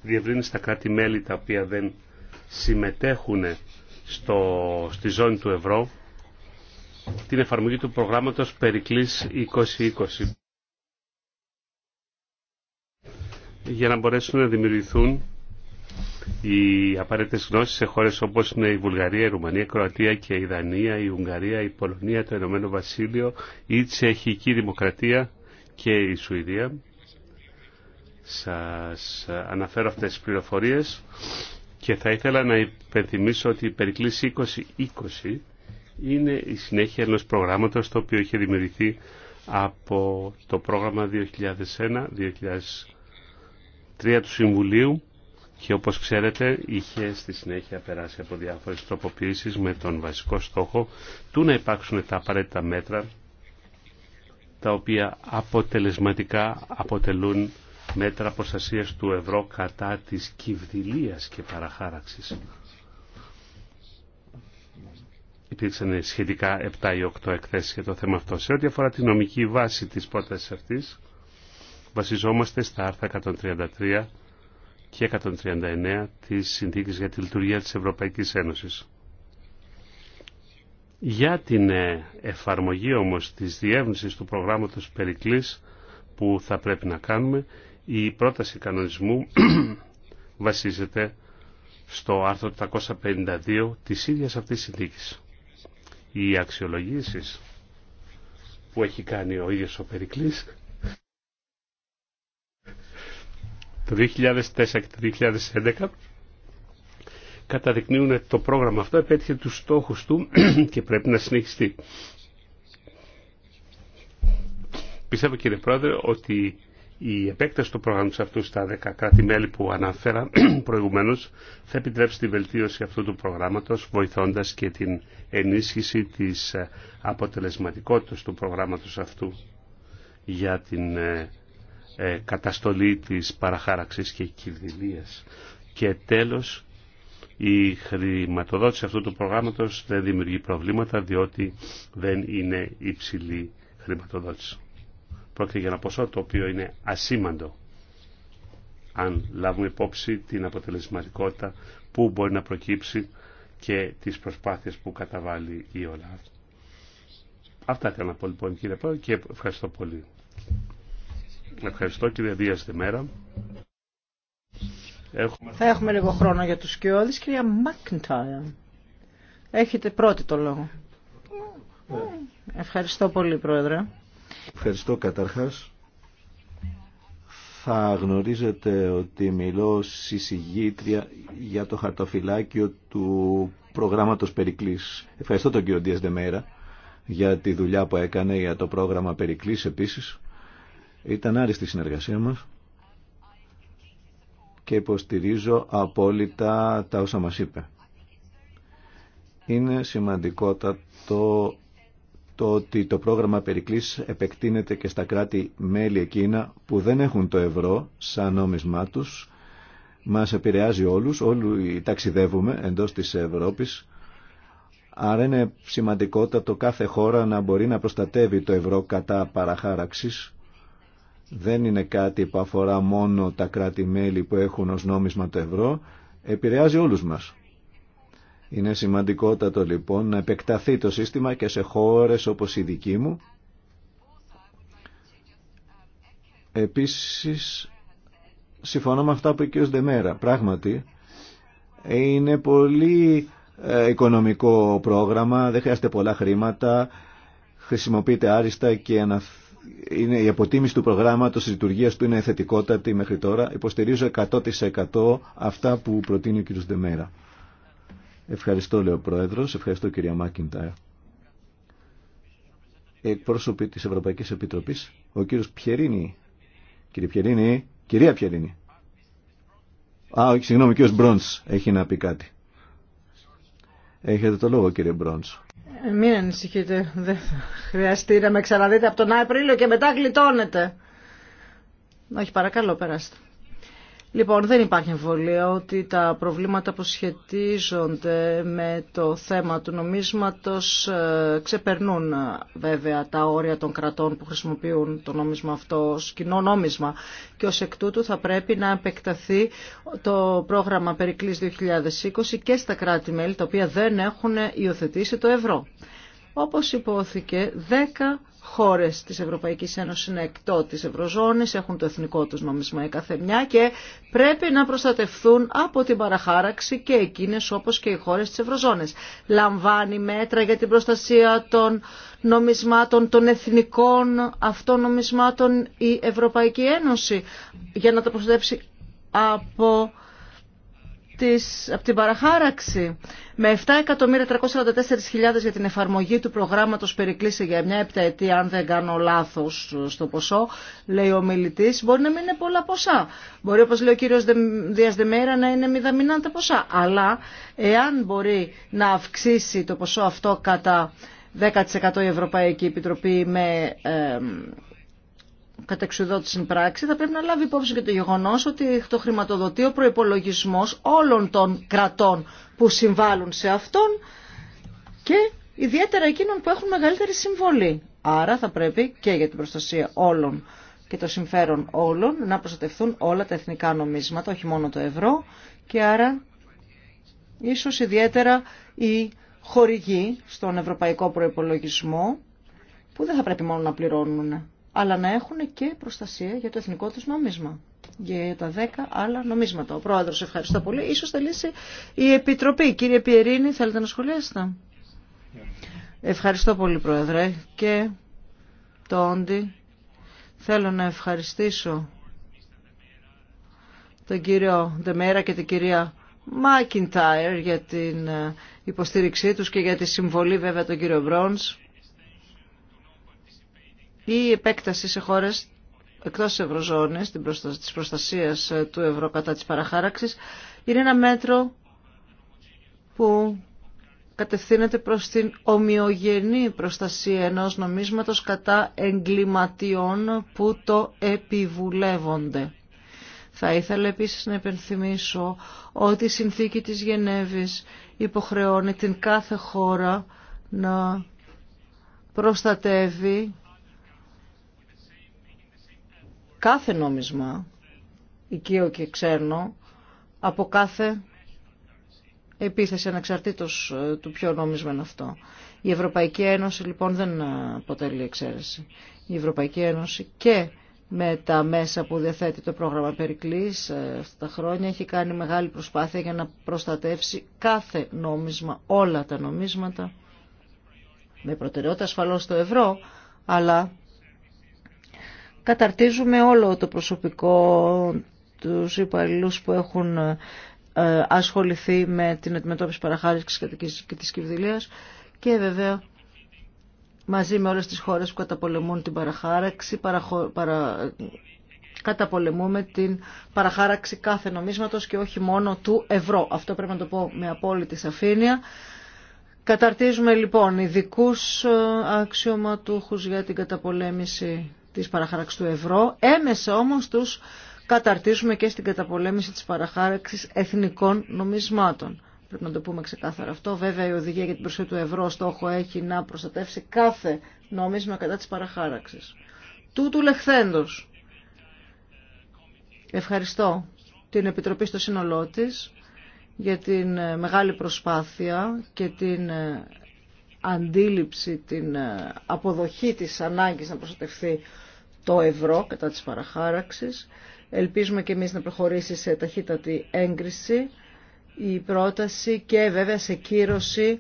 [SPEAKER 2] διευρύνει στα κράτη-μέλη τα οποία δεν συμμετέχουν στο, στη ζώνη του ευρώ την εφαρμογή του προγράμματος Περικλής 2020 για να μπορέσουν να δημιουργηθούν οι απαραίτητες γνώσεις σε χώρες όπως είναι η Βουλγαρία, η Ρουμανία, η Κροατία και η Δανία, η Ουγγαρία, η Πολωνία, το Ηνωμένο Βασίλειο, η Τσεχική Δημοκρατία και η Σουηδία σας αναφέρω αυτές τις πληροφορίες και θα ήθελα να υπενθυμίσω ότι η περικλήση 2020 είναι η συνέχεια ενός προγράμματος το οποίο είχε δημιουργηθεί από το πρόγραμμα 2001-2003 του Συμβουλίου και όπως ξέρετε είχε στη συνέχεια περάσει από διάφορες τροποποιήσεις με τον βασικό στόχο του να υπάρξουν τα απαραίτητα μέτρα τα οποία αποτελεσματικά αποτελούν μέτρα προστασίας του ευρώ κατά της κυβδηλίας και παραχάραξης. Υπήρξαν σχετικά 7 ή 8 εκθέσεις για το θέμα αυτό. Σε ό,τι αφορά τη νομική βάση της πρότασης αυτής, βασιζόμαστε στα άρθρα 133 και 139 της Συνθήκης για τη Λειτουργία της Ευρωπαϊκής Ένωσης. Για την ε, εφαρμογή όμως της διεύνησης του προγράμματος Περικλής που θα πρέπει να κάνουμε η πρόταση κανονισμού βασίζεται στο άρθρο 352 της ίδιας αυτής συνθήκης. Οι αξιολογήσεις που έχει κάνει ο ίδιος ο Περικλής το 2004 και το 2011 καταδεικνύουν ότι το πρόγραμμα αυτό επέτυχε τους στόχους του και πρέπει να συνεχιστεί. Πιστεύω κύριε Πρόεδρε ότι η επέκταση του προγράμματος αυτού στα 10 κράτη-μέλη που αναφέρα προηγουμένως θα επιτρέψει τη βελτίωση αυτού του προγράμματος βοηθώντας και την ενίσχυση της ε, αποτελεσματικότητας του προγράμματος αυτού για την ε, ε, καταστολή της παραχάραξης και κυβδηλίας. Και τέλος, η χρηματοδότηση αυτού του προγράμματος δεν δημιουργεί προβλήματα διότι δεν είναι υψηλή χρηματοδότηση. Πρόκειται για ένα ποσό το οποίο είναι ασήμαντο αν λάβουμε υπόψη την αποτελεσματικότητα που μπορεί να προκύψει και τις προσπάθειες που καταβάλει η όλα Αυτά θέλω να πω λοιπόν κύριε Πρόεδρε και ευχαριστώ πολύ. Ευχαριστώ κύριε Δίας μέρα Θα έχουμε λίγο
[SPEAKER 3] χρόνο για τους σκιώδεις. Κυρία Μάκντάια, έχετε πρώτη το λόγο. Ε. Ευχαριστώ πολύ Πρόεδρε.
[SPEAKER 1] Ευχαριστώ καταρχάς. Θα γνωρίζετε ότι μιλώ συσυγήτρια για το χαρτοφυλάκιο του προγράμματος Περικλής. Ευχαριστώ τον κύριο Ντίας Δεμέρα για τη δουλειά που έκανε για το πρόγραμμα Περικλής επίσης. Ήταν άριστη η συνεργασία μας και υποστηρίζω απόλυτα τα όσα μας είπε. Είναι σημαντικότατο το ότι το πρόγραμμα Περικλής επεκτείνεται και στα κράτη-μέλη εκείνα που δεν έχουν το ευρώ σαν νόμισμά τους. Μας επηρεάζει όλους, όλοι ταξιδεύουμε εντός της Ευρώπης. Άρα είναι σημαντικότατο κάθε χώρα να μπορεί να προστατεύει το ευρώ κατά παραχάραξης. Δεν είναι κάτι που αφορά μόνο τα κράτη-μέλη που έχουν ως νόμισμα το ευρώ. Επηρεάζει όλους μας. Είναι σημαντικότατο λοιπόν να επεκταθεί το σύστημα και σε χώρες όπως η δική μου. Επίσης, συμφωνώ με αυτά που είπε ο κ. Δεμέρα. Πράγματι, είναι πολύ ε, οικονομικό πρόγραμμα, δεν χρειάζεται πολλά χρήματα, χρησιμοποιείται άριστα και είναι η αποτίμηση του προγράμματος, της λειτουργία του είναι θετικότατη μέχρι τώρα. Υποστηρίζω 100% αυτά που προτείνει ο κ. Δεμέρα. Ευχαριστώ, λέει ο Πρόεδρος. Ευχαριστώ, κυρία Μάκιντάρ. Εκπρόσωποι της Ευρωπαϊκής Επιτροπής, ο κύριος Πιερίνη. Κύριε Πιερίνη, κυρία Πιερίνη. Α, όχι, συγγνώμη, ο κύριος Μπρόντς έχει να πει κάτι. Έχετε το λόγο, κύριε Μπρόντς.
[SPEAKER 3] Ε, μην ανησυχείτε, δεν χρειαστεί να με ξαναδείτε από τον Απρίλιο και μετά γλιτώνετε. Όχι, παρακαλώ, περάστε. Λοιπόν, δεν υπάρχει εμβολία ότι τα προβλήματα που σχετίζονται με το θέμα του νομίσματος ε, ξεπερνούν ε, βέβαια τα όρια των κρατών που χρησιμοποιούν το νόμισμα αυτό ως κοινό νόμισμα και ως εκ τούτου θα πρέπει να επεκταθεί το πρόγραμμα Περικλής 2020 και στα κράτη-μέλη τα οποία δεν έχουν υιοθετήσει το ευρώ. Όπως υπόθηκε, 10 χώρες της Ευρωπαϊκής Ένωσης είναι εκτό της Ευρωζώνης, έχουν το εθνικό τους νομισμό η καθεμιά και πρέπει να προστατευθούν από την παραχάραξη και εκείνες όπως και οι χώρες της Ευρωζώνης. Λαμβάνει μέτρα για την προστασία των νομισμάτων, των εθνικών αυτών νομισμάτων η Ευρωπαϊκή Ένωση για να τα προστατεύσει από από την παραχάραξη με 7.344.000 για την εφαρμογή του προγράμματος περικλείσε για μια επταετία αν δεν κάνω λάθος στο ποσό λέει ο μιλητής μπορεί να μην είναι πολλά ποσά μπορεί όπως λέει ο κύριος Δίας Δεμέρα να είναι μηδαμινά τα ποσά αλλά εάν μπορεί να αυξήσει το ποσό αυτό κατά 10% η Ευρωπαϊκή Επιτροπή με καταξιδότηση πράξη θα πρέπει να λάβει υπόψη και το γεγονό ότι το χρηματοδοτεί ο προπολογισμό όλων των κρατών που συμβάλλουν σε αυτόν και ιδιαίτερα εκείνων που έχουν μεγαλύτερη συμβολή. Άρα θα πρέπει και για την προστασία όλων και το συμφέρον όλων να προστατευτούν όλα τα εθνικά νομίσματα, όχι μόνο το ευρώ και άρα ίσως ιδιαίτερα οι χορηγοί στον ευρωπαϊκό προϋπολογισμό που δεν θα πρέπει μόνο να πληρώνουν αλλά να έχουν και προστασία για το εθνικό τους νόμισμα. Για τα δέκα άλλα νομίσματα. Ο πρόεδρος, ευχαριστώ πολύ. Ίσως θα λύσει η Επιτροπή. Κύριε Πιερίνη, θέλετε να σχολιάσετε. Ευχαριστώ πολύ, πρόεδρε. Και το όντι. Θέλω να ευχαριστήσω τον κύριο Ντεμέρα και την κυρία Μάκιντάιρ για την ε, υποστήριξή τους και για τη συμβολή βέβαια τον κύριο Μπρόνς η επέκταση σε χώρες εκτός Ευρωζώνης, της προστασίας ε, του ευρώ κατά της παραχάραξης, είναι ένα μέτρο που κατευθύνεται προς την ομοιογενή προστασία ενός νομίσματος κατά εγκληματιών που το επιβουλεύονται. Θα ήθελα επίσης να υπενθυμίσω ότι η συνθήκη της Γενέβης υποχρεώνει την κάθε χώρα να προστατεύει κάθε νόμισμα, οικείο και ξένο, από κάθε επίθεση ανεξαρτήτως ε, του ποιο νόμισμα είναι αυτό. Η Ευρωπαϊκή Ένωση λοιπόν δεν ε, αποτελεί εξαίρεση. Η Ευρωπαϊκή Ένωση και με τα μέσα που διαθέτει το πρόγραμμα Περικλής ε, αυτά τα χρόνια έχει κάνει μεγάλη προσπάθεια για να προστατεύσει κάθε νόμισμα, όλα τα νομίσματα με προτεραιότητα ασφαλώς το ευρώ, αλλά καταρτίζουμε όλο το προσωπικό, τους υπαλλήλους που έχουν ε, ασχοληθεί με την αντιμετώπιση παραχάρησης και της κυβδηλίας και βέβαια μαζί με όλες τις χώρες που καταπολεμούν την παραχάραξη, καταπολεμούμε την παραχάραξη κάθε νομίσματος και όχι μόνο του ευρώ. Αυτό πρέπει να το πω με απόλυτη σαφήνεια. Καταρτίζουμε λοιπόν ειδικού ε, αξιωματούχους για την καταπολέμηση της παραχάραξης του ευρώ, έμεσα όμως τους καταρτίζουμε και στην καταπολέμηση της παραχάραξης εθνικών νομισμάτων. Πρέπει να το πούμε ξεκάθαρα αυτό. Βέβαια η οδηγία για την προσοχή του ευρώ στόχο έχει να προστατεύσει κάθε νόμισμα κατά της παραχάραξης. Τούτου λεχθέντος. Ευχαριστώ την Επιτροπή στο σύνολό της για την μεγάλη προσπάθεια και την αντίληψη, την ε, αποδοχή της ανάγκης να προστατευθεί το ευρώ κατά της παραχάραξης. Ελπίζουμε και εμείς να προχωρήσει σε ταχύτατη έγκριση η πρόταση και βέβαια σε κύρωση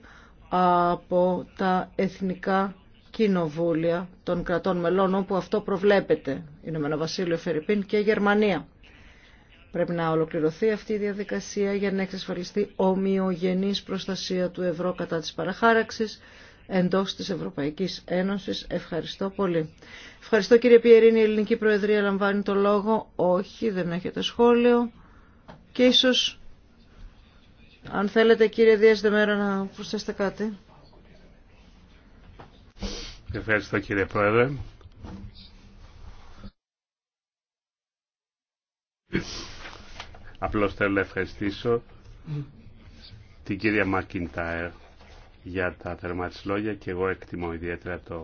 [SPEAKER 3] από τα εθνικά κοινοβούλια των κρατών μελών όπου αυτό προβλέπεται. ένα Βασίλειο Φεριπίν και Γερμανία. Πρέπει να ολοκληρωθεί αυτή η διαδικασία για να εξασφαλιστεί ομοιογενής προστασία του ευρώ κατά της παραχάραξης εντός της Ευρωπαϊκής Ένωσης. Ευχαριστώ πολύ. Ευχαριστώ κύριε Πιερίνη, η Ελληνική Προεδρία λαμβάνει το λόγο. Όχι, δεν έχετε σχόλιο. Και ίσως, αν θέλετε κύριε Δίας Δεμέρα να προσθέσετε κάτι.
[SPEAKER 2] Ευχαριστώ κύριε Πρόεδρε. Απλώς θέλω να ευχαριστήσω την κυρία Μακιντάερ για τα θερμά της λόγια και εγώ εκτιμώ ιδιαίτερα το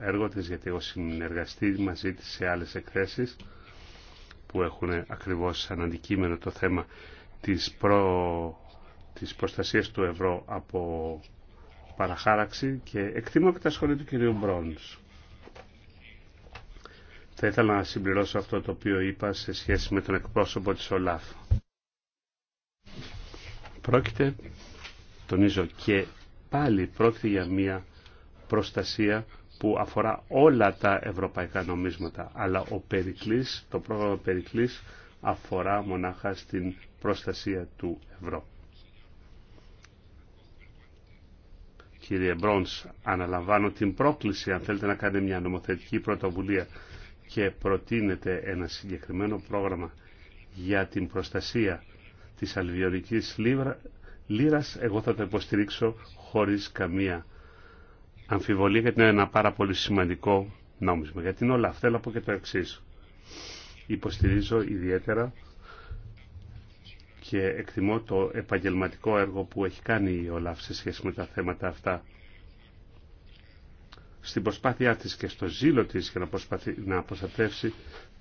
[SPEAKER 2] έργο της γιατί εγώ συνεργαστεί μαζί της σε άλλες εκθέσεις που έχουν ακριβώς σαν αντικείμενο το θέμα της, προ... της προστασίας του ευρώ από παραχάραξη και εκτιμώ και τα σχόλια του κυρίου Μπροντ. Θα ήθελα να συμπληρώσω αυτό το οποίο είπα σε σχέση με τον εκπρόσωπο της ΟΛΑΦ. Πρόκειται, τονίζω και πάλι πρόκειται για μια προστασία που αφορά όλα τα ευρωπαϊκά νομίσματα, αλλά ο Περικλής, το πρόγραμμα Περικλής αφορά μονάχα στην προστασία του ευρώ. Κύριε Μπρόνς, αναλαμβάνω την πρόκληση αν θέλετε να κάνετε μια νομοθετική πρωτοβουλία και προτείνεται ένα συγκεκριμένο πρόγραμμα για την προστασία της αλβιονικής λύρας, εγώ θα το υποστηρίξω χωρίς καμία αμφιβολία, γιατί είναι ένα πάρα πολύ σημαντικό νόμισμα. Γιατί είναι όλα αυτά, πω και το εξή. Υποστηρίζω ιδιαίτερα και εκτιμώ το επαγγελματικό έργο που έχει κάνει η ΟΛΑΦ σε σχέση με τα θέματα αυτά στην προσπάθειά της και στο ζήλο της για να, προσπαθεί,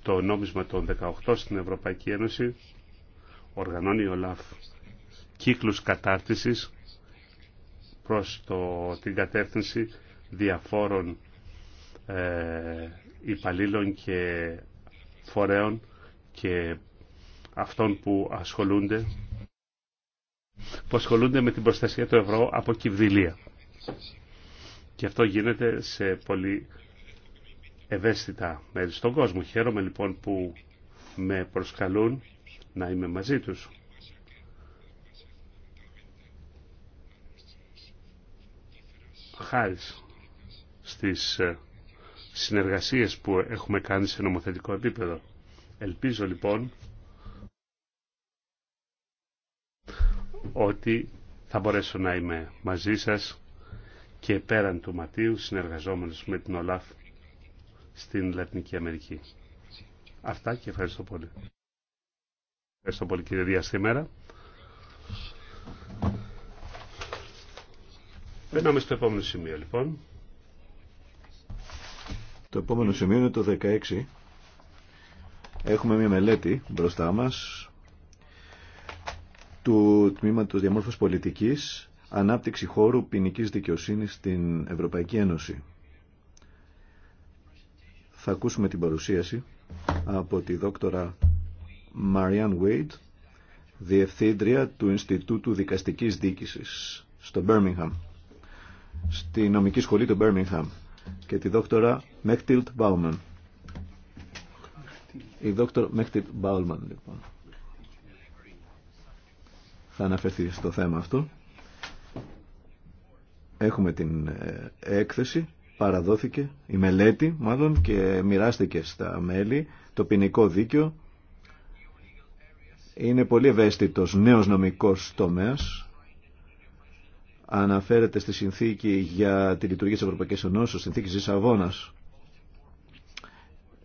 [SPEAKER 2] το νόμισμα των 18 στην Ευρωπαϊκή Ένωση, οργανώνει ο ΛΑΦ κύκλους κατάρτισης προς το, την κατεύθυνση διαφόρων ε, υπαλλήλων και φορέων και αυτών που ασχολούνται που ασχολούνται με την προστασία του ευρώ από κυβδηλία. Και αυτό γίνεται σε πολύ ευαίσθητα μέρη στον κόσμο. Χαίρομαι λοιπόν που με προσκαλούν να είμαι μαζί τους. Χάρη στις ε, συνεργασίες που έχουμε κάνει σε νομοθετικό επίπεδο. Ελπίζω λοιπόν ότι θα μπορέσω να είμαι μαζί σας και πέραν του Ματίου συνεργαζόμενος με την ΟΛΑΦ στην Λατινική Αμερική. Αυτά και ευχαριστώ πολύ. Ευχαριστώ πολύ κύριε Δία σήμερα. Περνάμε στο επόμενο σημείο λοιπόν.
[SPEAKER 1] Το επόμενο σημείο είναι το 16. Έχουμε μια μελέτη μπροστά μας του Τμήματος Διαμόρφωσης Πολιτικής ανάπτυξη χώρου ποινική δικαιοσύνης στην Ευρωπαϊκή Ένωση. Θα ακούσουμε την παρουσίαση από τη δόκτωρα Μαριάν Βουίτ, Διευθύντρια του Ινστιτούτου Δικαστικής Δίκησης στο Birmingham, στη νομική σχολή του Μπέρμιγχαμ, και τη δόκτωρα Μέχτιλτ Μπάουμαν. Η δόκτωρα Μέχτιλτ Μπάουμαν λοιπόν θα αναφερθεί στο θέμα αυτό. Έχουμε την ε, έκθεση, παραδόθηκε η μελέτη μάλλον και μοιράστηκε στα μέλη το ποινικό δίκαιο. Είναι πολύ ευαίσθητος νέος νομικός τομέας. Αναφέρεται στη συνθήκη για τη λειτουργία της Ευρωπαϊκής Ενώσης, συνθήκη της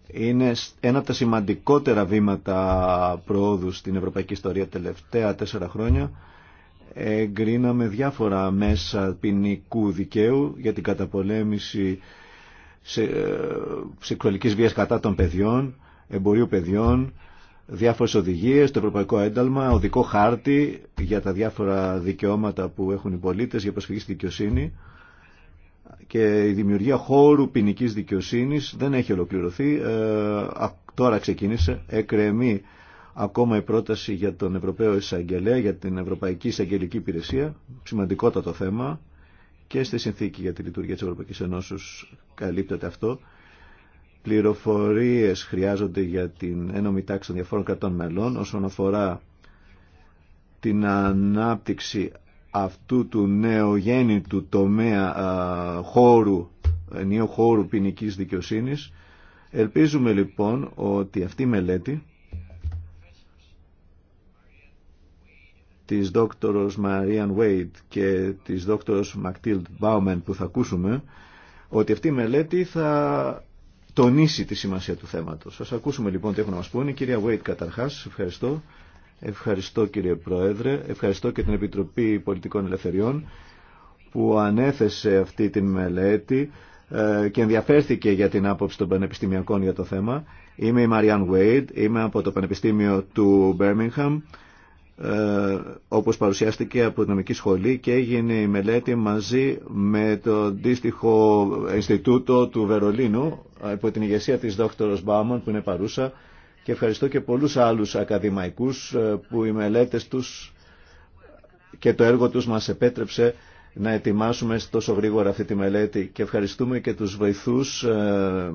[SPEAKER 1] Είναι ένα από τα σημαντικότερα βήματα προόδου στην ευρωπαϊκή ιστορία τελευταία τέσσερα χρόνια εγκρίναμε διάφορα μέσα ποινικού δικαίου για την καταπολέμηση σε, ε, σεξουαλικής βίας κατά των παιδιών, εμπορίου παιδιών, διάφορες οδηγίες, το ευρωπαϊκό ένταλμα, οδικό χάρτη για τα διάφορα δικαιώματα που έχουν οι πολίτες για προσφυγή στη δικαιοσύνη και η δημιουργία χώρου ποινική δικαιοσύνης δεν έχει ολοκληρωθεί, ε, τώρα ξεκίνησε, εκρεμεί Ακόμα η πρόταση για τον Ευρωπαίο Εισαγγελέα, για την Ευρωπαϊκή Εισαγγελική Υπηρεσία, σημαντικότατο θέμα και στη συνθήκη για τη λειτουργία της Ευρωπαϊκής Ενώσεως καλύπτεται αυτό. Πληροφορίες χρειάζονται για την ένωμη τάξη των διαφόρων κρατών μελών όσον αφορά την ανάπτυξη αυτού του νεογέννητου τομέα α, χώρου, ενίου χώρου ποινική δικαιοσύνης. Ελπίζουμε λοιπόν ότι αυτή η μελέτη της δόκτωρος Μαρίαν Βέιτ και της δόκτωρος Μακτίλτ Μπάουμεν που θα ακούσουμε ότι αυτή η μελέτη θα τονίσει τη σημασία του θέματος. Σας ακούσουμε λοιπόν τι έχουν να μας πούνε. κυρία Βέιτ καταρχάς, ευχαριστώ. Ευχαριστώ κύριε Πρόεδρε, ευχαριστώ και την Επιτροπή Πολιτικών Ελευθεριών που ανέθεσε αυτή τη μελέτη ε, και ενδιαφέρθηκε για την άποψη των πανεπιστημιακών για το θέμα. Είμαι η Μαριάν Βέιντ, είμαι από το Πανεπιστήμιο του Birmingham ε, όπως παρουσιάστηκε από την νομική σχολή και έγινε η μελέτη μαζί με το αντίστοιχο Ινστιτούτο του Βερολίνου υπό την ηγεσία της δόκτωρος Μπάμον που είναι παρούσα και ευχαριστώ και πολλούς άλλους ακαδημαϊκούς ε, που οι μελέτες τους και το έργο τους μας επέτρεψε να ετοιμάσουμε τόσο γρήγορα αυτή τη μελέτη και ευχαριστούμε και τους βοηθούς ε,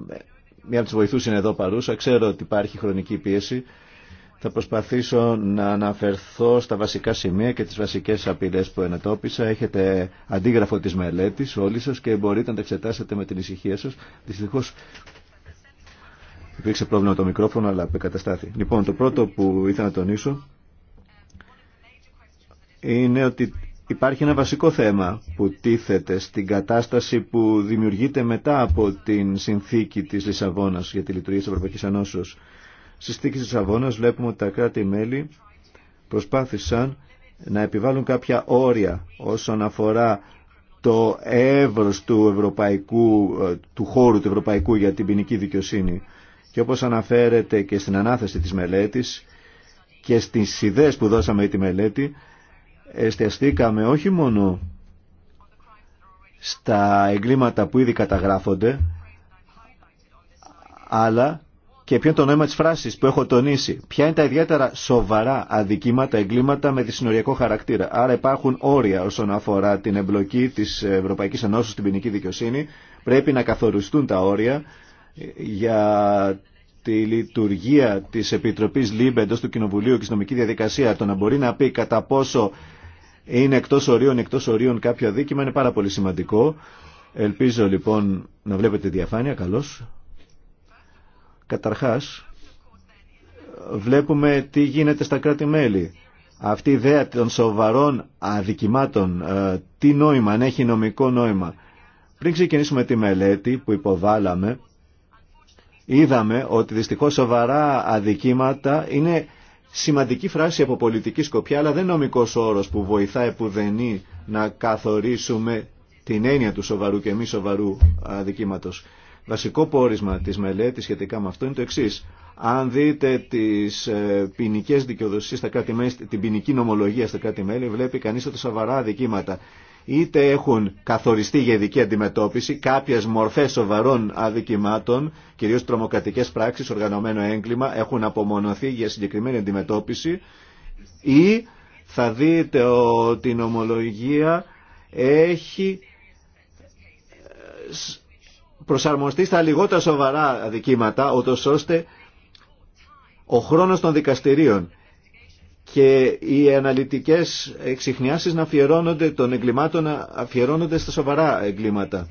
[SPEAKER 1] μία από τους βοηθούς είναι εδώ παρούσα ξέρω ότι υπάρχει χρονική πίεση θα προσπαθήσω να αναφερθώ στα βασικά σημεία και τις βασικές απειλές που ενατόπισα. Έχετε αντίγραφο της μελέτης όλοι σας και μπορείτε να τα εξετάσετε με την ησυχία σας. Δυστυχώς υπήρξε πρόβλημα το μικρόφωνο αλλά επεκαταστάθη. Λοιπόν, το πρώτο που ήθελα να τονίσω είναι ότι υπάρχει ένα βασικό θέμα που τίθεται στην κατάσταση που δημιουργείται μετά από την συνθήκη της Λισαβόνας για τη λειτουργία της Ευρωπαϊκής Ανώσεως Στη στήκη της Αβώνας βλέπουμε ότι τα κράτη-μέλη προσπάθησαν να επιβάλλουν κάποια όρια όσον αφορά το εύρος του, ευρωπαϊκού, ε, του χώρου του ευρωπαϊκού για την ποινική δικαιοσύνη. Και όπως αναφέρεται και στην ανάθεση της μελέτης και στις ιδέες που δώσαμε τη μελέτη, εστιαστήκαμε όχι μόνο στα εγκλήματα που ήδη καταγράφονται, αλλά και ποιο είναι το νόημα τη φράση που έχω τονίσει. Ποια είναι τα ιδιαίτερα σοβαρά αδικήματα, εγκλήματα με δυσυνοριακό χαρακτήρα. Άρα υπάρχουν όρια όσον αφορά την εμπλοκή τη Ευρωπαϊκή Ενώσης στην ποινική δικαιοσύνη. Πρέπει να καθοριστούν τα όρια για τη λειτουργία τη επιτροπή ΛΥΜΠΕ εντό του Κοινοβουλίου και στην νομική διαδικασία. Το να μπορεί να πει κατά πόσο είναι εκτό ορίων, εκτό ορίων κάποιο αδίκημα είναι πάρα πολύ σημαντικό. Ελπίζω λοιπόν να βλέπετε διαφάνεια. Καλώς. Καταρχάς, βλέπουμε τι γίνεται στα κράτη-μέλη. Αυτή η ιδέα των σοβαρών αδικημάτων, ε, τι νόημα, αν έχει νομικό νόημα. Πριν ξεκινήσουμε τη μελέτη που υποβάλαμε, είδαμε ότι δυστυχώς σοβαρά αδικήματα είναι σημαντική φράση από πολιτική σκοπιά, αλλά δεν νομικός όρος που βοηθάει που πουδενή να καθορίσουμε την έννοια του σοβαρού και μη σοβαρού αδικήματος. Βασικό πόρισμα της μελέτης σχετικά με αυτό είναι το εξής. Αν δείτε τις ε, ποινικέ δικαιοδοσίες στα την ποινική νομολογία στα κράτη μέλη, βλέπει κανείς ότι σοβαρά αδικήματα είτε έχουν καθοριστεί για ειδική αντιμετώπιση κάποιες μορφές σοβαρών αδικημάτων, κυρίως τρομοκρατικές πράξεις, οργανωμένο έγκλημα, έχουν απομονωθεί για συγκεκριμένη αντιμετώπιση ή θα δείτε ότι η νομολογία έχει ε, προσαρμοστεί στα λιγότερα σοβαρά αδικήματα, ώστε ο χρόνος των δικαστηρίων και οι αναλυτικές εξυχνιάσεις να αφιερώνονται των εγκλημάτων να αφιερώνονται στα σοβαρά εγκλήματα.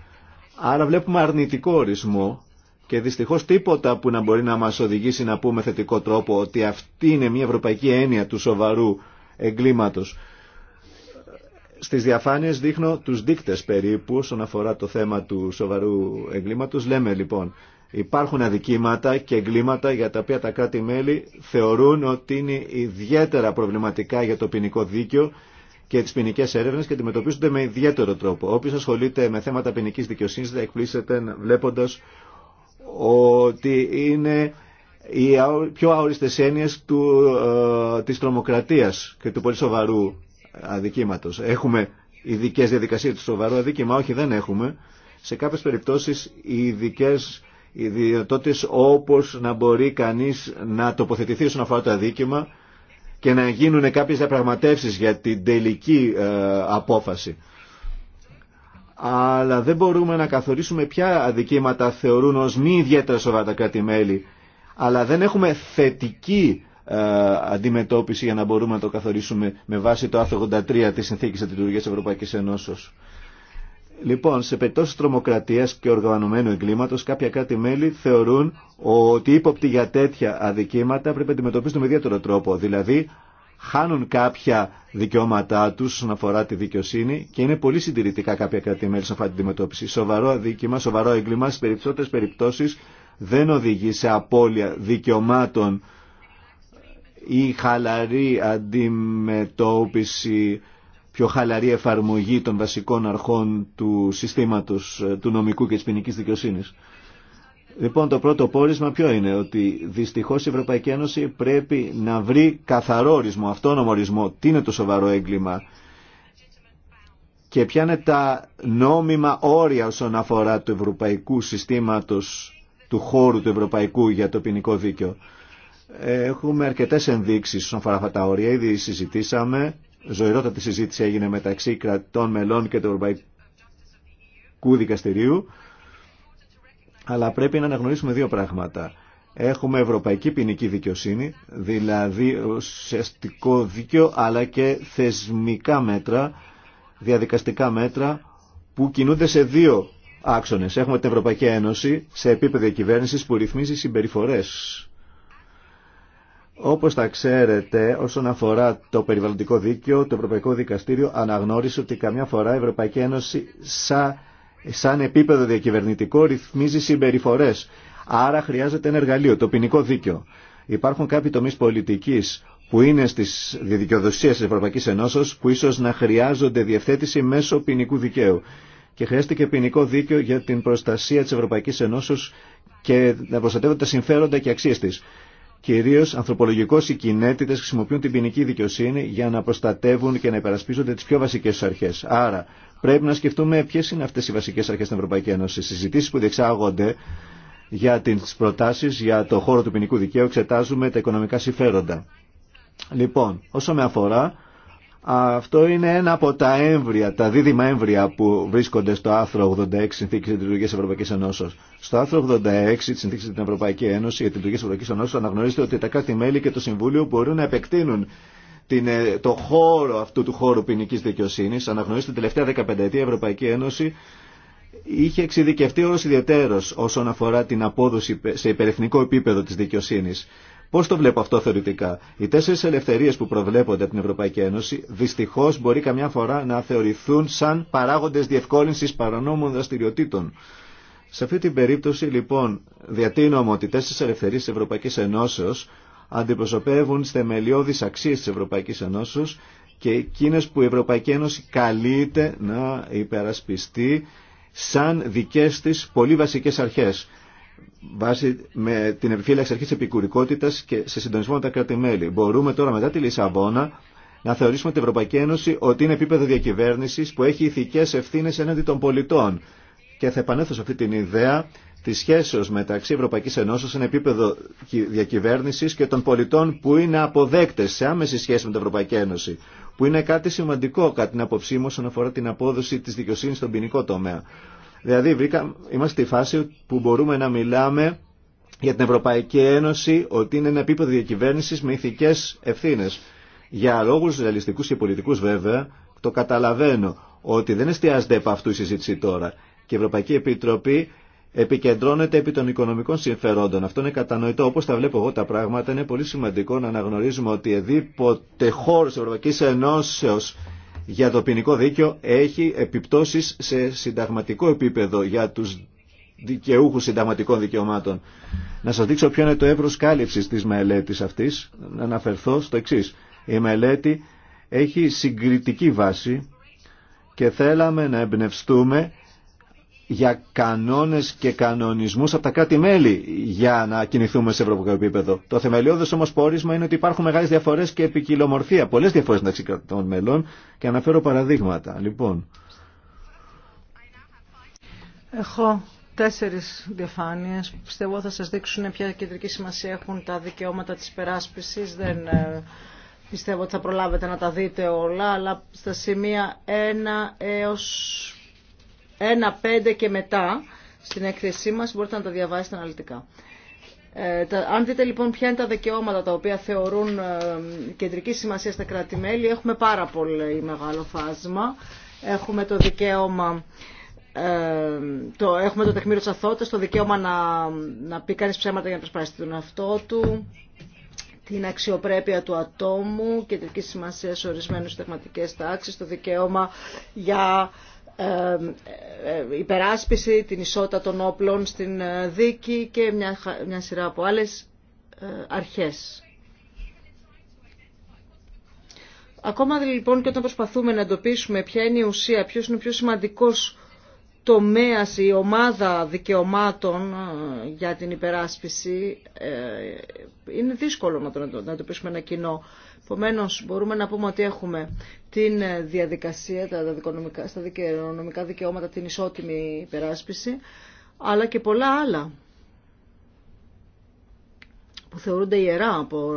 [SPEAKER 1] Άρα βλέπουμε αρνητικό ορισμό και δυστυχώς τίποτα που να μπορεί να μας οδηγήσει να πούμε θετικό τρόπο ότι αυτή είναι μια ευρωπαϊκή έννοια του σοβαρού εγκλήματος. Στις διαφάνειες δείχνω τους δείκτες περίπου όσον αφορά το θέμα του σοβαρού εγκλήματος. Λέμε λοιπόν υπάρχουν αδικήματα και εγκλήματα για τα οποία τα κράτη-μέλη θεωρούν ότι είναι ιδιαίτερα προβληματικά για το ποινικό δίκαιο και τι ποινικέ έρευνε και αντιμετωπίζονται με ιδιαίτερο τρόπο. Όποιο ασχολείται με θέματα ποινική δικαιοσύνη θα εκπλήσεται βλέποντα ότι είναι οι πιο αόριστε έννοιε ε, της τρομοκρατίας και του πολύ σοβαρού αδικήματος. Έχουμε ειδικέ διαδικασίες του σοβαρού αδίκημα, όχι δεν έχουμε. Σε κάποιες περιπτώσεις οι ειδικέ ιδιωτότητες όπως να μπορεί κανείς να τοποθετηθεί όσον αφορά το αδίκημα και να γίνουν κάποιες διαπραγματεύσεις για την τελική ε, απόφαση. Αλλά δεν μπορούμε να καθορίσουμε ποια αδικήματα θεωρούν ως μη ιδιαίτερα σοβαρά τα κράτη-μέλη. Αλλά δεν έχουμε θετική ε, αντιμετώπιση για να μπορούμε να το καθορίσουμε με βάση το άρθρο 83 της Συνθήκης της Ευρωπαϊκής Ενώσεως. Λοιπόν, σε περιπτώσει τρομοκρατία και οργανωμένου εγκλήματο, κάποια κράτη-μέλη θεωρούν ότι ύποπτοι για τέτοια αδικήματα πρέπει να αντιμετωπίσουν με ιδιαίτερο τρόπο. Δηλαδή, χάνουν κάποια δικαιώματά του όσον αφορά τη δικαιοσύνη και είναι πολύ συντηρητικά κάποια κράτη-μέλη σε αυτή την αντιμετώπιση. Σοβαρό αδίκημα, σοβαρό έγκλημα στι περισσότερε περιπτώσει δεν οδηγεί σε απώλεια δικαιωμάτων ή χαλαρή αντιμετώπιση, πιο χαλαρή εφαρμογή των βασικών αρχών του συστήματος ε, του νομικού και της ποινική δικαιοσύνης. Λοιπόν, το πρώτο πόρισμα ποιο είναι, ότι δυστυχώς η Ευρωπαϊκή Ένωση πρέπει να βρει καθαρό ορισμό, αυτόνομο ορισμό, τι είναι το σοβαρό έγκλημα και ποια είναι τα νόμιμα όρια όσον αφορά του ευρωπαϊκού συστήματος, του χώρου του ευρωπαϊκού για το ποινικό δίκαιο. Έχουμε αρκετές ενδείξεις στον αφορά αυτά τα όρια. Ήδη συζητήσαμε. Ζωηρότατη συζήτηση έγινε μεταξύ κρατών μελών και του Ευρωπαϊκού Δικαστηρίου. Αλλά πρέπει να αναγνωρίσουμε δύο πράγματα. Έχουμε ευρωπαϊκή ποινική δικαιοσύνη, δηλαδή ουσιαστικό δίκαιο, αλλά και θεσμικά μέτρα, διαδικαστικά μέτρα που κινούνται σε δύο άξονες. Έχουμε την Ευρωπαϊκή Ένωση σε επίπεδο κυβέρνησης που ρυθμίζει συμπεριφορές όπως τα ξέρετε, όσον αφορά το περιβαλλοντικό δίκαιο, το Ευρωπαϊκό Δικαστήριο αναγνώρισε ότι καμιά φορά η Ευρωπαϊκή Ένωση σαν, σαν επίπεδο διακυβερνητικό ρυθμίζει συμπεριφορές. Άρα χρειάζεται ένα εργαλείο, το ποινικό δίκαιο. Υπάρχουν κάποιοι τομείς πολιτικής που είναι στις δικαιοδοσία της Ευρωπαϊκής Ενώσεως που ίσως να χρειάζονται διευθέτηση μέσω ποινικού δικαίου. Και χρειάστηκε ποινικό δίκαιο για την προστασία της Ευρωπαϊκής Ενώσεως και να προστατεύονται τα συμφέροντα και αξίες της. Κυρίω ανθρωπολογικώ οι κοινέτητε χρησιμοποιούν την ποινική δικαιοσύνη για να προστατεύουν και να υπερασπίζονται τι πιο βασικέ αρχέ. Άρα, πρέπει να σκεφτούμε ποιε είναι αυτέ οι βασικέ αρχέ στην Ευρωπαϊκή Ένωση. Οι συζητήσει που διεξάγονται για τι προτάσει για το χώρο του ποινικού δικαίου εξετάζουμε τα οικονομικά συμφέροντα. Λοιπόν, όσο με αφορά, αυτό είναι ένα από τα έμβρια, τα δίδυμα έμβρια που βρίσκονται στο άρθρο 86 Συνθήκη τη Λειτουργία Ευρωπαϊκή Ενώσεω. Στο άρθρο 86 τη Συνθήκη για την Ευρωπαϊκή Ένωση για τη Λειτουργία Ευρωπαϊκή Ενώσεω αναγνωρίζεται ότι τα κράτη-μέλη και το Συμβούλιο μπορούν να επεκτείνουν την, ε, το χώρο αυτού του χώρου ποινική δικαιοσύνη. Αναγνωρίζεται την τελευταία 15 ετία η Ευρωπαϊκή Ένωση είχε εξειδικευτεί ω ιδιαίτερο όσον αφορά την απόδοση σε υπερεθνικό επίπεδο τη δικαιοσύνη. Πώ το βλέπω αυτό θεωρητικά. Οι τέσσερι ελευθερίε που προβλέπονται από την Ευρωπαϊκή Ένωση δυστυχώ μπορεί καμιά φορά να θεωρηθούν σαν παράγοντε διευκόλυνση παρανόμων δραστηριοτήτων. Σε αυτή την περίπτωση λοιπόν διατείνομαι ότι οι τέσσερι ελευθερίε τη Ευρωπαϊκή Ενώσεω αντιπροσωπεύουν τι θεμελιώδει αξίε τη Ευρωπαϊκή Ενώσεω και εκείνε που η Ευρωπαϊκή Ένωση καλείται να υπερασπιστεί σαν δικέ της πολύ βασικές αρχές βάσει με την επιφύλαξη αρχής επικουρικότητας και σε συντονισμό με τα κράτη-μέλη. Μπορούμε τώρα μετά τη Λισαβόνα να θεωρήσουμε την Ευρωπαϊκή Ένωση ότι είναι επίπεδο διακυβέρνησης που έχει ηθικές ευθύνες έναντι των πολιτών. Και θα επανέλθω σε αυτή την ιδέα τη σχέση μεταξύ Ευρωπαϊκή Ενώσεω σε επίπεδο διακυβέρνηση και των πολιτών που είναι αποδέκτε σε άμεση σχέση με την Ευρωπαϊκή Ένωση. Που είναι κάτι σημαντικό κατά την άποψή μου όσον αφορά την απόδοση τη δικαιοσύνη στον ποινικό τομέα. Δηλαδή βρήκα, είμαστε στη φάση που μπορούμε να μιλάμε για την Ευρωπαϊκή Ένωση ότι είναι ένα επίπεδο διακυβέρνησης με ηθικές ευθύνες. Για λόγους ρεαλιστικούς και πολιτικούς βέβαια, το καταλαβαίνω ότι δεν εστιάζεται επ' αυτού η συζήτηση τώρα. Και η Ευρωπαϊκή Επιτροπή επικεντρώνεται επί των οικονομικών συμφερόντων. Αυτό είναι κατανοητό. Όπω τα βλέπω εγώ τα πράγματα, είναι πολύ σημαντικό να αναγνωρίζουμε ότι εδήποτε χώρο τη Ευρωπαϊκή Ενώσεω για το ποινικό δίκαιο έχει επιπτώσεις σε συνταγματικό επίπεδο για τους δικαιούχους συνταγματικών δικαιωμάτων. Να σας δείξω ποιο είναι το εύρος κάλυψης της μελέτης αυτής, να αναφερθώ στο εξή. Η μελέτη έχει συγκριτική βάση και θέλαμε να εμπνευστούμε για κανόνες και κανονισμούς από τα κράτη-μέλη για να κινηθούμε σε ευρωπαϊκό επίπεδο. Το θεμελιώδες όμως πόρισμα είναι ότι υπάρχουν μεγάλες διαφορές και επικοινομορφία, πολλές διαφορές μεταξύ κρατών μελών και αναφέρω παραδείγματα. Λοιπόν.
[SPEAKER 3] Έχω τέσσερις διαφάνειες πιστεύω θα σας δείξουν ποια κεντρική σημασία έχουν τα δικαιώματα της περάσπισης. Δεν ε, πιστεύω ότι θα προλάβετε να τα δείτε όλα, αλλά στα σημεία 1 έως 1, 5 και μετά στην έκθεσή μας μπορείτε να τα διαβάσετε αναλυτικά. Ε, αν δείτε λοιπόν ποια είναι τα δικαιώματα τα οποία θεωρούν ε, κεντρική σημασία στα κράτη-μέλη, έχουμε πάρα πολύ μεγάλο φάσμα. Έχουμε το δικαίωμα ε, το, έχουμε το τεκμήριο της το δικαίωμα να, να πει κανείς ψέματα για να προσπαθήσει τον αυτό του, την αξιοπρέπεια του ατόμου, κεντρική σημασία σε ορισμένε συνταγματικές τάξεις, το δικαίωμα για ε, υπεράσπιση, την ισότητα των όπλων στην ε, δίκη και μια, μια σειρά από άλλες ε, αρχές. Ακόμα λοιπόν και όταν προσπαθούμε να εντοπίσουμε ποια είναι η ουσία, ποιος είναι ο πιο σημαντικός τομέας, η ομάδα δικαιωμάτων ε, για την υπεράσπιση ε, είναι δύσκολο να το, να το πείσουμε ένα κοινό. Επομένω, μπορούμε να πούμε ότι έχουμε την ε, διαδικασία τα δικονομικά, στα δικαιονομικά δικαιώματα, την ισότιμη υπεράσπιση, αλλά και πολλά άλλα που θεωρούνται ιερά από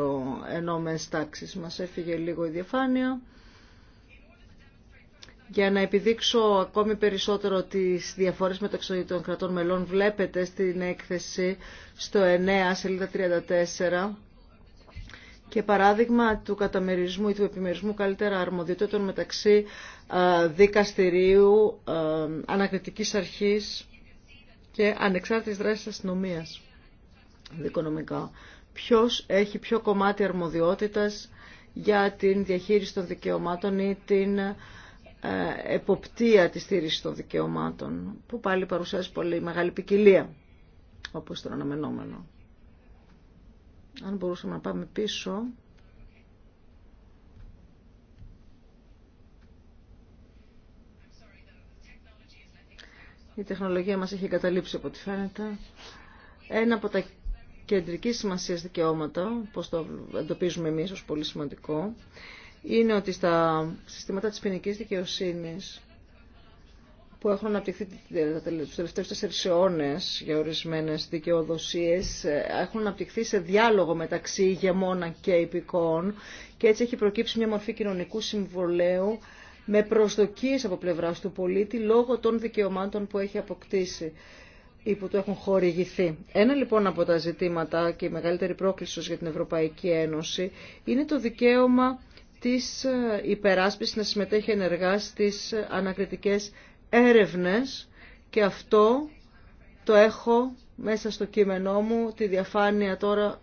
[SPEAKER 3] ενώμες τάξεις. Μας έφυγε λίγο η διαφάνεια. Για να επιδείξω ακόμη περισσότερο τις διαφορές μεταξύ των κρατών μελών, βλέπετε στην έκθεση στο 9, σελίδα 34, και παράδειγμα του καταμερισμού ή του επιμερισμού καλύτερα αρμοδιότητων μεταξύ ε, δικαστηρίου, ε, ανακριτικής αρχής και ανεξάρτητης δράσης αστυνομία δικονομικά. Δηλαδή, ποιος έχει πιο κομμάτι αρμοδιότητας για την διαχείριση των δικαιωμάτων ή την ε, εποπτεία της στήριξης των δικαιωμάτων, που πάλι παρουσιάζει πολύ μεγάλη ποικιλία, όπως τον αναμενόμενο. Αν μπορούσαμε να πάμε πίσω... Η τεχνολογία μας έχει καταλήψει από ό,τι φαίνεται. Ένα από τα κεντρική σημασία δικαιώματα, πώς το εντοπίζουμε εμείς ως πολύ σημαντικό, είναι ότι στα συστήματα της ποινική δικαιοσύνης που έχουν αναπτυχθεί του τελευταίους τέσσερις αιώνε για ορισμένες δικαιοδοσίες ε, έχουν αναπτυχθεί σε διάλογο μεταξύ ηγεμόνα και υπηκών και έτσι έχει προκύψει μια μορφή κοινωνικού συμβολέου με προσδοκίες από πλευράς του πολίτη λόγω των δικαιωμάτων που έχει αποκτήσει ή που του έχουν χορηγηθεί. Ένα λοιπόν από τα ζητήματα και η μεγαλύτερη πρόκληση για την Ευρωπαϊκή Ένωση είναι το δικαίωμα της ε, υπεράσπισης να συμμετέχει ενεργά στις ε, ανακριτικές έρευνες και αυτό το έχω μέσα στο κείμενό μου. Τη διαφάνεια τώρα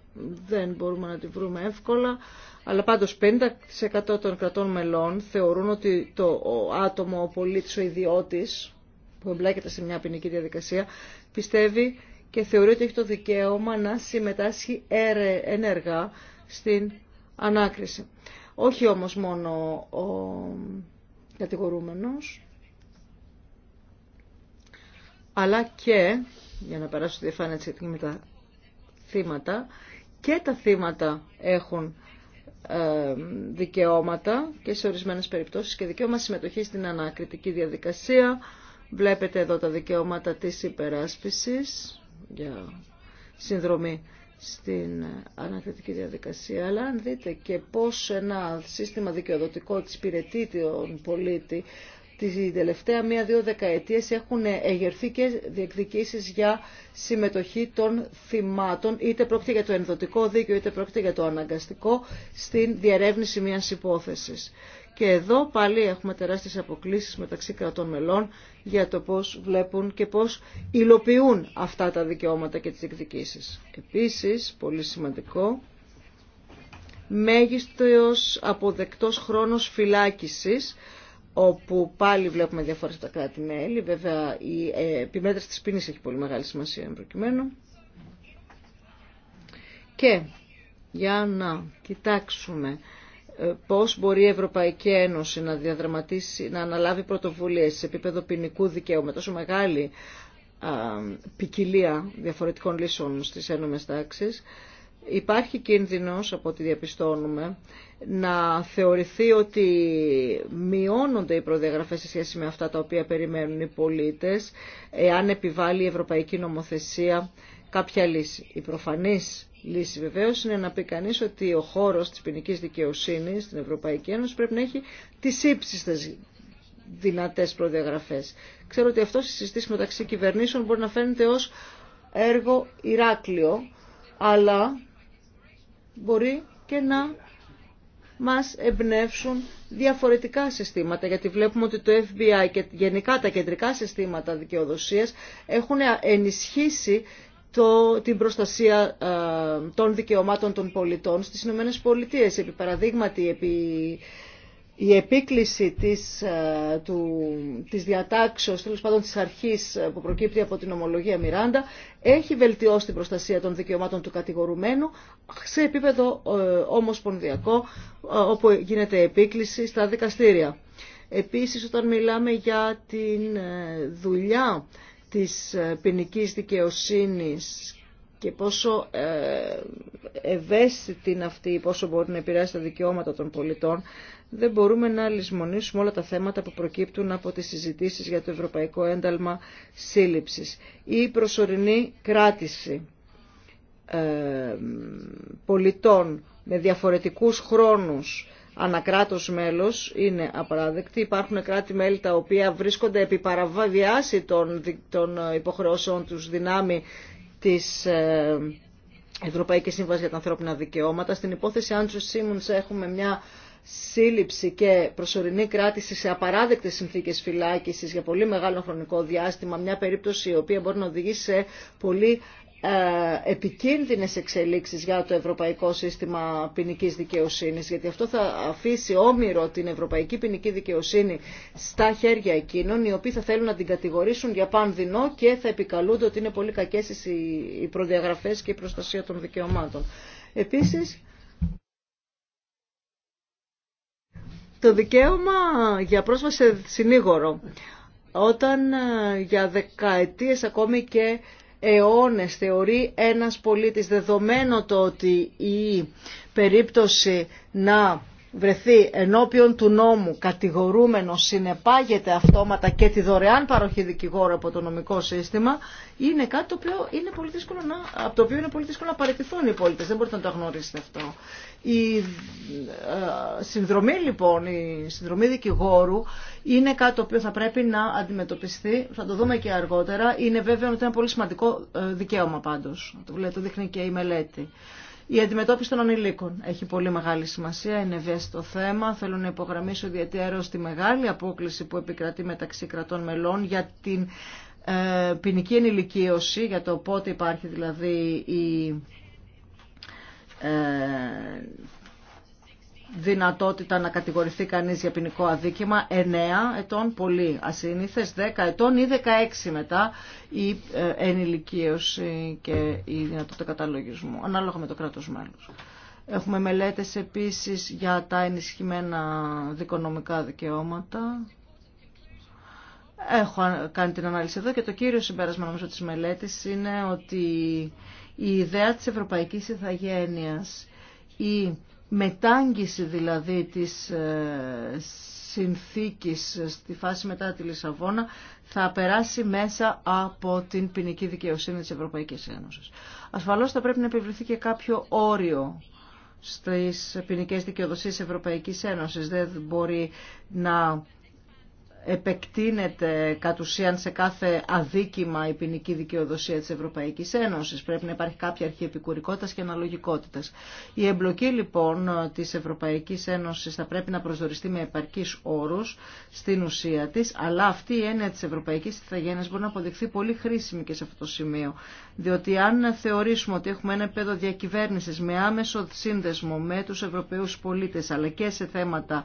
[SPEAKER 3] δεν μπορούμε να τη βρούμε εύκολα, αλλά πάντως 50% των κρατών μελών θεωρούν ότι το άτομο, ο πολίτης, ο ιδιώτης που εμπλέκεται σε μια ποινική διαδικασία, πιστεύει και θεωρεί ότι έχει το δικαίωμα να συμμετάσχει ενεργά στην ανάκριση όχι όμως μόνο ο κατηγορούμενος, αλλά και, για να περάσω τη διαφάνεια με τα θύματα, και τα θύματα έχουν ε, δικαιώματα και σε ορισμένες περιπτώσεις και δικαίωμα συμμετοχή στην ανακριτική διαδικασία. Βλέπετε εδώ τα δικαιώματα της υπεράσπισης για συνδρομή στην ανακριτική διαδικασία. Αλλά αν δείτε και πώς ένα σύστημα δικαιοδοτικό εξυπηρετεί τον πολίτη, τη τελευταία μία-δύο δεκαετίες έχουν εγερθεί και διεκδικήσεις για συμμετοχή των θυμάτων, είτε πρόκειται για το ενδοτικό δίκαιο, είτε πρόκειται για το αναγκαστικό, στην διερεύνηση μιας υπόθεσης. Και εδώ πάλι έχουμε τεράστιες αποκλήσεις μεταξύ κρατών μελών για το πώς βλέπουν και πώς υλοποιούν αυτά τα δικαιώματα και τις εκδικήσεις. Επίσης, πολύ σημαντικό, μέγιστος αποδεκτός χρόνος φυλάκισης, όπου πάλι βλέπουμε διαφορές στα κράτη-μέλη. Βέβαια, η ε, επιμέτρηση της ποινής έχει πολύ μεγάλη σημασία, εν προκειμένου. Και για να κοιτάξουμε ε, πώς μπορεί η Ευρωπαϊκή Ένωση να διαδραματίσει, να αναλάβει πρωτοβουλίες σε επίπεδο ποινικού δικαίου με τόσο μεγάλη ποικιλία διαφορετικών λύσεων στις ένωμες τάξεις, υπάρχει κίνδυνος, από ό,τι διαπιστώνουμε, να θεωρηθεί ότι μειώνονται οι προδιαγραφές σε σχέση με αυτά τα οποία περιμένουν οι πολίτες, εάν επιβάλλει η Ευρωπαϊκή Νομοθεσία κάποια λύση. Η προφανή λύση βεβαίω είναι να πει κανεί ότι ο χώρο τη ποινική δικαιοσύνη στην Ευρωπαϊκή Ένωση πρέπει να έχει τι ύψιστε δυνατέ προδιαγραφέ. Ξέρω ότι αυτό στι συζητήσει μεταξύ κυβερνήσεων μπορεί να φαίνεται ω έργο Ηράκλειο, αλλά μπορεί και να μας εμπνεύσουν διαφορετικά συστήματα, γιατί βλέπουμε ότι το FBI και γενικά τα κεντρικά συστήματα δικαιοδοσίας έχουν ενισχύσει το, την προστασία ε, των δικαιωμάτων των πολιτών στις Ηνωμένες Πολιτείες. Επί παραδείγματι, η επίκληση της, ε, του, της διατάξεως, τέλος πάντων της αρχής ε, που προκύπτει από την ομολογία Μιράντα, έχει βελτιώσει την προστασία των δικαιωμάτων του κατηγορουμένου σε επίπεδο ομοσπονδιακό, όπου γίνεται επίκληση στα δικαστήρια. Επίσης, όταν μιλάμε για την δουλειά της ε, ποινική δικαιοσύνης και πόσο ε, ευαίσθητη είναι αυτή, πόσο μπορεί να επηρεάσει τα δικαιώματα των πολιτών, δεν μπορούμε να λησμονήσουμε όλα τα θέματα που προκύπτουν από τις συζητήσεις για το Ευρωπαϊκό Ένταλμα Σύλληψης. Η προσωρινή κράτηση ε, πολιτών με διαφορετικούς χρόνους ανακράτος μέλος είναι απαράδεκτη. Υπάρχουν κράτη-μέλη τα οποία βρίσκονται επί παραβιάση των, ε, υποχρεώσεων τους δυνάμει της ε, Ευρωπαϊκής Σύμβασης για τα Ανθρώπινα Δικαιώματα. Στην υπόθεση Άντρου Σίμουνς έχουμε μια σύλληψη και προσωρινή κράτηση σε απαράδεκτες συνθήκες φυλάκισης για πολύ μεγάλο χρονικό διάστημα, μια περίπτωση η οποία μπορεί να οδηγήσει σε πολύ ε, επικίνδυνες εξελίξεις για το ευρωπαϊκό σύστημα ποινικής δικαιοσύνης, γιατί αυτό θα αφήσει όμοιρο την ευρωπαϊκή ποινική δικαιοσύνη στα χέρια εκείνων, οι οποίοι θα θέλουν να την κατηγορήσουν για πάνδυνο και θα επικαλούνται ότι είναι πολύ κακές οι προδιαγραφές και η προστασία των δικαιωμάτων. Επίσης, το δικαίωμα για πρόσβαση συνήγορο, όταν ε, για δεκαετίες ακόμη και αιώνες θεωρεί ένας πολίτης δεδομένο το ότι η περίπτωση να βρεθεί ενώπιον του νόμου κατηγορούμενο συνεπάγεται αυτόματα και τη δωρεάν παροχή δικηγόρου από το νομικό σύστημα είναι κάτι το οποίο είναι πολύ δύσκολο να, από το οποίο είναι πολύ δύσκολο να παραιτηθούν οι πολίτες. Δεν μπορείτε να το γνωρίσετε αυτό. Η ε, συνδρομή λοιπόν, η συνδρομή δικηγόρου είναι κάτι το οποίο θα πρέπει να αντιμετωπιστεί, θα το δούμε και αργότερα. Είναι βέβαιο ότι είναι ένα πολύ σημαντικό ε, δικαίωμα πάντως, το, το δείχνει και η μελέτη. Η αντιμετώπιση των ανηλίκων έχει πολύ μεγάλη σημασία, είναι ευαίσθητο θέμα. Θέλω να υπογραμμίσω ιδιαίτερα τη μεγάλη απόκληση που επικρατεί μεταξύ κρατών μελών για την ε, ποινική ενηλικίωση, για το πότε υπάρχει δηλαδή η ε, δυνατότητα να κατηγορηθεί κανείς για ποινικό αδίκημα 9 ετών πολύ ασύνηθες, 10 ετών ή 16 μετά η ε, ενηλικίωση και η δυνατότητα καταλογισμού, ανάλογα με το κράτος μέλους. Έχουμε μελέτες επίσης για τα ενισχυμένα δικονομικά δικαιώματα. Έχω κάνει την ανάλυση εδώ και το κύριο συμπέρασμα νομίζω της μελέτης είναι ότι η ιδέα της ευρωπαϊκής ηθαγένειας ή μετάγγιση δηλαδή της ε, συνθήκης στη φάση μετά τη Λισαβόνα θα περάσει μέσα από την ποινική δικαιοσύνη της Ευρωπαϊκής Ένωσης. Ασφαλώς θα πρέπει να επιβληθεί και κάποιο όριο στις ποινικές δικαιοδοσίες Ευρωπαϊκής Ένωσης. Δεν μπορεί να επεκτείνεται κατ' ουσίαν σε κάθε αδίκημα η ποινική δικαιοδοσία της Ευρωπαϊκής Ένωσης. Πρέπει να υπάρχει κάποια αρχή επικουρικότητας και αναλογικότητας. Η εμπλοκή λοιπόν της Ευρωπαϊκής Ένωσης θα πρέπει να προσδοριστεί με επαρκείς όρους στην ουσία της, αλλά αυτή η έννοια της Ευρωπαϊκής Ιθαγένειας μπορεί να αποδειχθεί πολύ χρήσιμη και σε αυτό το σημείο. Διότι αν θεωρήσουμε ότι έχουμε ένα επίπεδο διακυβέρνησης με άμεσο σύνδεσμο με τους Ευρωπαίους πολίτες, αλλά και σε θέματα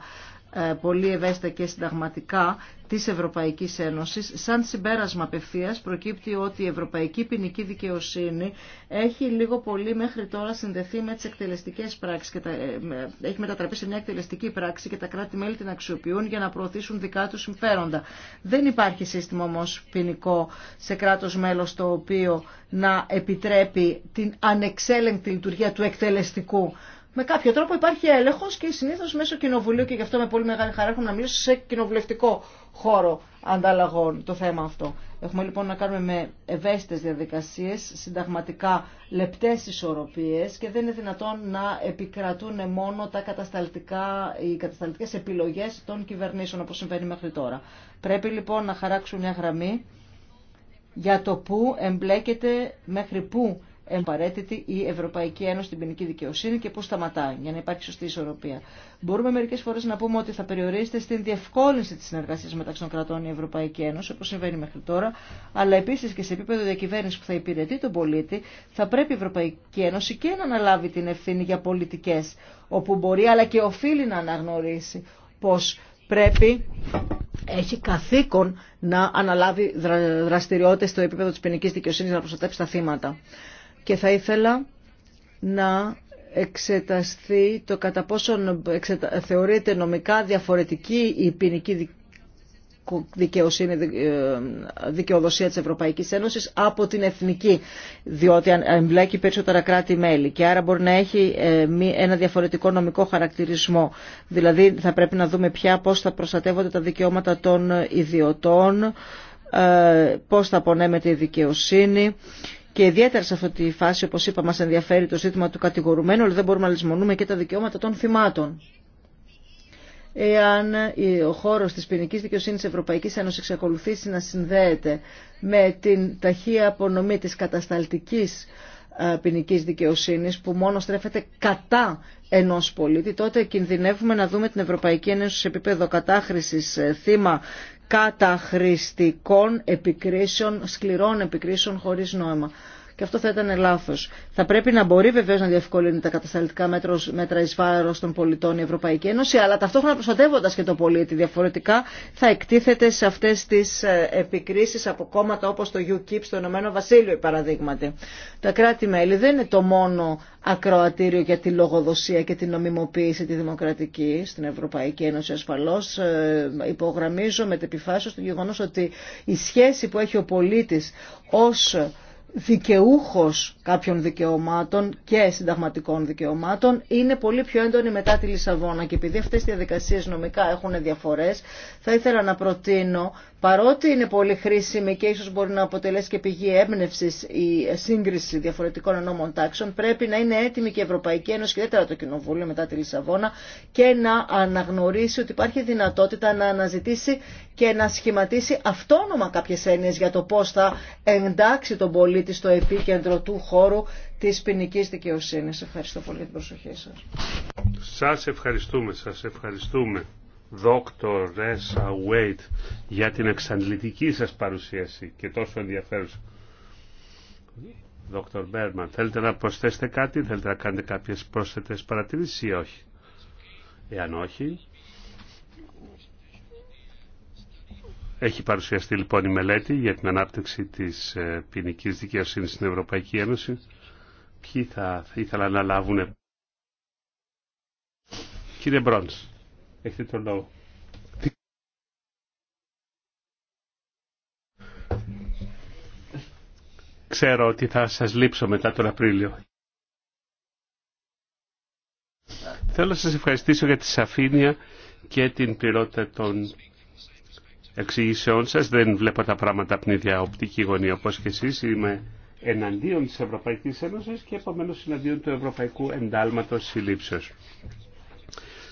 [SPEAKER 3] ε, πολύ ευαίσθητα και συνταγματικά της Ευρωπαϊκής Ένωσης. Σαν συμπέρασμα απευθεία προκύπτει ότι η Ευρωπαϊκή Ποινική Δικαιοσύνη έχει λίγο πολύ μέχρι τώρα συνδεθεί με τις εκτελεστικές πράξεις και τα, ε, έχει μετατραπεί σε μια εκτελεστική πράξη και τα κράτη-μέλη την αξιοποιούν για να προωθήσουν δικά τους συμφέροντα. Δεν υπάρχει σύστημα όμως ποινικό σε κράτος μέλος το οποίο να επιτρέπει την ανεξέλεγκτη λειτουργία του εκτελεστικού με κάποιο τρόπο υπάρχει έλεγχο και συνήθω μέσω κοινοβουλίου και γι' αυτό με πολύ μεγάλη χαρά έχουμε να μιλήσω σε κοινοβουλευτικό χώρο ανταλλαγών το θέμα αυτό. Έχουμε λοιπόν να κάνουμε με ευαίσθητε διαδικασίε, συνταγματικά λεπτέ ισορροπίε και δεν είναι δυνατόν να επικρατούν μόνο τα κατασταλτικά, οι κατασταλτικέ επιλογέ των κυβερνήσεων όπω συμβαίνει μέχρι τώρα. Πρέπει λοιπόν να χαράξουν μια γραμμή για το πού εμπλέκεται, μέχρι πού εμπαραίτητη η Ευρωπαϊκή Ένωση στην ποινική δικαιοσύνη και πού σταματάει για να υπάρχει σωστή ισορροπία. Μπορούμε μερικέ φορέ να πούμε ότι θα περιορίζεται στην διευκόλυνση τη συνεργασία μεταξύ των κρατών η Ευρωπαϊκή Ένωση, όπω συμβαίνει μέχρι τώρα, αλλά επίση και σε επίπεδο διακυβέρνηση που θα υπηρετεί τον πολίτη, θα πρέπει η Ευρωπαϊκή Ένωση και να αναλάβει την ευθύνη για πολιτικέ όπου μπορεί, αλλά και οφείλει να αναγνωρίσει πω πρέπει έχει καθήκον να αναλάβει δραστηριότητες στο επίπεδο της ποινική δικαιοσύνης να προστατεύσει τα θύματα και θα ήθελα να εξεταστεί το κατά πόσον θεωρείται νομικά διαφορετική η ποινική δικαιοσύνη, ε, δικαιοδοσία της Ευρωπαϊκής Ένωσης από την εθνική, διότι εμπλέκει περισσότερα κράτη-μέλη και άρα μπορεί να έχει ε, ένα διαφορετικό νομικό χαρακτηρισμό. Δηλαδή θα πρέπει να δούμε πια πώς θα προστατεύονται τα δικαιώματα των ε, ιδιωτών, πώς θα απονέμεται η δικαιοσύνη και ιδιαίτερα σε αυτή τη φάση, όπως είπα, μας ενδιαφέρει το ζήτημα του κατηγορουμένου, αλλά δεν μπορούμε να λησμονούμε και τα δικαιώματα των θυμάτων. Εάν ο χώρος της ποινική δικαιοσύνης Ευρωπαϊκής Ένωσης εξακολουθήσει να συνδέεται με την ταχεία απονομή της κατασταλτικής ε, ποινική δικαιοσύνης που μόνο στρέφεται κατά ενός πολίτη, τότε κινδυνεύουμε να δούμε την Ευρωπαϊκή Ένωση σε επίπεδο κατάχρησης ε, θύμα καταχρηστικών επικρίσεων, σκληρών επικρίσεων χωρίς νόημα και αυτό θα ήταν λάθο. Θα πρέπει να μπορεί βεβαίω να διευκολύνει τα κατασταλτικά μέτρα ει βάρο των πολιτών η Ευρωπαϊκή Ένωση, αλλά ταυτόχρονα προστατεύοντα και το πολίτη. Διαφορετικά θα εκτίθεται σε αυτέ τι ε, επικρίσει από κόμματα όπω το UKIP στο Ηνωμένο Βασίλειο, παραδείγματι. Τα κράτη-μέλη δεν είναι το μόνο ακροατήριο για τη λογοδοσία και τη νομιμοποίηση τη δημοκρατική στην Ευρωπαϊκή Ένωση ασφαλώ. Ε, υπογραμμίζω με επιφάσιο το γεγονό ότι η σχέση που έχει ο πολίτη ω δικαιούχος κάποιων δικαιωμάτων και συνταγματικών δικαιωμάτων είναι πολύ πιο έντονη μετά τη Λισαβόνα και επειδή αυτές οι διαδικασίες νομικά έχουν διαφορές θα ήθελα να προτείνω παρότι είναι πολύ χρήσιμη και ίσως μπορεί να αποτελέσει και πηγή έμπνευση η σύγκριση διαφορετικών ενόμων τάξεων πρέπει να είναι έτοιμη και η Ευρωπαϊκή Ένωση και ιδιαίτερα το Κοινοβούλιο μετά τη Λισαβόνα και να αναγνωρίσει ότι υπάρχει δυνατότητα να αναζητήσει και να σχηματίσει αυτόνομα κάποιες έννοιες για το πώς θα εντάξει τον πολίτη στο επίκεντρο του χώρου της ποινική δικαιοσύνης. Ευχαριστώ πολύ για την προσοχή σας.
[SPEAKER 2] Σας ευχαριστούμε, σας ευχαριστούμε. Δόκτωρ Ρέσα Βέιτ για την εξαντλητική σας παρουσίαση και τόσο ενδιαφέρουσα. Δόκτωρ Μπέρμαν, θέλετε να προσθέσετε κάτι, θέλετε να κάνετε κάποιες πρόσθετες παρατηρήσεις ή όχι. Εάν όχι, Έχει παρουσιαστεί λοιπόν η μελέτη για την ανάπτυξη της ε, ποινική δικαιοσύνη στην Ευρωπαϊκή Ένωση. Ποιοι θα, θα ήθελαν να λάβουν. Κύριε Μπρόντς, έχετε τον λόγο. Ξέρω ότι θα σας λείψω μετά τον Απρίλιο. Θέλω να σας ευχαριστήσω για τη σαφήνεια και την πληρότητα των εξηγήσεών σα, Δεν βλέπω τα πράγματα από την ίδια οπτική γωνία όπως και εσείς. Είμαι εναντίον της Ευρωπαϊκής Ένωσης και επομένως εναντίον του Ευρωπαϊκού Εντάλματος Συλλήψεως.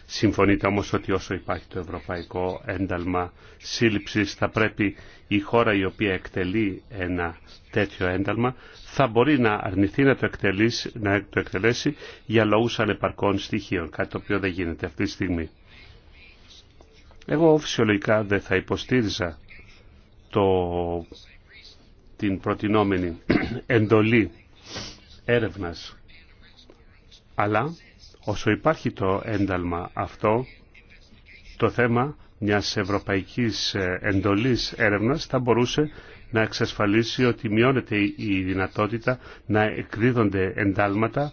[SPEAKER 2] Συμφωνείτε όμως ότι όσο υπάρχει το Ευρωπαϊκό Ένταλμα Σύλληψης θα πρέπει η χώρα η οποία εκτελεί ένα τέτοιο ένταλμα θα μπορεί να αρνηθεί να το, εκτελέσει, να το εκτελέσει για λόγους ανεπαρκών στοιχείων, κάτι το οποίο δεν γίνεται αυτή τη στιγμή. Εγώ φυσιολογικά δεν θα υποστήριζα το, την προτινόμενη εντολή έρευνας. Αλλά όσο υπάρχει το ένταλμα αυτό, το θέμα μιας ευρωπαϊκής ε, εντολής έρευνας θα μπορούσε να εξασφαλίσει ότι μειώνεται η δυνατότητα να εκδίδονται εντάλματα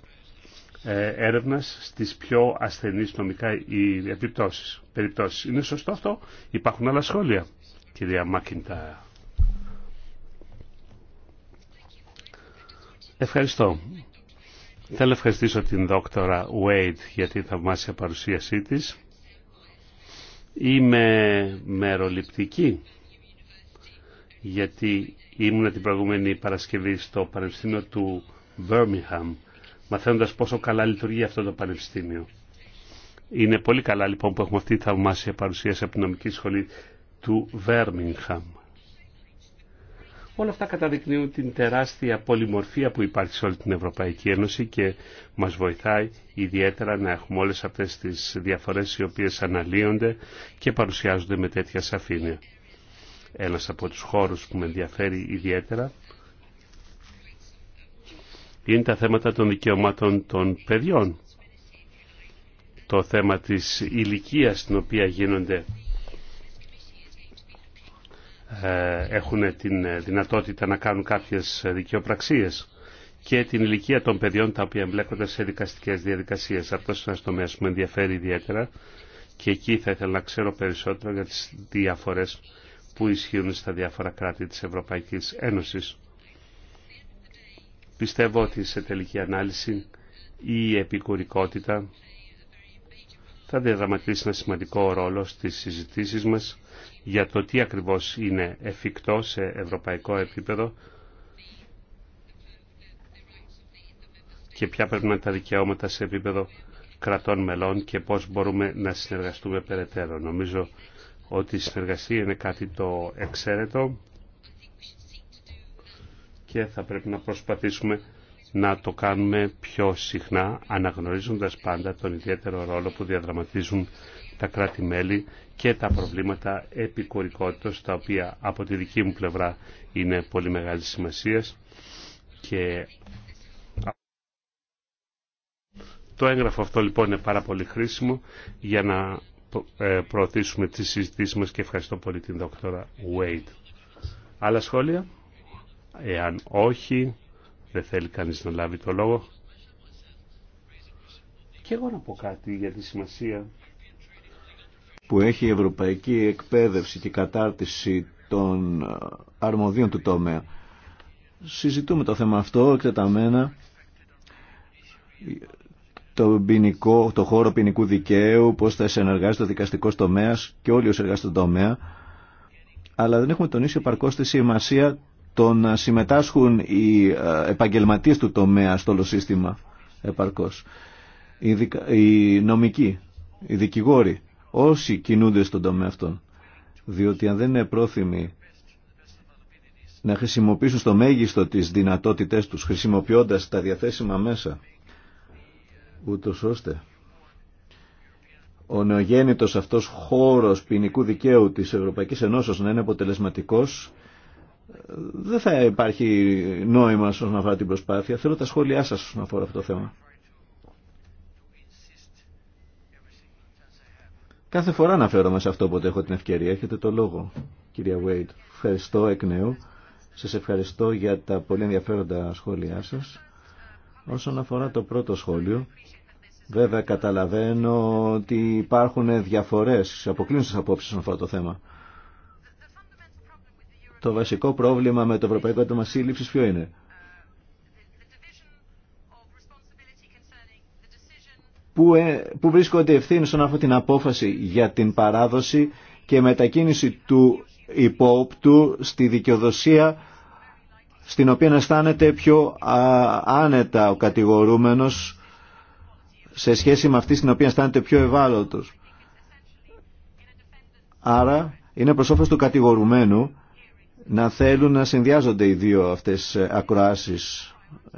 [SPEAKER 2] ε, έρευνας στις πιο ασθενείς νομικά οι επιπτώσεις, περιπτώσεις. Είναι σωστό αυτό. Υπάρχουν άλλα σχόλια, κυρία Μάκιντα. Ευχαριστώ. Θέλω να ευχαριστήσω την δόκτωρα Wade για την θαυμάσια παρουσίασή της. Είμαι μεροληπτική γιατί ήμουν την προηγούμενη Παρασκευή στο Πανεπιστήμιο του Birmingham μαθαίνοντας πόσο καλά λειτουργεί αυτό το πανεπιστήμιο. Είναι πολύ καλά λοιπόν που έχουμε αυτή τη θαυμάσια παρουσίαση από την νομική σχολή του Βέρμιγχαμ. Όλα αυτά καταδεικνύουν την τεράστια πολυμορφία που υπάρχει σε όλη την Ευρωπαϊκή Ένωση και μας βοηθάει ιδιαίτερα να έχουμε όλες αυτές τις διαφορές οι οποίες αναλύονται και παρουσιάζονται με τέτοια σαφήνεια. Ένας από τους χώρους που με ενδιαφέρει ιδιαίτερα είναι τα θέματα των δικαιωμάτων των παιδιών. Το θέμα της ηλικία στην οποία γίνονται ε, έχουν την δυνατότητα να κάνουν κάποιες δικαιοπραξίες και την ηλικία των παιδιών τα οποία εμπλέκονται σε δικαστικές διαδικασίες. αυτό είναι ένας τομέας που με ενδιαφέρει ιδιαίτερα και εκεί θα ήθελα να ξέρω περισσότερο για τις διαφορές που ισχύουν στα διάφορα κράτη της Ευρωπαϊκής Ένωσης. Πιστεύω ότι σε τελική ανάλυση η επικουρικότητα θα διαδραματίσει ένα σημαντικό ρόλο στις συζητήσεις μας για το τι ακριβώς είναι εφικτό σε ευρωπαϊκό επίπεδο και ποια πρέπει να είναι τα δικαιώματα σε επίπεδο κρατών μελών και πώς μπορούμε να συνεργαστούμε περαιτέρω. Νομίζω ότι η συνεργασία είναι κάτι το εξαίρετο και θα πρέπει να προσπαθήσουμε να το κάνουμε πιο συχνά αναγνωρίζοντας πάντα τον ιδιαίτερο ρόλο που διαδραματίζουν τα κράτη-μέλη και τα προβλήματα επικορικότητας τα οποία από τη δική μου πλευρά είναι πολύ μεγάλη σημασία και το έγγραφο αυτό λοιπόν είναι πάρα πολύ χρήσιμο για να ε, προωθήσουμε τις συζητήσεις μας και ευχαριστώ πολύ την δόκτωρα Wade. Άλλα σχόλια? Εάν όχι, δεν θέλει κανείς να λάβει το λόγο. Και εγώ να πω κάτι για τη σημασία
[SPEAKER 1] που έχει η ευρωπαϊκή εκπαίδευση και κατάρτιση των ε, αρμοδίων του τομέα. Συζητούμε το θέμα αυτό εκτεταμένα το, ποινικό, το χώρο ποινικού δικαίου, πώς θα συνεργάζεται ο δικαστικός τομέας και όλοι όσοι εργάζονται στον τομέα, αλλά δεν έχουμε τονίσει επαρκώς τη σημασία το να ε, συμμετάσχουν οι ε, επαγγελματίες του τομέα στο όλο σύστημα επαρκώς. Οι, οι νομικοί, οι δικηγόροι, όσοι κινούνται στον τομέα αυτόν. Διότι αν δεν είναι πρόθυμοι να χρησιμοποιήσουν στο μέγιστο τις δυνατότητές τους, χρησιμοποιώντας τα διαθέσιμα μέσα, ούτως ώστε ο νεογέννητος αυτός χώρος ποινικού δικαίου της Ευρωπαϊκής Ενώσεως να είναι αποτελεσματικός δεν θα υπάρχει νόημα όσον αφορά την προσπάθεια. Θέλω τα σχόλιά σας όσον αφορά αυτό το θέμα. Κάθε φορά αναφέρομαι σε αυτό που έχω την ευκαιρία. Έχετε το λόγο, κυρία Βέιτ. Ευχαριστώ εκ νέου. Σας ευχαριστώ για τα πολύ ενδιαφέροντα σχόλιά σας. Όσον αφορά το πρώτο σχόλιο, βέβαια καταλαβαίνω ότι υπάρχουν διαφορές, σε στις απόψεις όσον αφορά το θέμα. Το βασικό πρόβλημα με το Ευρωπαϊκό Έντομα Σύλληψης ποιο είναι. Πού, ε, πού βρίσκονται ευθύνε όταν την απόφαση για την παράδοση και μετακίνηση του υπόπτου στη δικαιοδοσία στην οποία αισθάνεται πιο άνετα ο κατηγορούμενος σε σχέση με αυτή στην οποία αισθάνεται πιο ευάλωτος. Άρα είναι προς του κατηγορουμένου να θέλουν να συνδυάζονται οι δύο αυτές ακροάσεις.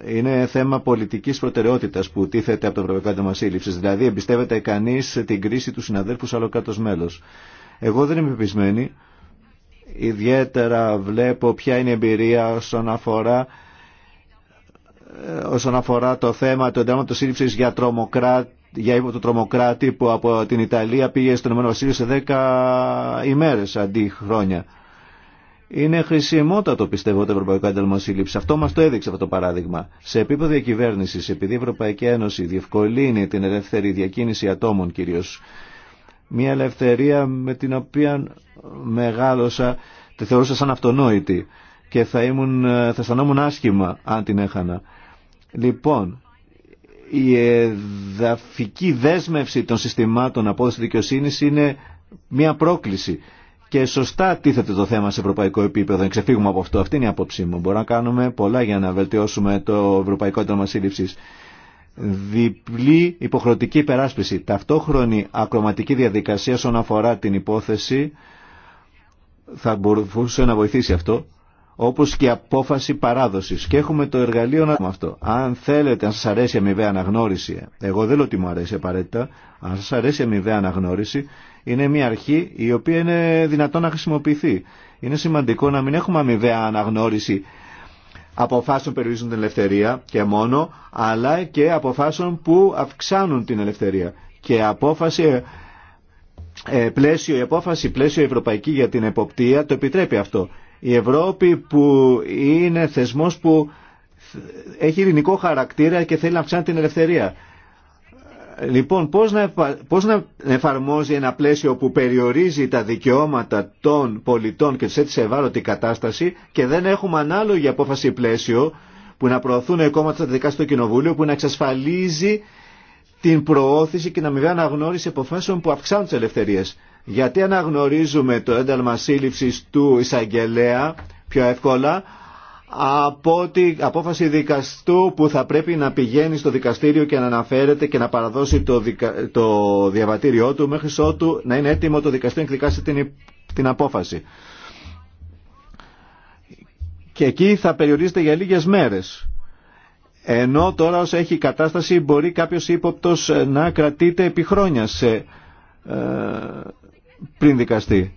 [SPEAKER 1] Είναι θέμα πολιτικής προτεραιότητας που τίθεται από το Ευρωπαϊκό Έντομα Σύλληψης. Δηλαδή εμπιστεύεται κανείς την κρίση του συναδέλφου σε άλλο κάτω μέλος. Εγώ δεν είμαι πεισμένη. Ιδιαίτερα βλέπω ποια είναι η εμπειρία όσον αφορά ε, όσον αφορά το θέμα του εντάγματος σύλληψης για τρομοκράτη για το τρομοκράτη που από την Ιταλία πήγε στον Ηνωμένο Βασίλειο σε δέκα ημέρες αντί χρόνια. Είναι χρησιμότατο πιστεύω το Ευρωπαϊκό Ένταλμα Σύλληψη. Αυτό μα το έδειξε αυτό το παράδειγμα. Σε επίπεδο διακυβέρνηση, επειδή η Ευρωπαϊκή Ένωση διευκολύνει την ελεύθερη διακίνηση ατόμων κυρίω, μια ελευθερία με την οποία μεγάλωσα, τη θεωρούσα σαν αυτονόητη και θα, ήμουν, θα αισθανόμουν άσχημα αν την έχανα. Λοιπόν, η εδαφική δέσμευση των συστημάτων απόδοση δικαιοσύνη είναι μια πρόκληση και σωστά τίθεται το θέμα σε ευρωπαϊκό επίπεδο. Δεν ξεφύγουμε από αυτό. Αυτή είναι η άποψή μου. Μπορούμε να κάνουμε πολλά για να βελτιώσουμε το ευρωπαϊκό ένταλμα σύλληψη. Διπλή υποχρεωτική υπεράσπιση. Ταυτόχρονη ακροματική διαδικασία όσον αφορά την υπόθεση θα μπορούσε να βοηθήσει αυτό όπως και απόφαση παράδοσης. Και έχουμε το εργαλείο να κάνουμε αυτό. Αν θέλετε, αν σας αρέσει αμοιβαία αναγνώριση, εγώ δεν λέω ότι μου αρέσει απαραίτητα, αν σας αρέσει αμοιβαία αναγνώριση, είναι μια αρχή η οποία είναι δυνατόν να χρησιμοποιηθεί. Είναι σημαντικό να μην έχουμε αμοιβαία αναγνώριση αποφάσεων που περιορίζουν την ελευθερία και μόνο, αλλά και αποφάσεων που αυξάνουν την ελευθερία. Και απόφαση, ε, η απόφαση πλαίσιο ευρωπαϊκή για την εποπτεία το επιτρέπει αυτό. Η Ευρώπη που είναι θεσμός που έχει ειρηνικό χαρακτήρα και θέλει να αυξάνει την ελευθερία. Λοιπόν, πώς να, εφαρμόζει ένα πλαίσιο που περιορίζει τα δικαιώματα των πολιτών και σε έτσι σε ευάλωτη κατάσταση και δεν έχουμε ανάλογη απόφαση πλαίσιο που να προωθούν κόμματα τα δικά στο Κοινοβούλιο που να εξασφαλίζει την προώθηση και να μην αναγνώριση αποφάσεων που αυξάνουν τις ελευθερίες. Γιατί αναγνωρίζουμε το ένταλμα σύλληψης του εισαγγελέα πιο εύκολα από την απόφαση δικαστού που θα πρέπει να πηγαίνει στο δικαστήριο και να αναφέρεται και να παραδώσει το, το διαβατήριό του μέχρι ότου να είναι έτοιμο το δικαστήριο να εκδικάσει την... απόφαση. Και εκεί θα περιορίζεται για λίγες μέρες. Ενώ τώρα όσο έχει κατάσταση μπορεί κάποιος ύποπτος ε, να κρατείται επί χρόνια σε... Ε, πριν δικαστεί.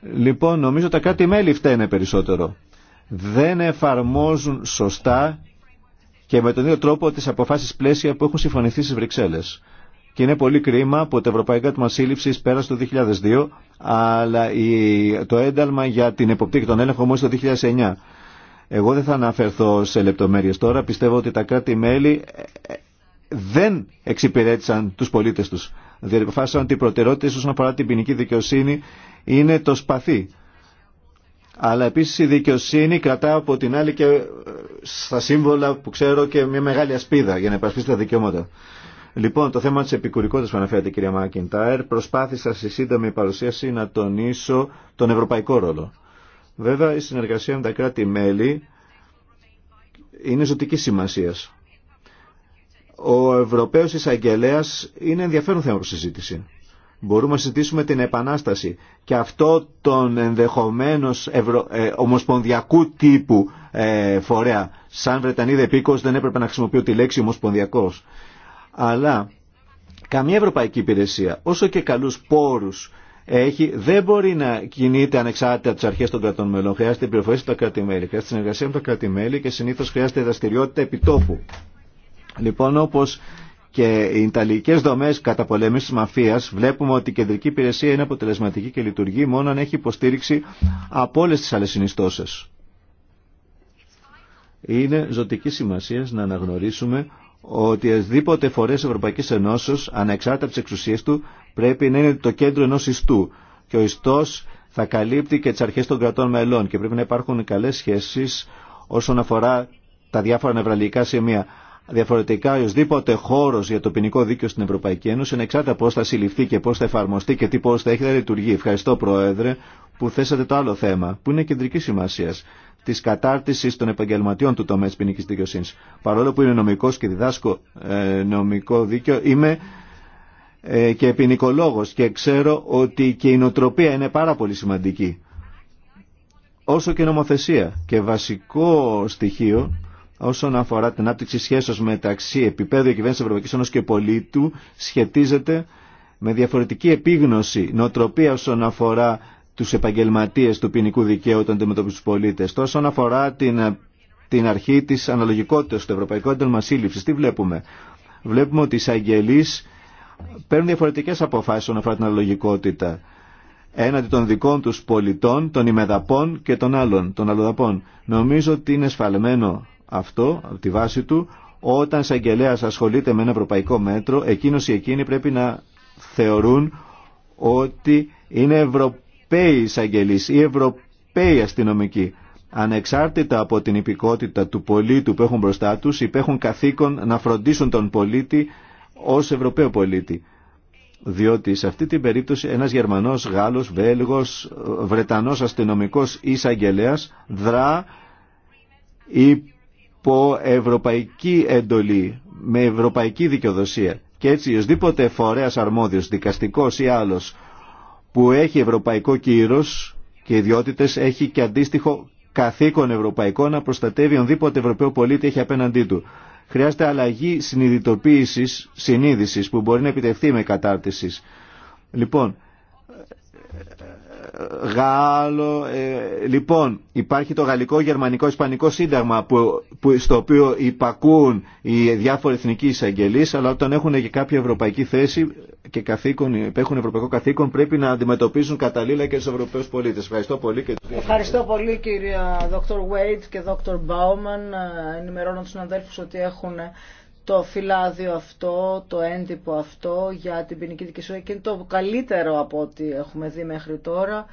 [SPEAKER 1] Λοιπόν, νομίζω τα κάτι μέλη φταίνε περισσότερο δεν εφαρμόζουν σωστά και με τον ίδιο τρόπο τις αποφάσεις πλαίσια που έχουν συμφωνηθεί στις Βρυξέλλες. Και είναι πολύ κρίμα που το Ευρωπαϊκό Τμήμα Σύλληψη πέρασε το 2002, αλλά το ένταλμα για την εποπτή και τον έλεγχο μόλις το 2009. Εγώ δεν θα αναφερθώ σε λεπτομέρειες τώρα. Πιστεύω ότι τα κράτη-μέλη ε, ε, δεν εξυπηρέτησαν τους πολίτες τους. Διαποφάσισαν ότι οι προτερότητες όσον αφορά την ποινική δικαιοσύνη είναι το σπαθί αλλά επίσης η δικαιοσύνη κρατά από την άλλη και ε, στα σύμβολα που ξέρω και μια μεγάλη ασπίδα για να υπασπίσει τα δικαιώματα. Λοιπόν, το θέμα της επικουρικότητας που αναφέρατε κυρία Μακιντάερ, προσπάθησα στη σύντομη παρουσίαση να τονίσω τον ευρωπαϊκό ρόλο. Βέβαια, η συνεργασία με τα κράτη-μέλη είναι ζωτική σημασία. Ο Ευρωπαίος εισαγγελέα είναι ενδιαφέρον θέμα προς συζήτηση. Μπορούμε να συζητήσουμε την επανάσταση και αυτό τον ενδεχομένως ε, ομοσπονδιακού τύπου ε, φορέα. Σαν Βρετανίδα επίκος δεν έπρεπε να χρησιμοποιώ τη λέξη ομοσπονδιακός. Αλλά καμία ευρωπαϊκή υπηρεσία, όσο και καλούς πόρους έχει, δεν μπορεί να κινείται ανεξάρτητα από τι αρχέ των κρατών μελών. Χρειάζεται πληροφορίε από τα κράτη-μέλη, χρειάζεται συνεργασία με τα κρατη και συνήθω χρειάζεται δραστηριότητα επιτόπου. Λοιπόν, όπω και οι Ιταλικές δομές κατά πολέμηση τη μαφίας βλέπουμε ότι η κεντρική υπηρεσία είναι αποτελεσματική και λειτουργεί μόνο αν έχει υποστήριξη από όλες τις άλλες συνιστώσεις. Είναι ζωτική σημασία να αναγνωρίσουμε ότι ασδήποτε φορές Ευρωπαϊκής Ενώσεως ανεξάρτητα από τις εξουσίες του πρέπει να είναι το κέντρο ενός ιστού και ο ιστός θα καλύπτει και τις αρχές των κρατών μελών και πρέπει να υπάρχουν καλές σχέσεις όσον αφορά τα διάφορα νευραλικά σημεία. Διαφορετικά, οσδήποτε χώρο για το ποινικό δίκαιο στην Ευρωπαϊκή Ένωση, ανεξάρτητα πώ θα συλληφθεί και πώ θα εφαρμοστεί και τι πώ θα έχει, θα λειτουργεί. Ευχαριστώ, Πρόεδρε, που θέσατε το άλλο θέμα, που είναι κεντρική σημασία, τη κατάρτιση των επαγγελματιών του τομέα τη ποινική δικαιοσύνη. Παρόλο που είμαι νομικό και διδάσκω ε, νομικό δίκαιο, είμαι ε, και ποινικολόγο και ξέρω ότι και η νοτροπία είναι πάρα πολύ σημαντική. Όσο και νομοθεσία. Και βασικό στοιχείο όσον αφορά την άπτυξη σχέσεως μεταξύ επίπεδου κυβέρνησης Ευρωπαϊκής Ένωσης και πολίτου σχετίζεται με διαφορετική επίγνωση, νοοτροπία όσον αφορά τους επαγγελματίες του ποινικού δικαίου όταν αντιμετωπίζουν του πολίτες. Τόσο όσον αφορά την, την αρχή της αναλογικότητας του Ευρωπαϊκού Ένταλμα Σύλληψης, τι βλέπουμε. Βλέπουμε ότι οι εισαγγελείς παίρνουν διαφορετικές αποφάσεις όσον αφορά την αναλογικότητα έναντι των δικών τους πολιτών, των ημεδαπών και των άλλων, των αλλοδαπών. Νομίζω ότι είναι σφαλμένο αυτό, τη βάση του, όταν εισαγγελέα ασχολείται με ένα ευρωπαϊκό μέτρο, εκείνος ή εκείνοι πρέπει να θεωρούν ότι είναι Ευρωπαίοι εισαγγελείς ή Ευρωπαίοι αστυνομικοί. Ανεξάρτητα από την υπηκότητα του πολίτου που έχουν μπροστά τους, υπέχουν καθήκον να φροντίσουν τον πολίτη ως Ευρωπαίο πολίτη. Διότι σε αυτή την περίπτωση ένας Γερμανός, Γάλλος, Βέλγος, Βρετανός αστυνομικός ή εισαγγελέα δρά υπό ευρωπαϊκή εντολή, με ευρωπαϊκή δικαιοδοσία. Και έτσι, οσδήποτε φορέας αρμόδιος, δικαστικός ή άλλος, που έχει ευρωπαϊκό κύρος και ιδιότητες, έχει και αντίστοιχο καθήκον ευρωπαϊκό να προστατεύει ονδήποτε ευρωπαίο πολίτη έχει απέναντί του. Χρειάζεται αλλαγή συνειδητοποίησης, συνείδησης που μπορεί να επιτευχθεί με κατάρτισης. Λοιπόν, Γάλλο. Ε, λοιπόν, υπάρχει το γαλλικό, γερμανικό, ισπανικό σύνταγμα που, που, στο οποίο υπακούν οι διάφοροι εθνικοί εισαγγελεί, αλλά όταν έχουν και κάποια ευρωπαϊκή θέση και καθήκον, έχουν ευρωπαϊκό καθήκον, πρέπει να αντιμετωπίζουν καταλήλα και του Ευρωπαίου πολίτε. Ευχαριστώ πολύ. Και... Ευχαριστώ
[SPEAKER 3] πολύ, κύριε Δόκτωρ Βέιτ και Δόκτωρ Μπάουμαν. Ε, ενημερώνω του συναδέλφου ότι έχουν το φυλάδιο αυτό, το έντυπο αυτό για την ποινική δικαιοσύνη και είναι το καλύτερο από ό,τι έχουμε δει μέχρι τώρα.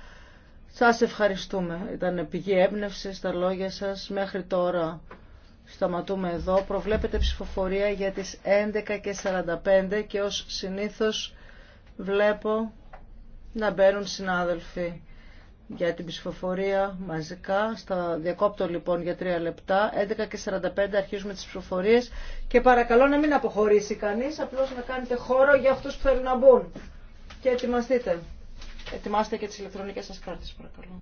[SPEAKER 3] Σας ευχαριστούμε. Ήταν πηγή έμπνευση στα λόγια σας μέχρι τώρα. Σταματούμε εδώ. Προβλέπετε ψηφοφορία για τις 11.45 και ως συνήθως βλέπω να μπαίνουν συνάδελφοι για την ψηφοφορία μαζικά. Στα διακόπτω λοιπόν για τρία λεπτά. 11.45 και αρχίζουμε τις ψηφοφορίες και παρακαλώ να μην αποχωρήσει κανείς, απλώς να κάνετε χώρο για αυτούς που θέλουν να μπουν. Και ετοιμαστείτε. Ετοιμάστε και τις ηλεκτρονικές σας κάρτες παρακαλώ.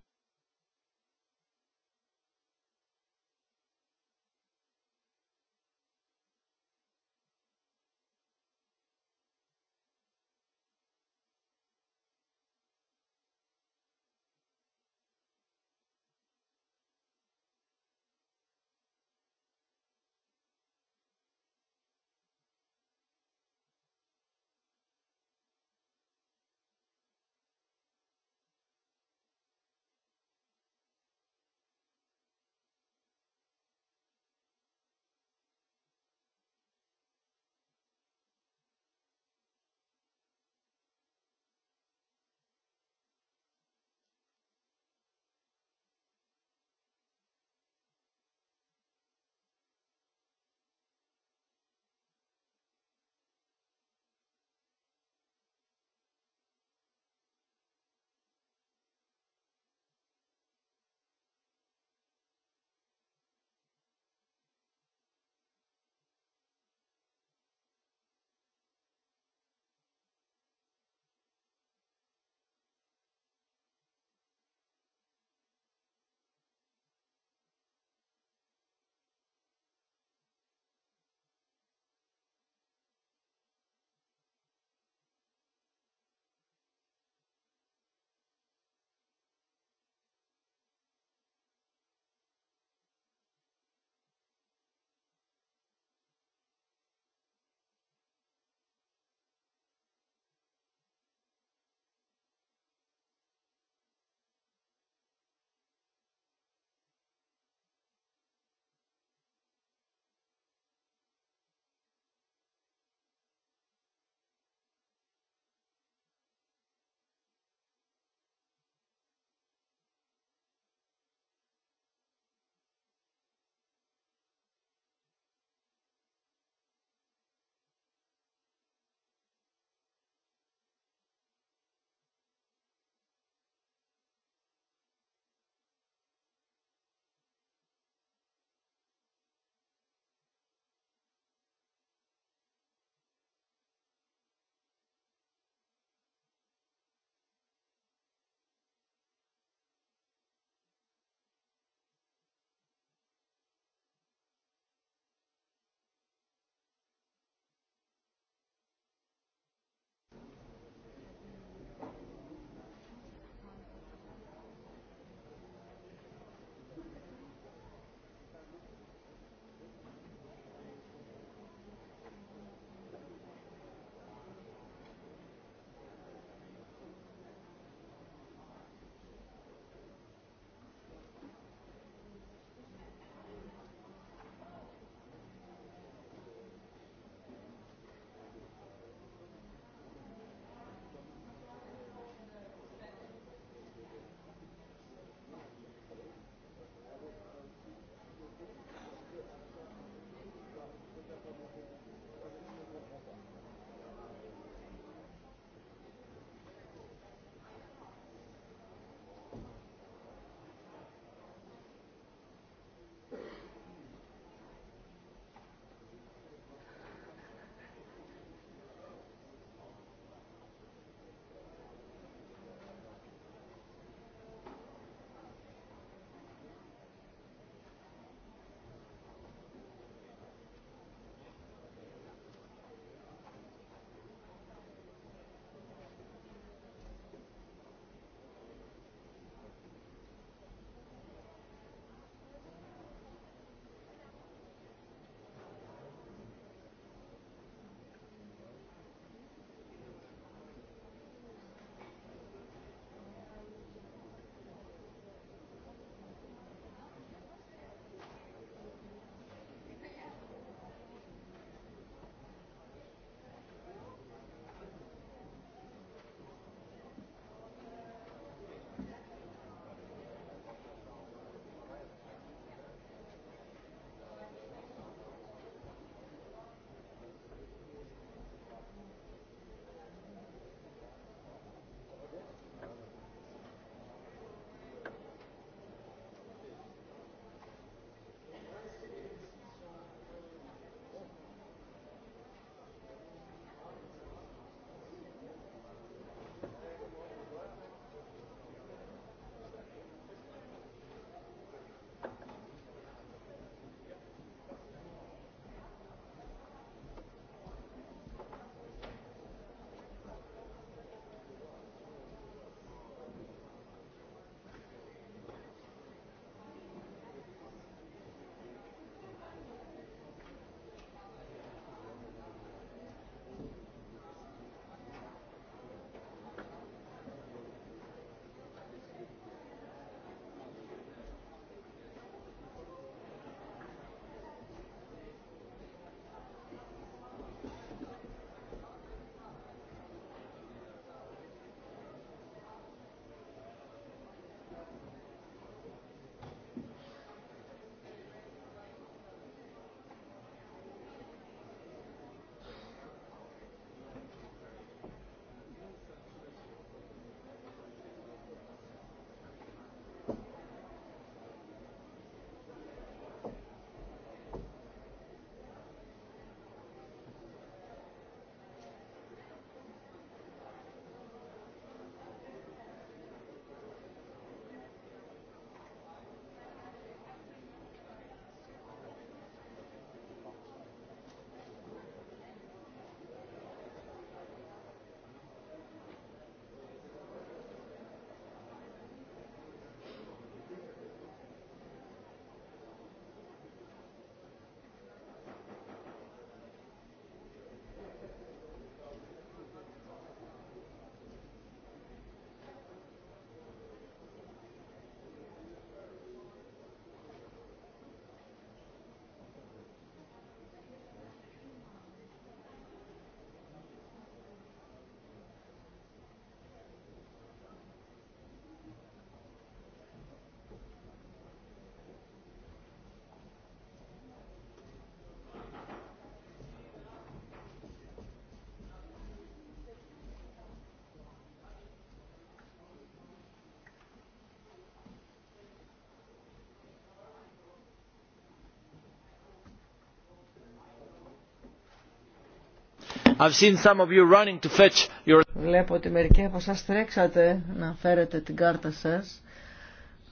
[SPEAKER 3] Βλέπω ότι μερικοί από σας τρέξατε να φέρετε την κάρτα σας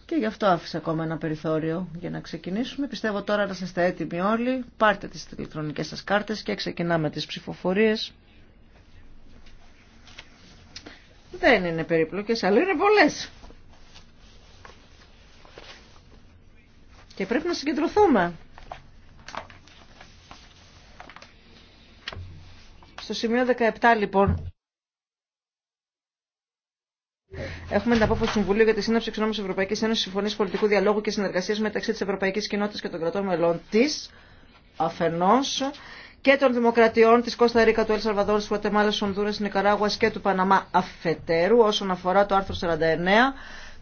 [SPEAKER 3] και γι' αυτό άφησα ακόμα ένα περιθώριο για να ξεκινήσουμε. Πιστεύω τώρα να είστε έτοιμοι όλοι. Πάρτε τις ηλεκτρονικές σας κάρτες και ξεκινάμε τις ψηφοφορίες. Δεν είναι περίπλοκες, αλλά είναι πολλές. Και πρέπει να συγκεντρωθούμε. Στο σημείο 17 λοιπόν. Έχουμε την απόφαση του Συμβουλίου για τη σύναψη εξ νόμου Ευρωπαϊκή Ένωση Συμφωνία Πολιτικού Διαλόγου και Συνεργασία μεταξύ τη Ευρωπαϊκή Κοινότητα και των κρατών μελών τη, αφενό, και των δημοκρατιών τη Κώστα Ρίκα, του Ελσαλβαδόρ, τη Γουατεμάλα, τη Ονδούρα, τη Νικαράγουα και του Παναμά αφετέρου, όσον αφορά το άρθρο 49,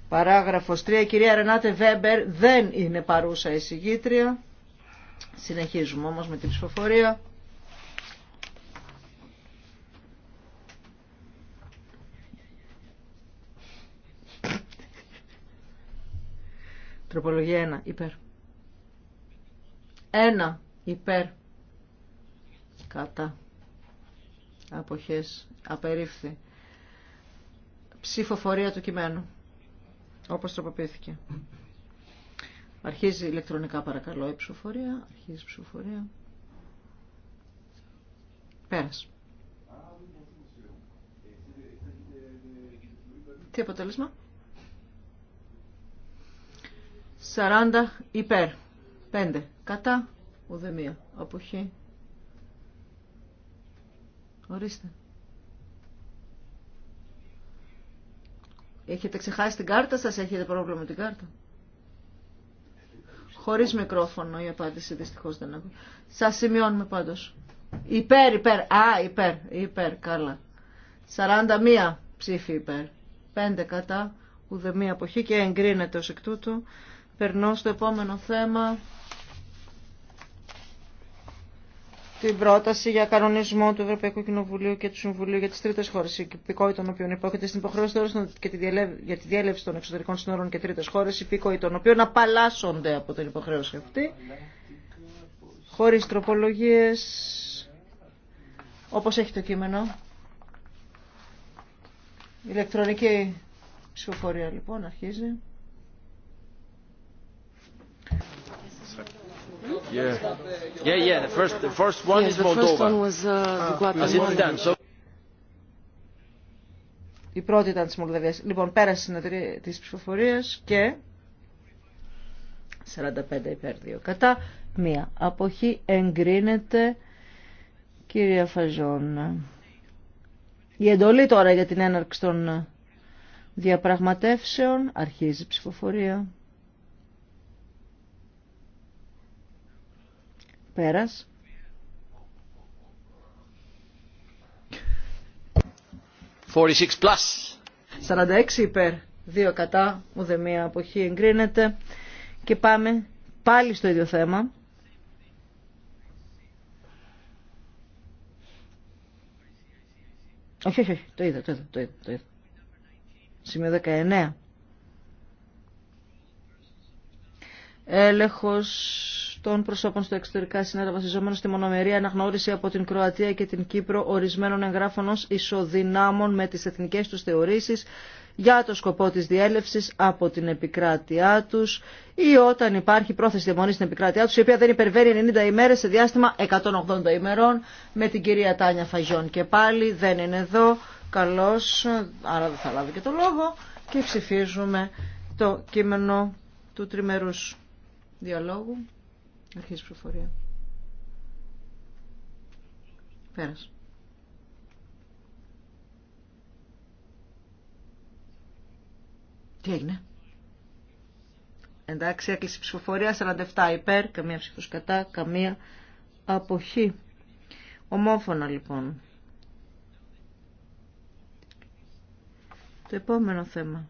[SPEAKER 3] παράγραφο 3. Η κυρία Ρενάτε Βέμπερ δεν είναι παρούσα εισηγήτρια. Συνεχίζουμε όμω με την ψηφοφορία. Τροπολογία 1. Υπέρ. 1. Υπέρ. Κατά. Αποχές. Απερίφθη. Ψηφοφορία του κειμένου. Όπως τροποποιήθηκε. Αρχίζει ηλεκτρονικά παρακαλώ η ψηφοφορία. Αρχίζει η ψηφοφορία. Πέρας. Τι αποτέλεσμα. 40 υπέρ. 5 κατά. Ουδεμία. Αποχή. Ορίστε. Έχετε ξεχάσει την κάρτα σας, έχετε πρόβλημα με την κάρτα. Χωρίς μικρόφωνο η απάντηση δυστυχώς δεν έχω. Σας σημειώνουμε πάντως. Υπέρ, υπέρ, α, υπέρ, υπέρ, καλά. 41 ψηφί υπέρ, 5 κατά, ουδεμία αποχή και εγκρίνεται ως εκ τούτου. Περνώ στο επόμενο θέμα. Την πρόταση για κανονισμό του Ευρωπαϊκού Κοινοβουλίου και του Συμβουλίου για τι τρίτε χώρε, η υπηκόη των οποίων υπόκειται στην υποχρέωση και τη για τη διέλευση των εξωτερικών συνόρων και τρίτε χώρε, οι των οποίων απαλλάσσονται από την υποχρέωση αυτή, χωρί τροπολογίε, όπω έχει το κείμενο. Ηλεκτρονική ψηφοφορία λοιπόν αρχίζει. Η πρώτη ήταν της Μολδαβίας. Λοιπόν, πέρασε η συνεδρία της ψηφοφορίας και 45 υπέρ 2 κατά. Μία αποχή εγκρίνεται κυρία Φαζόν. Η εντολή τώρα για την έναρξη των διαπραγματεύσεων αρχίζει ψηφοφορία. Πέρας. Plus. 46 υπέρ, 2 κατά, ούτε μία αποχή εγκρίνεται. Και πάμε πάλι στο ίδιο θέμα. Όχι, όχι, όχι, το είδα, το είδα, το είδα. Το είδα. Σημείο 19. Έλεγχος των προσώπων στο εξωτερικά σύνορα βασιζόμενο στη μονομερή αναγνώριση από την Κροατία και την Κύπρο ορισμένων εγγράφων ως ισοδυνάμων με τις εθνικές τους θεωρήσεις για το σκοπό της διέλευσης από την επικράτειά τους ή όταν υπάρχει πρόθεση διαμονής στην επικράτειά τους η οποία δεν υπερβαίνει 90 ημέρες σε διάστημα 180 ημερών με την κυρία Τάνια Φαγιόν και πάλι δεν είναι εδώ καλώς, άρα δεν θα λάβει και το λόγο και ψηφίζουμε το κείμενο του τριμερούς διαλόγου. Αρχίζει η ψηφοφορία. Πέρασε. Τι έγινε. Εντάξει, έκλεισε η ψηφοφορία 47 υπέρ, καμία ψήφος κατά, καμία αποχή. Ομόφωνα λοιπόν. Το επόμενο θέμα.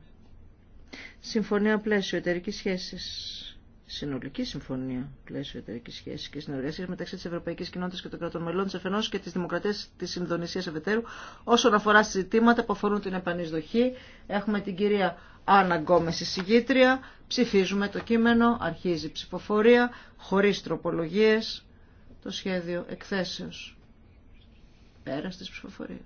[SPEAKER 3] Συμφωνία πλαίσιο εταιρική σχέσης συνολική συμφωνία πλαίσιο εταιρική σχέση και συνεργασία μεταξύ τη Ευρωπαϊκή Κοινότητα και των κρατών μελών τη Αφενό και τη Δημοκρατία τη Ινδονησία Ευετέρου όσον αφορά συζητήματα που αφορούν την επανεισδοχή. Έχουμε την κυρία Άννα Γκόμε, συγγήτρια. Ψηφίζουμε το κείμενο. Αρχίζει η ψηφοφορία χωρί τροπολογίε. Το σχέδιο εκθέσεω. Πέρα τη ψηφοφορία.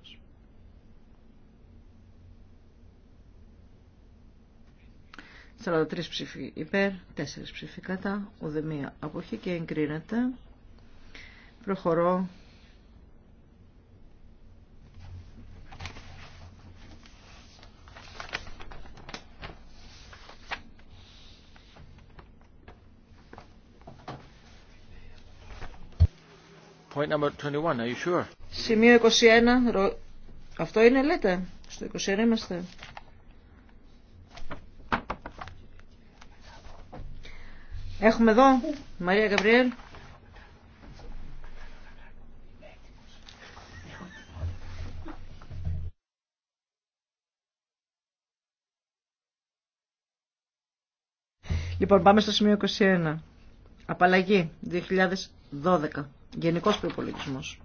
[SPEAKER 3] 43 ψήφοι υπέρ, 4 ψήφοι κατά, μία αποχή και εγκρίνεται. Προχωρώ
[SPEAKER 4] Point number 21, are you sure?
[SPEAKER 3] Σημείο 21, αυτό είναι λέτε, στο 21 είμαστε. Έχουμε εδώ, Μαρία Γκαμπριέλ. Λοιπόν, πάμε στο σημείο 21. Απαλλαγή 2012. Γενικός προϋπολογισμός.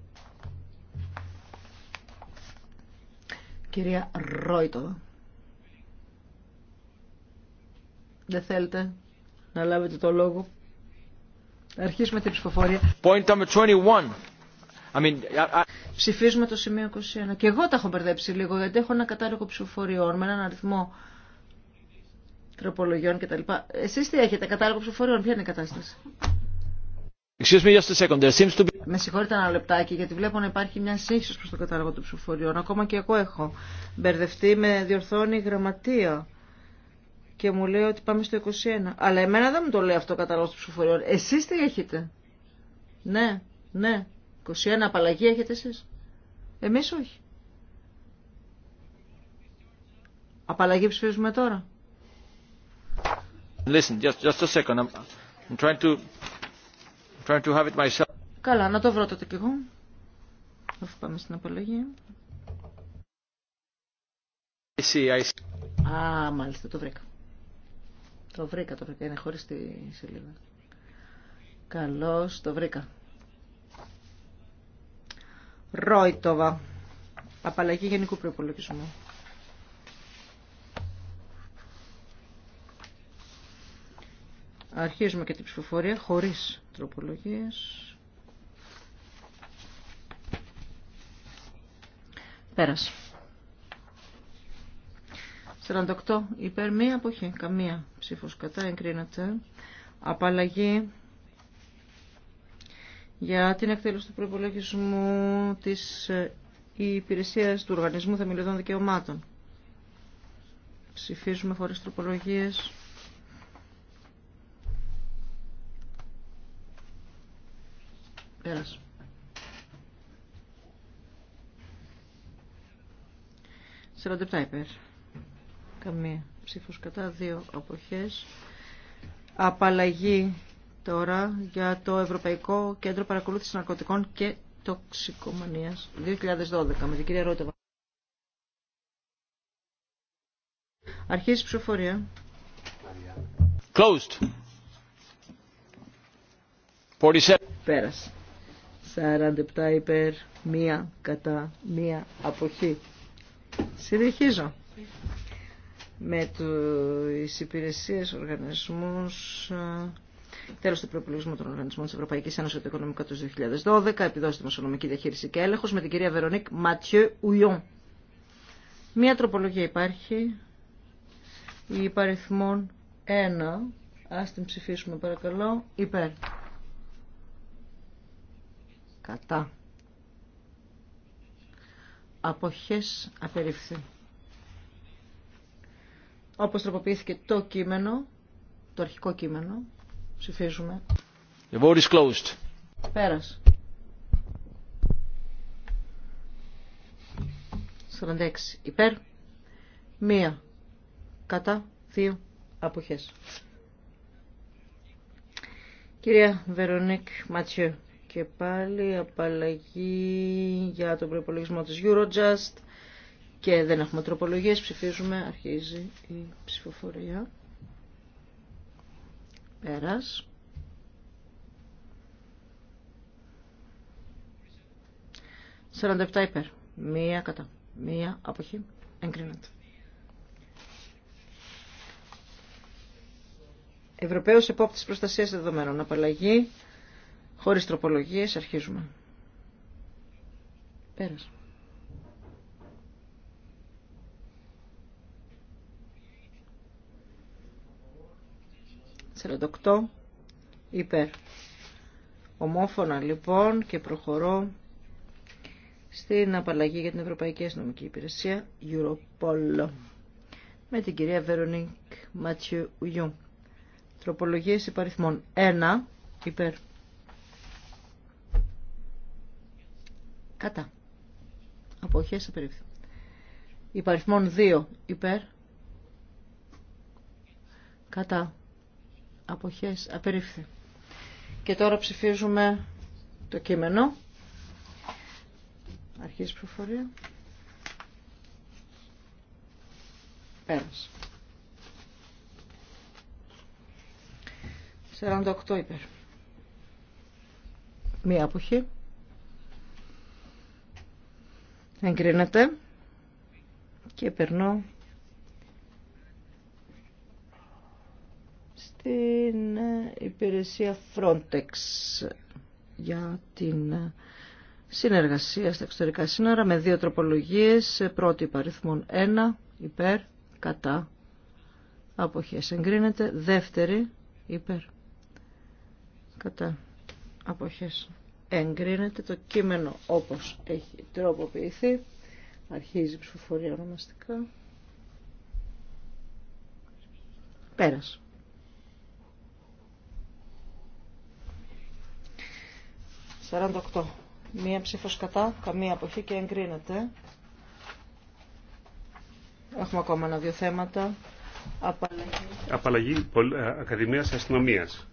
[SPEAKER 3] Κυρία Ρόιτο. Δεν θέλετε να λάβετε το λόγο. Αρχίσουμε την ψηφοφορία.
[SPEAKER 4] Point number 21. I mean, I...
[SPEAKER 3] Ψηφίζουμε το σημείο 21. Και εγώ τα έχω μπερδέψει λίγο, γιατί έχω ένα κατάλογο ψηφοφοριών με έναν αριθμό τροπολογιών κτλ. Εσείς τι έχετε, κατάλογο ψηφοφοριών, ποια είναι η κατάσταση.
[SPEAKER 4] me just a second. There seems to be...
[SPEAKER 3] Με συγχωρείτε ένα λεπτάκι, γιατί βλέπω να υπάρχει μια σύγχυση προς το κατάλογο των ψηφοφοριών. Ακόμα και εγώ έχω μπερδευτεί με διορθώνει γραμματεία και μου λέει ότι πάμε στο 21. Αλλά εμένα δεν μου το λέει αυτό ο καταλόγος του ψηφοφοριών. Εσείς τι έχετε. Ναι, ναι. 21 απαλλαγή έχετε εσείς. Εμείς όχι. Απαλλαγή ψηφίζουμε τώρα.
[SPEAKER 4] Listen, just, just a second. I'm, trying to, trying to have it myself.
[SPEAKER 3] Καλά, να το βρω τότε κι εγώ. Αφού πάμε στην απαλλαγή.
[SPEAKER 4] I see, I see.
[SPEAKER 3] Α, μάλιστα, το βρήκα. Το βρήκα, το βρήκα. Είναι τη σελίδα. Καλώ, το βρήκα. Ρόιτοβα. Απαλλαγή γενικού προπολογισμού. Αρχίζουμε και την ψηφοφορία χωρίς τροπολογίες. Πέρασε. 48 υπέρ μία αποχή. Καμία ψήφος κατά εγκρίνεται. Απαλλαγή για την εκτέλεση του προπολογισμού της ε, υπηρεσία του Οργανισμού Θεμελιωδών Δικαιωμάτων. Ψηφίζουμε χωρίς τροπολογίες. Πέρασε. 47 υπέρ καμία ψήφος κατά, δύο αποχές. Απαλλαγή τώρα για το Ευρωπαϊκό Κέντρο Παρακολούθησης Ναρκωτικών και Τοξικομανίας 2012 με την κυρία Ρότεβα. Αρχίζει η ψηφοφορία. Closed. 47. Πέρασε. 47 υπέρ, μία κατά, μία αποχή. Συνεχίζω με τις υπηρεσίες, οργανισμούς, τέλος του προπολογισμού των οργανισμών της Ευρωπαϊκής Ένωσης για το οικονομικό του 2012, επιδόση δημοσιονομική διαχείριση και έλεγχος, με την κυρία Βερονίκ Ματιέ Ουλιόν. Μία τροπολογία υπάρχει, η υπαριθμών 1, ας την ψηφίσουμε παρακαλώ, υπέρ. Κατά. Αποχές απερίφθη όπως τροποποιήθηκε το κείμενο, το αρχικό κείμενο, ψηφίζουμε.
[SPEAKER 4] The vote is closed.
[SPEAKER 3] Πέρας. 46 υπέρ, μία κατά, δύο αποχές.
[SPEAKER 5] Κυρία Βερονίκ
[SPEAKER 3] Ματσιού, και πάλι απαλλαγή για τον προπολογισμό της Eurojust και δεν έχουμε τροπολογίες, ψηφίζουμε, αρχίζει η ψηφοφορία. Πέρας. Σαραντεπτά υπέρ. Μία κατά. Μία αποχή. Εγκρίνεται. Ευρωπαίος Επόπτης Προστασίας Δεδομένων. Απαλλαγή. Χωρίς τροπολογίες. Αρχίζουμε. Πέρας. 48 υπέρ. Ομόφωνα λοιπόν και προχωρώ στην απαλλαγή για την Ευρωπαϊκή Αστυνομική Υπηρεσία Europol με την κυρία Βερονίκ Ματσιου Ιού. Τροπολογίες υπαριθμών 1 υπέρ. Κατά. Αποχές απερίφθη. Υπαριθμών 2 υπέρ. Κατά αποχές απερίφθη. Και τώρα ψηφίζουμε το κείμενο. Αρχής προφορία. Πέρασε. 48 υπέρ. Μία αποχή. Εγκρίνεται. Και περνώ την ε, υπηρεσία Frontex για την ε, συνεργασία στα εξωτερικά σύνορα με δύο τροπολογίες. Πρώτη υπαριθμόν 1 υπέρ, κατά, αποχές εγκρίνεται. Δεύτερη υπέρ, κατά, αποχές εγκρίνεται. Το κείμενο όπως έχει τροποποιηθεί. Αρχίζει η ψηφοφορία ονομαστικά. Πέρασε. 48. Μία ψηφο κατά, καμία αποχή και εγκρίνεται. Έχουμε ακόμα ένα-δύο θέματα. Απαλλαγή.
[SPEAKER 2] Απαλλαγή ε, Ακαδημίας Αστυνομίας.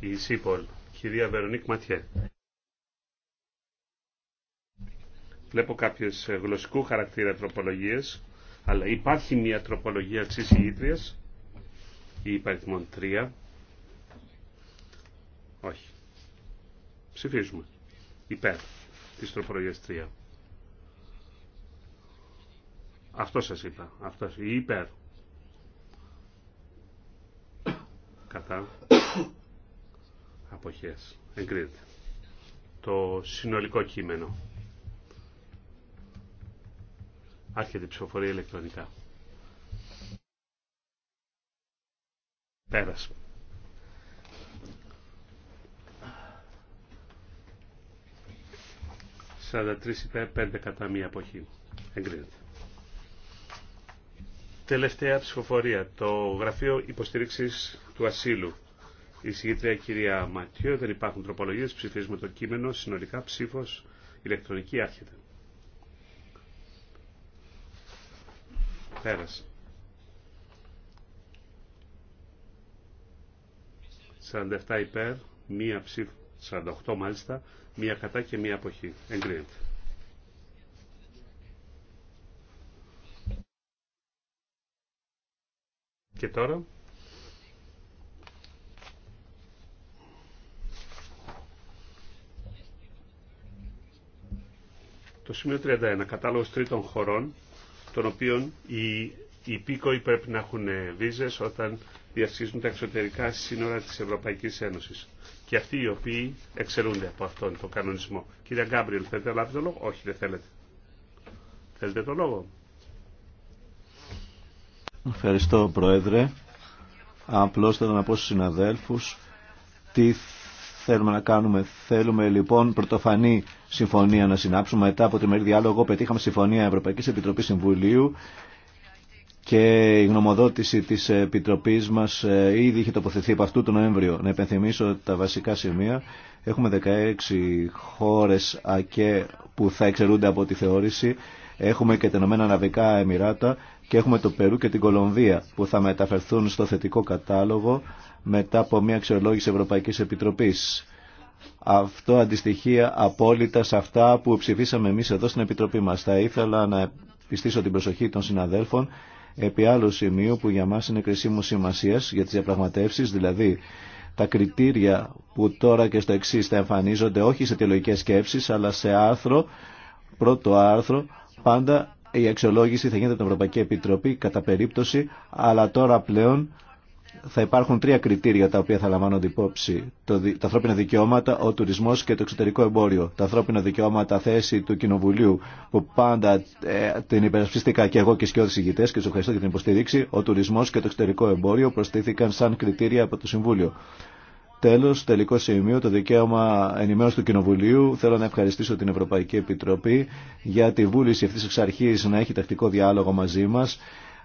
[SPEAKER 2] Η ΣΥΠΟΛ. Κυρία Βερονίκ Ματιέ. Βλέπω κάποιες ε, γλωσσικού χαρακτήρα τροπολογίες, αλλά υπάρχει μια τροπολογία της Ιδρίας η υπαριθμόν 3. Όχι. Ψηφίζουμε υπέρ της τροπολογίας Αυτό σας είπα. Αυτό ή υπέρ. Κατά. Αποχές. Εγκρίνεται. Το συνολικό κείμενο. Άρχεται η ψηφοφορία ηλεκτρονικά. Πέρασε. 43 υπέρ 5 κατά μία εποχή. Εγκρίνεται. Τελευταία ψηφοφορία. Το Γραφείο Υποστήριξη του Ασύλου. Η συγγήτρια κυρία Ματιό, δεν υπάρχουν τροπολογίε. ψηφίζουμε το κείμενο, συνολικά ψήφο. ηλεκτρονική άρχεται. Πέρασε. 47 υπέρ, μία ψήφο 48 μάλιστα, μία κατά και μία αποχή. Εγκρίνεται. Και τώρα... Το σημείο 31. Κατάλογος τρίτων χωρών, των οποίων οι υπήκοοι πρέπει να έχουν ε, βίζες όταν διασχίζουν τα εξωτερικά σύνορα της Ευρωπαϊκής Ένωσης και αυτοί οι οποίοι εξαιρούνται από αυτόν τον κανονισμό. Κύριε Γκάμπριελ, θέλετε να λάβετε το λόγο. Όχι, δεν θέλετε. Θέλετε το λόγο.
[SPEAKER 1] Ευχαριστώ, Πρόεδρε. Απλώ θέλω να πω στου συναδέλφου. τι θέλουμε να κάνουμε. Θέλουμε λοιπόν πρωτοφανή συμφωνία να συνάψουμε. Μετά από τριμερή διάλογο πετύχαμε συμφωνία Ευρωπαϊκή Επιτροπή Συμβουλίου και η γνωμοδότηση της Επιτροπής μας ε, ήδη είχε τοποθεθεί από αυτού τον Νοέμβριο. Να επενθυμίσω τα βασικά σημεία. Έχουμε 16 χώρες ΑΚΕ που θα εξαιρούνται από τη θεώρηση. Έχουμε και τα Ηνωμένα Αραβικά Εμμυράτα και έχουμε το Περού και την Κολομβία που θα μεταφερθούν στο θετικό κατάλογο μετά από μια αξιολόγηση Ευρωπαϊκής Επιτροπής. Αυτό αντιστοιχεί απόλυτα σε αυτά που ψηφίσαμε εμείς εδώ στην Επιτροπή μας. Θα ήθελα να πιστήσω την προσοχή των συναδέλφων επί άλλου σημείου που για μας είναι κρισίμου σημασία για τις διαπραγματεύσεις, δηλαδή τα κριτήρια που τώρα και στο εξή θα εμφανίζονται όχι σε τελογικές σκέψεις αλλά σε άρθρο, πρώτο άρθρο, πάντα η αξιολόγηση θα γίνεται από την Ευρωπαϊκή Επιτροπή κατά περίπτωση, αλλά τώρα πλέον θα υπάρχουν τρία κριτήρια τα οποία θα λαμβάνονται υπόψη. Το, τα ανθρώπινα δικαιώματα, ο τουρισμό και το εξωτερικό εμπόριο. Τα ανθρώπινα δικαιώματα θέση του Κοινοβουλίου που πάντα ε, την υπερασπιστήκα και εγώ και οι ηγητέ και τους ευχαριστώ για την υποστήριξη. Ο τουρισμό και το εξωτερικό εμπόριο προστήθηκαν σαν κριτήρια από το Συμβούλιο. Τέλο, τελικό σημείο, το δικαίωμα ενημέρωση του Κοινοβουλίου. Θέλω να ευχαριστήσω την Ευρωπαϊκή Επιτροπή για τη βούληση αυτή εξ αρχή να έχει τακτικό διάλογο μαζί μα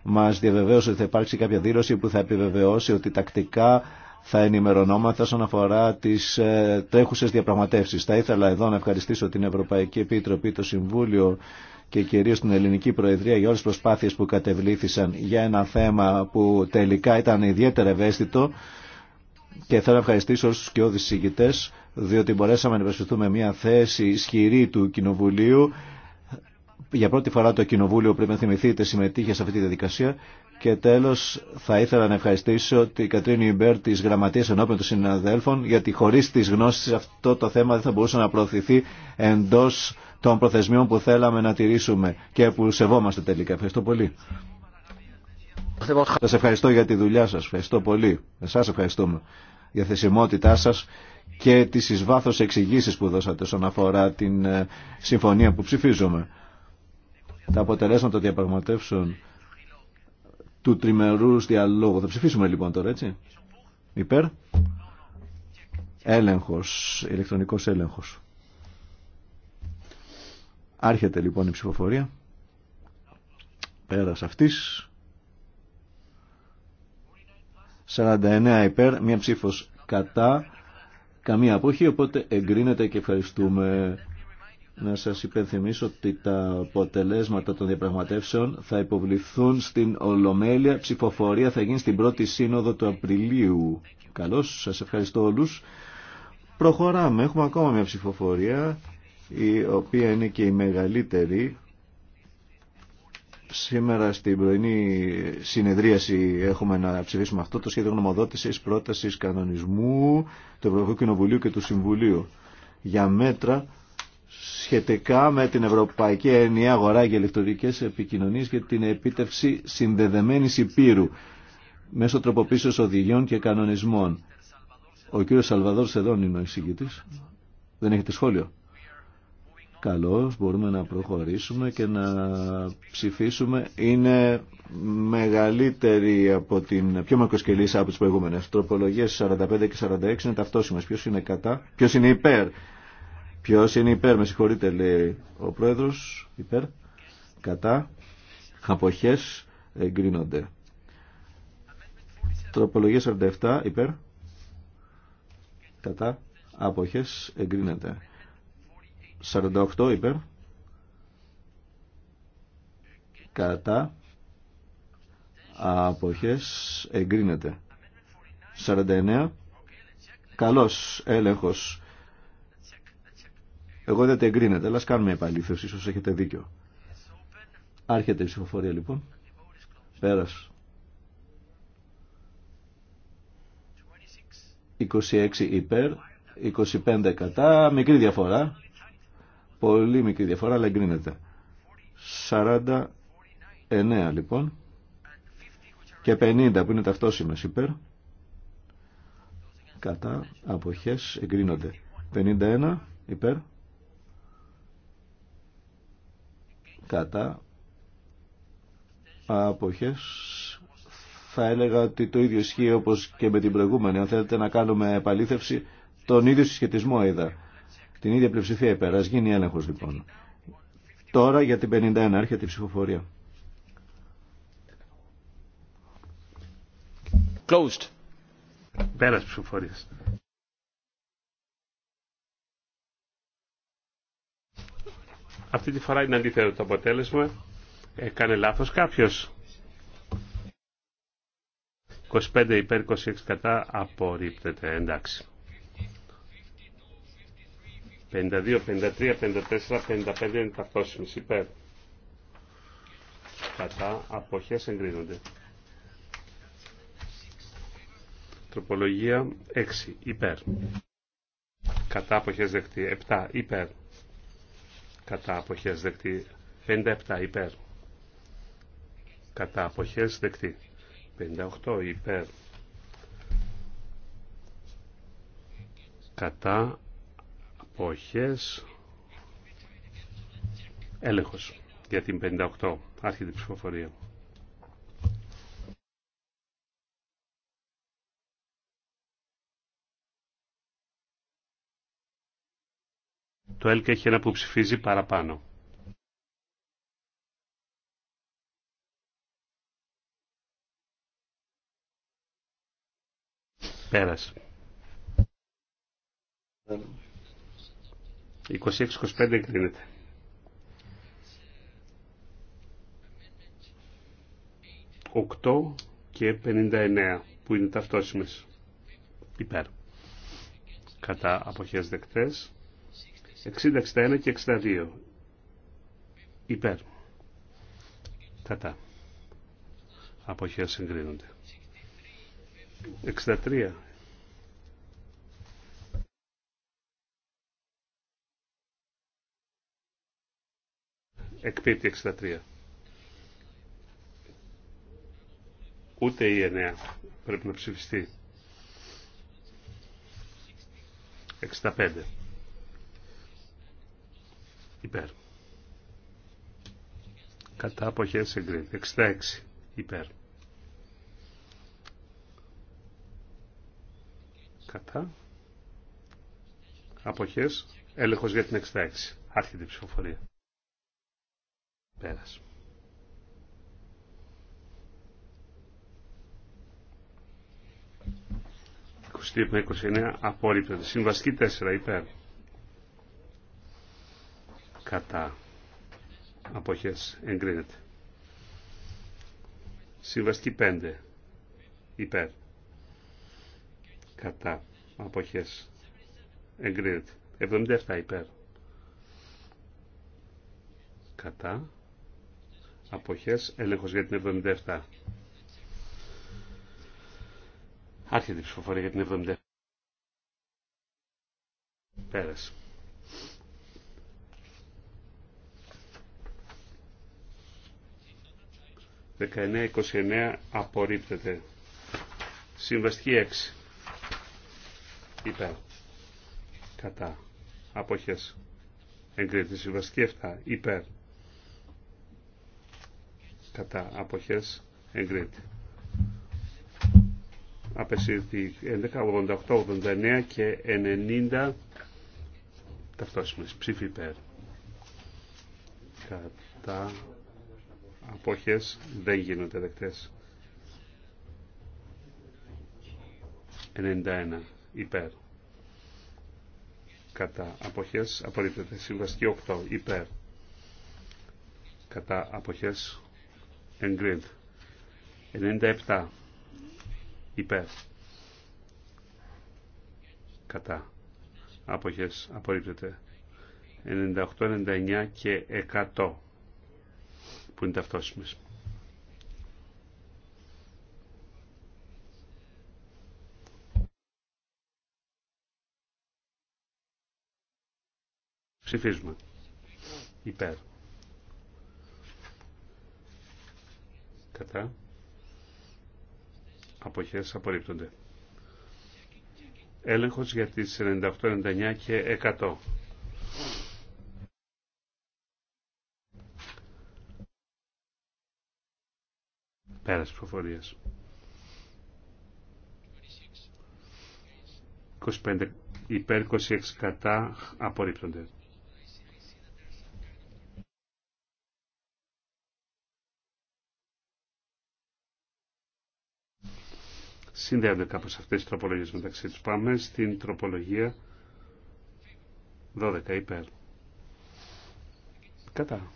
[SPEAKER 1] μας διαβεβαίωσε ότι θα υπάρξει κάποια δήλωση που θα επιβεβαιώσει ότι τακτικά θα ενημερωνόμαστε όσον αφορά τις ε, τρέχουσες διαπραγματεύσεις. Θα ήθελα εδώ να ευχαριστήσω την Ευρωπαϊκή Επίτροπη, το Συμβούλιο και κυρίως την Ελληνική Προεδρία για όλες τις προσπάθειες που κατεβλήθησαν για ένα θέμα που τελικά ήταν ιδιαίτερα ευαίσθητο και θέλω να ευχαριστήσω όλους τους κοιόδης διότι μπορέσαμε να υπερασπιστούμε μια θέση ισχυρή του Κοινοβουλίου για πρώτη φορά το Κοινοβούλιο πρέπει να θυμηθείτε συμμετείχε σε αυτή τη διαδικασία και τέλο θα ήθελα να ευχαριστήσω την Κατρίνη Ιμπέρ τη Γραμματεία Ενώπιον των Συναδέλφων γιατί χωρί τι γνώσει αυτό το θέμα δεν θα μπορούσε να προωθηθεί εντό των προθεσμιών που θέλαμε να τηρήσουμε και που σεβόμαστε τελικά. Ευχαριστώ πολύ. Σα ευχαριστώ για τη δουλειά σα, Ευχαριστώ πολύ. Σας ευχαριστούμε για θεσιμότητά σα και τις εις βάθος εξηγήσεις που δώσατε όσον αφορά την ε, συμφωνία που ψηφίζουμε τα αποτελέσματα των διαπραγματεύσεων του τριμερού διαλόγου. Θα ψηφίσουμε λοιπόν τώρα, έτσι. Υπέρ. Έλεγχος, ηλεκτρονικός έλεγχος. Άρχεται λοιπόν η ψηφοφορία. Πέρα αυτή. 49 υπέρ, μία ψήφος κατά, καμία αποχή, οπότε εγκρίνεται και ευχαριστούμε να σας υπενθυμίσω ότι τα αποτελέσματα των διαπραγματεύσεων θα υποβληθούν στην Ολομέλεια. Ψηφοφορία θα γίνει στην πρώτη σύνοδο του Απριλίου. Καλώς, σας ευχαριστώ όλους. Προχωράμε, έχουμε ακόμα μια ψηφοφορία, η οποία είναι και η μεγαλύτερη. Σήμερα στην πρωινή συνεδρίαση έχουμε να ψηφίσουμε αυτό το σχέδιο γνωμοδότηση πρότασης κανονισμού του Ευρωπαϊκού Κοινοβουλίου και του Συμβουλίου για μέτρα σχετικά με την Ευρωπαϊκή Ενιαία Αγορά για ηλεκτρονικές επικοινωνίες και την επίτευξη συνδεδεμένης υπήρου μέσω τροποποίησης οδηγιών και κανονισμών. Ο κύριος Σαλβαδόρ Σεδόν είναι ο εισηγητής. Δεν έχετε σχόλιο. Καλώς, μπορούμε να προχωρήσουμε και να ψηφίσουμε. Είναι μεγαλύτερη από την πιο μακροσκελή από τι προηγούμενε. Τροπολογίες 45 και 46 είναι ταυτόσιμες. Ποιο είναι κατά, ποιος είναι υπέρ Ποιό είναι υπέρ, με συγχωρείτε λέει ο πρόεδρο, υπέρ, κατά, αποχές εγκρίνονται. Τροπολογία 47, υπέρ, κατά, απόχε, εγκρίνεται. 48 υπέρ, κατά, απόχέ. εγκρίνεται. 49, καλός έλεγχος εγώ δεν τα εγκρίνεται, αλλά κάνουμε επαλήθευση, ίσως έχετε δίκιο. Άρχεται η ψηφοφορία λοιπόν. Πέρας. 26 υπέρ, 25 κατά, μικρή διαφορά. Πολύ μικρή διαφορά, αλλά εγκρίνεται. 49 λοιπόν και 50 που είναι ταυτόσιμες υπέρ κατά αποχές εγκρίνονται 51 υπέρ κατά αποχές θα έλεγα ότι το ίδιο ισχύει όπως και με την προηγούμενη αν θέλετε να κάνουμε επαλήθευση τον ίδιο συσχετισμό είδα την ίδια πλειοψηφία υπέρ γίνει έλεγχος λοιπόν τώρα για την 51 έρχεται η ψηφοφορία Closed.
[SPEAKER 2] Πέρας ψηφοφορίας. Αυτή τη φορά είναι αντίθετο το αποτέλεσμα. Έκανε λάθος κάποιος. 25 υπέρ 26 κατά απορρίπτεται. Εντάξει. 52, 53, 54, 55 είναι ταυτόσιμες υπέρ. Κατά αποχές εγκρίνονται. Τροπολογία 6 υπέρ. Κατά αποχές δεχτεί. 7 υπέρ κατά αποχές δεκτή 57 υπέρ κατά αποχές δεκτή 58 υπέρ κατά αποχές έλεγχος για την 58 άρχεται η ψηφοφορία το ΕΛΚ έχει ένα που ψηφίζει παραπάνω. Πέρασε. 26-25 εγκρίνεται. Οκτώ και 59 που είναι ταυτόσιμες υπέρ κατά αποχές δεκτές 60, 61 και 62. Υπέρ. Κατά. Από χέρια συγκρίνονται. 63. Εκπίπτει 63. Ούτε η 9 πρέπει να ψηφιστεί. 65 υπέρ. Κατά αποχές εγκρίνεται. 66 υπέρ. Κατά αποχές έλεγχος για την 66. Άρχεται η ψηφοφορία. περασε με 29 απόρριπτεται. Συμβαστική 4 υπέρ κατά αποχές εγκρίνεται. Σύμβαστη 5 υπέρ κατά αποχές εγκρίνεται. 77 υπέρ κατά αποχές έλεγχος για την 77. Άρχεται η ψηφοφορία για την 77. Πέρασε. 19-29 απορρίπτεται. Συμβαστική 6. Υπέρ. Κατά. Αποχές. εγκρίτη. Συμβαστική 7. Υπέρ. Κατά. Αποχές. Εγκρίνεται. Απεσύρθη 11, 88, 89 και 90 ταυτόσιμες. Ψήφι υπέρ. Κατά αποχές δεν γίνονται δεκτές. 91 υπέρ. Κατά αποχές απορρίπτεται. Συμβαστική 8 υπέρ. Κατά αποχές εγκρίνεται. 97 υπέρ. Κατά αποχές απορρίπτεται. 98, 99 και 100 που είναι ταυτόσιμες. Ψηφίζουμε. Υπέρ. Κατά. Αποχές απορρίπτονται. Έλεγχος για τις 98, 99 και 100. Πέρας προφορία. 25 υπέρ 26 κατά απορρίπτονται. Συνδέονται κάπως αυτές οι τροπολογίες μεταξύ τους. Πάμε στην τροπολογία 12 υπέρ. Κατά.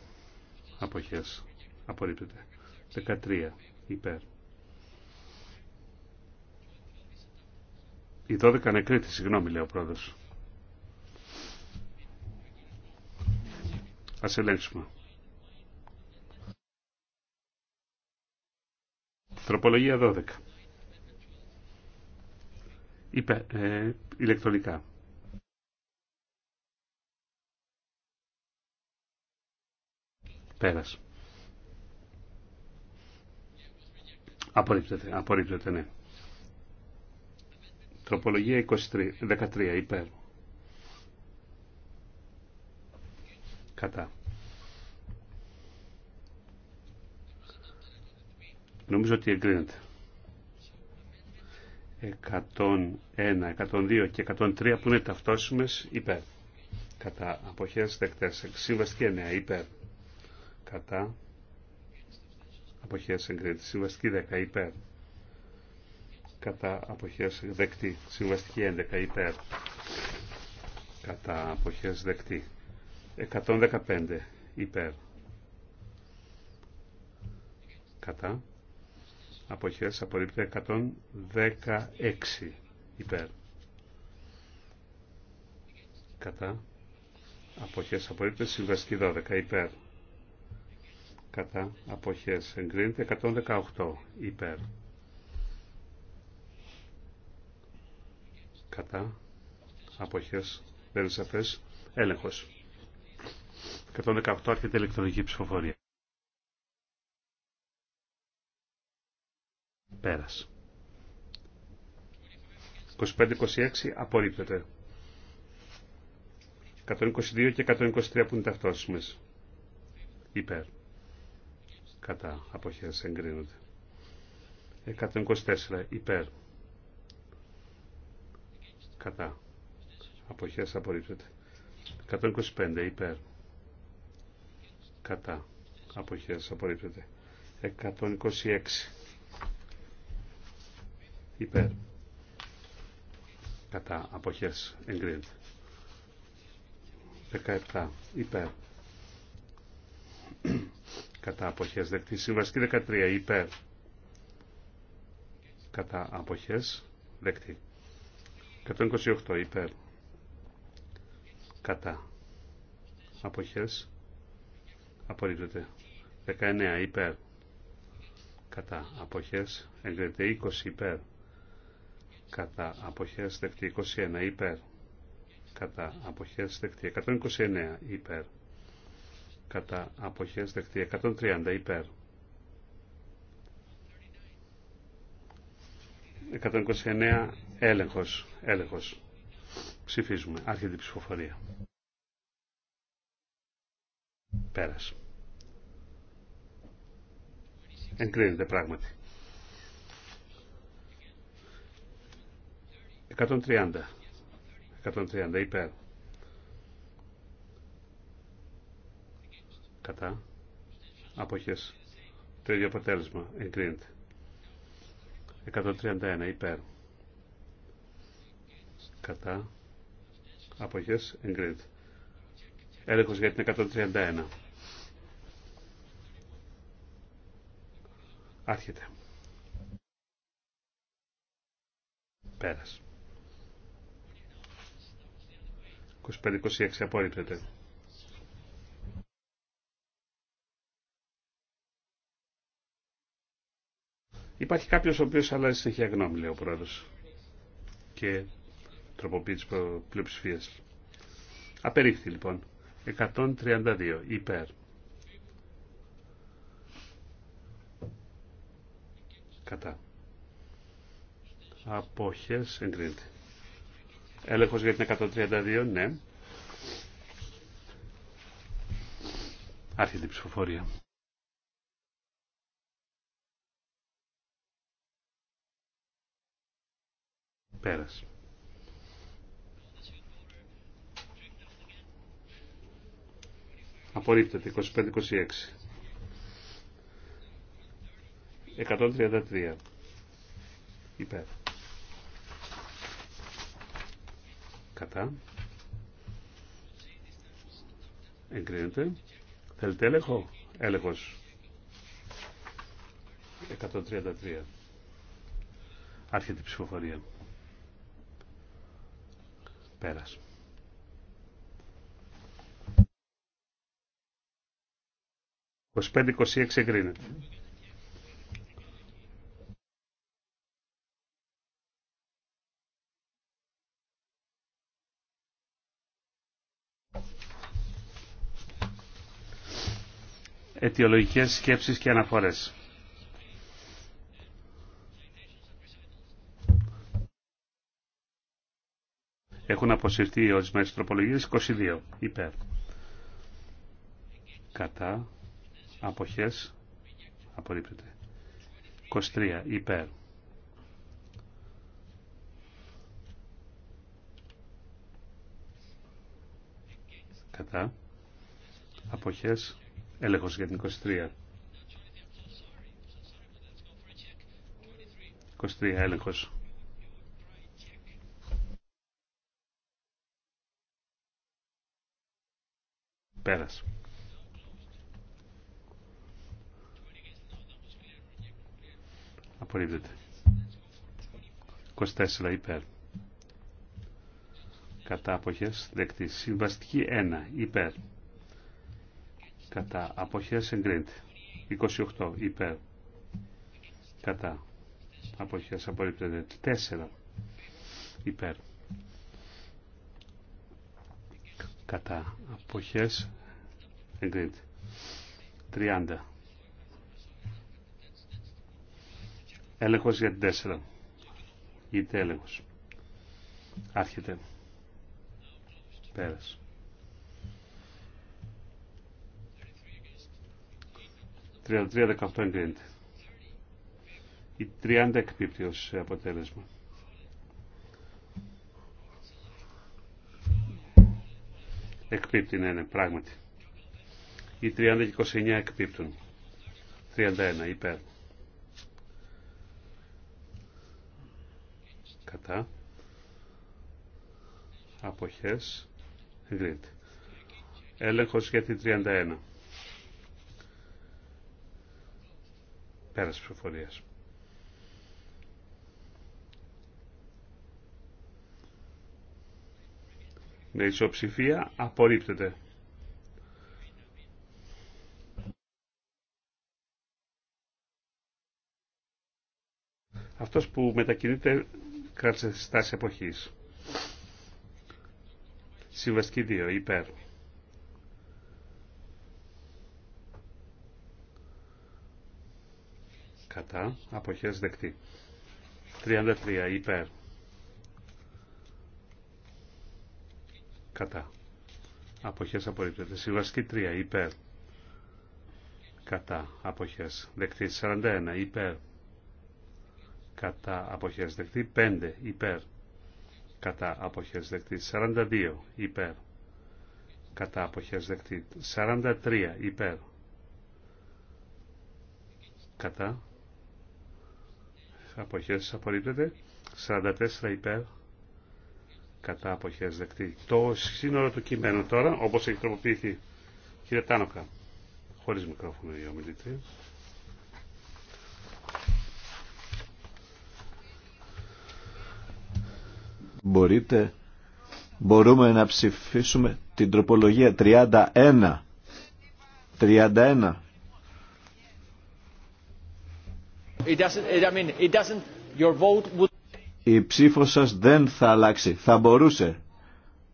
[SPEAKER 2] Αποχές. Απορρίπτεται. 13 υπέρ. Η 12 ανεκρίθη, συγγνώμη λέει ο πρόεδρος. Ας ελέγξουμε. Τροπολογία 12. Υπε, ε, ηλεκτρονικά. Απορρίπτεται, απορρίπτεται, ναι. Τροπολογία 23, 13, υπέρ. Κατά. Νομίζω ότι εγκρίνεται. 101, 102 και 103 που είναι ταυτόσιμες υπέρ. Κατά αποχές δεκτές. Συμβαστική 9 υπέρ. Κατά αποχές Συμβαστική 10 υπέρ κατά αποχές δεκτή. Συμβαστική 11 υπέρ κατά αποχές δεκτή. 115 υπέρ κατά αποχές απορρίπτει 116 υπέρ κατά αποχές απορρίπτει συμβαστική 12 υπέρ κατά αποχές εγκρίνεται 118 υπέρ κατά αποχές δεν είναι σαφές έλεγχος 118 έρχεται ηλεκτρονική ψηφοφορία πέρας 25-26 απορρίπτεται 122 και 123 που είναι ταυτόσιμες υπέρ κατά αποχές εγκρίνονται 124 υπέρ κατά αποχές απορρίπτεται 125 υπέρ κατά αποχές απορρίπτεται 126 υπέρ κατά αποχές εγκρίνεται 17 υπέρ κατά αποχές δεκτή. Συμβαστική 13 υπέρ κατά αποχές δεκτή. 128 υπέρ κατά αποχές απορρίπτεται. 19 υπέρ κατά αποχές εγκρίνεται 20 υπέρ κατά αποχές δεκτή 21 υπέρ κατά αποχές δεκτή 129 υπέρ κατά αποχές δεχτεί 130 υπέρ 129 έλεγχος έλεγχος ψηφίζουμε άρχεται η ψηφοφορία πέρας εγκρίνεται πράγματι 130 130 υπέρ κατά αποχές το ίδιο αποτέλεσμα εγκρίνεται 131 υπέρ κατά αποχές εγκρίνεται έλεγχος για την 131 άρχεται πέρας 25-26 απορρίπτεται Υπάρχει κάποιος ο οποίος αλλάζει συνέχεια γνώμη, λέει ο πρόεδρος. Και τροποποιεί τις πλειοψηφίες. Απερίφθη λοιπόν. 132 υπέρ. Κατά. Απόχες εγκρίνεται. Έλεγχος για την 132, ναι. Άρχεται η ψηφοφορία. Πέρας. Απορρίπτεται 25-26. 133. Υπέρ. Κατά. Εγκρίνεται. Θέλετε έλεγχο. Έλεγχος. 133. Άρχεται η ψηφοφορία. Πέρας. ως 5.26 εγκρίνεται. Εtiολογικές σκέψεις και αναφορές. Έχουν αποσυρθεί οι ορισμένε τροπολογίε. 22 υπέρ. Κατά. Αποχέ. Απορρίπτεται. 23 υπέρ. Κατά. Αποχές. Έλεγχος για την 23. 23 έλεγχος. πέρασε. Απορρίπτεται. 24 υπέρ. Κατά αποχές δεκτή. Συμβαστική 1 υπέρ. Κατά αποχές εγκρίνεται. 28 υπέρ. Κατά αποχές απορρίπτεται. 4 υπέρ. κατά αποχές εγκρίνεται 30 έλεγχος για την 4 ειτε ελεγχο έλεγχος άρχεται πέρας 33-18 εγκρίνεται η 30 εκπίπτει ω αποτέλεσμα Εκπίπτει, ναι, ναι, πράγματι. Οι 30 και 29 εκπίπτουν. 31 υπέρ. Κατά. Αποχές. Εγκρίνεται. Έλεγχος για την 31. Πέρας ψηφοφορίας. με ισοψηφία απορρίπτεται. Αυτός που μετακινείται κράτησε στάση εποχής. Συμβαστική 2, υπέρ. Κατά, αποχές δεκτή. 33, υπέρ. κατά αποχές απορρίπτεται. Συμβαστική 3 υπέρ κατά αποχές δεκτή. 41 υπέρ κατά αποχές δεκτή. 5 υπέρ κατά αποχές δεκτή. 42 υπέρ κατά αποχές δεκτή. 43 υπέρ κατά αποχές απορρίπτεται. 44 υπέρ κατά αποχές δεκτή. Το σύνολο του κειμένου τώρα, όπως έχει τροποποιηθεί. Κύριε Τάνοκα, χωρίς μικρόφωνο η ομιλητή.
[SPEAKER 1] Μπορείτε, μπορούμε να ψηφίσουμε την τροπολογία 31. 31.
[SPEAKER 4] It doesn't, I your vote
[SPEAKER 1] η ψήφος σας δεν θα αλλάξει. Θα μπορούσε.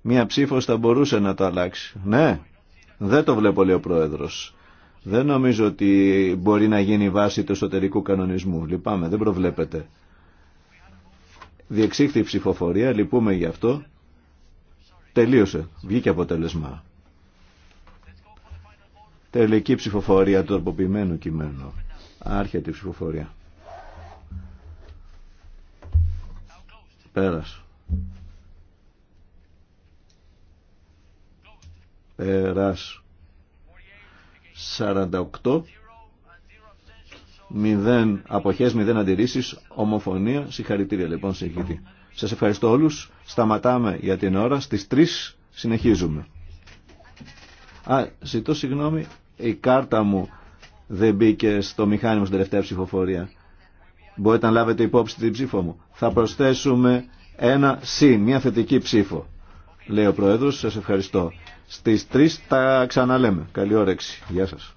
[SPEAKER 1] Μία ψήφος θα μπορούσε να το αλλάξει. Ναι, δεν το βλέπω λέει ο Πρόεδρος. Δεν νομίζω ότι μπορεί να γίνει βάση του εσωτερικού κανονισμού. Λυπάμαι, δεν προβλέπετε. Διεξήχθη η ψηφοφορία, λυπούμε γι' αυτό. Τελείωσε, βγήκε αποτέλεσμα. Τελική ψηφοφορία του αποποιημένου κειμένου. Άρχεται η ψηφοφορία. Πέρας. Πέρας. 48. Μηδέν αποχές, μηδέν αντιρρήσεις, ομοφωνία, συγχαρητήρια λοιπόν συγχαρητήρια. Σας ευχαριστώ όλους, σταματάμε για την ώρα, στις 3 συνεχίζουμε. Α, ζητώ συγγνώμη, η κάρτα μου δεν μπήκε στο μηχάνημα στην τελευταία ψηφοφορία. Μπορείτε να λάβετε υπόψη την ψήφο μου. Θα προσθέσουμε ένα συν, μια θετική ψήφο. Λέει ο Πρόεδρος, σας ευχαριστώ. Στις 3 τα ξαναλέμε. Καλή όρεξη. Γεια σας.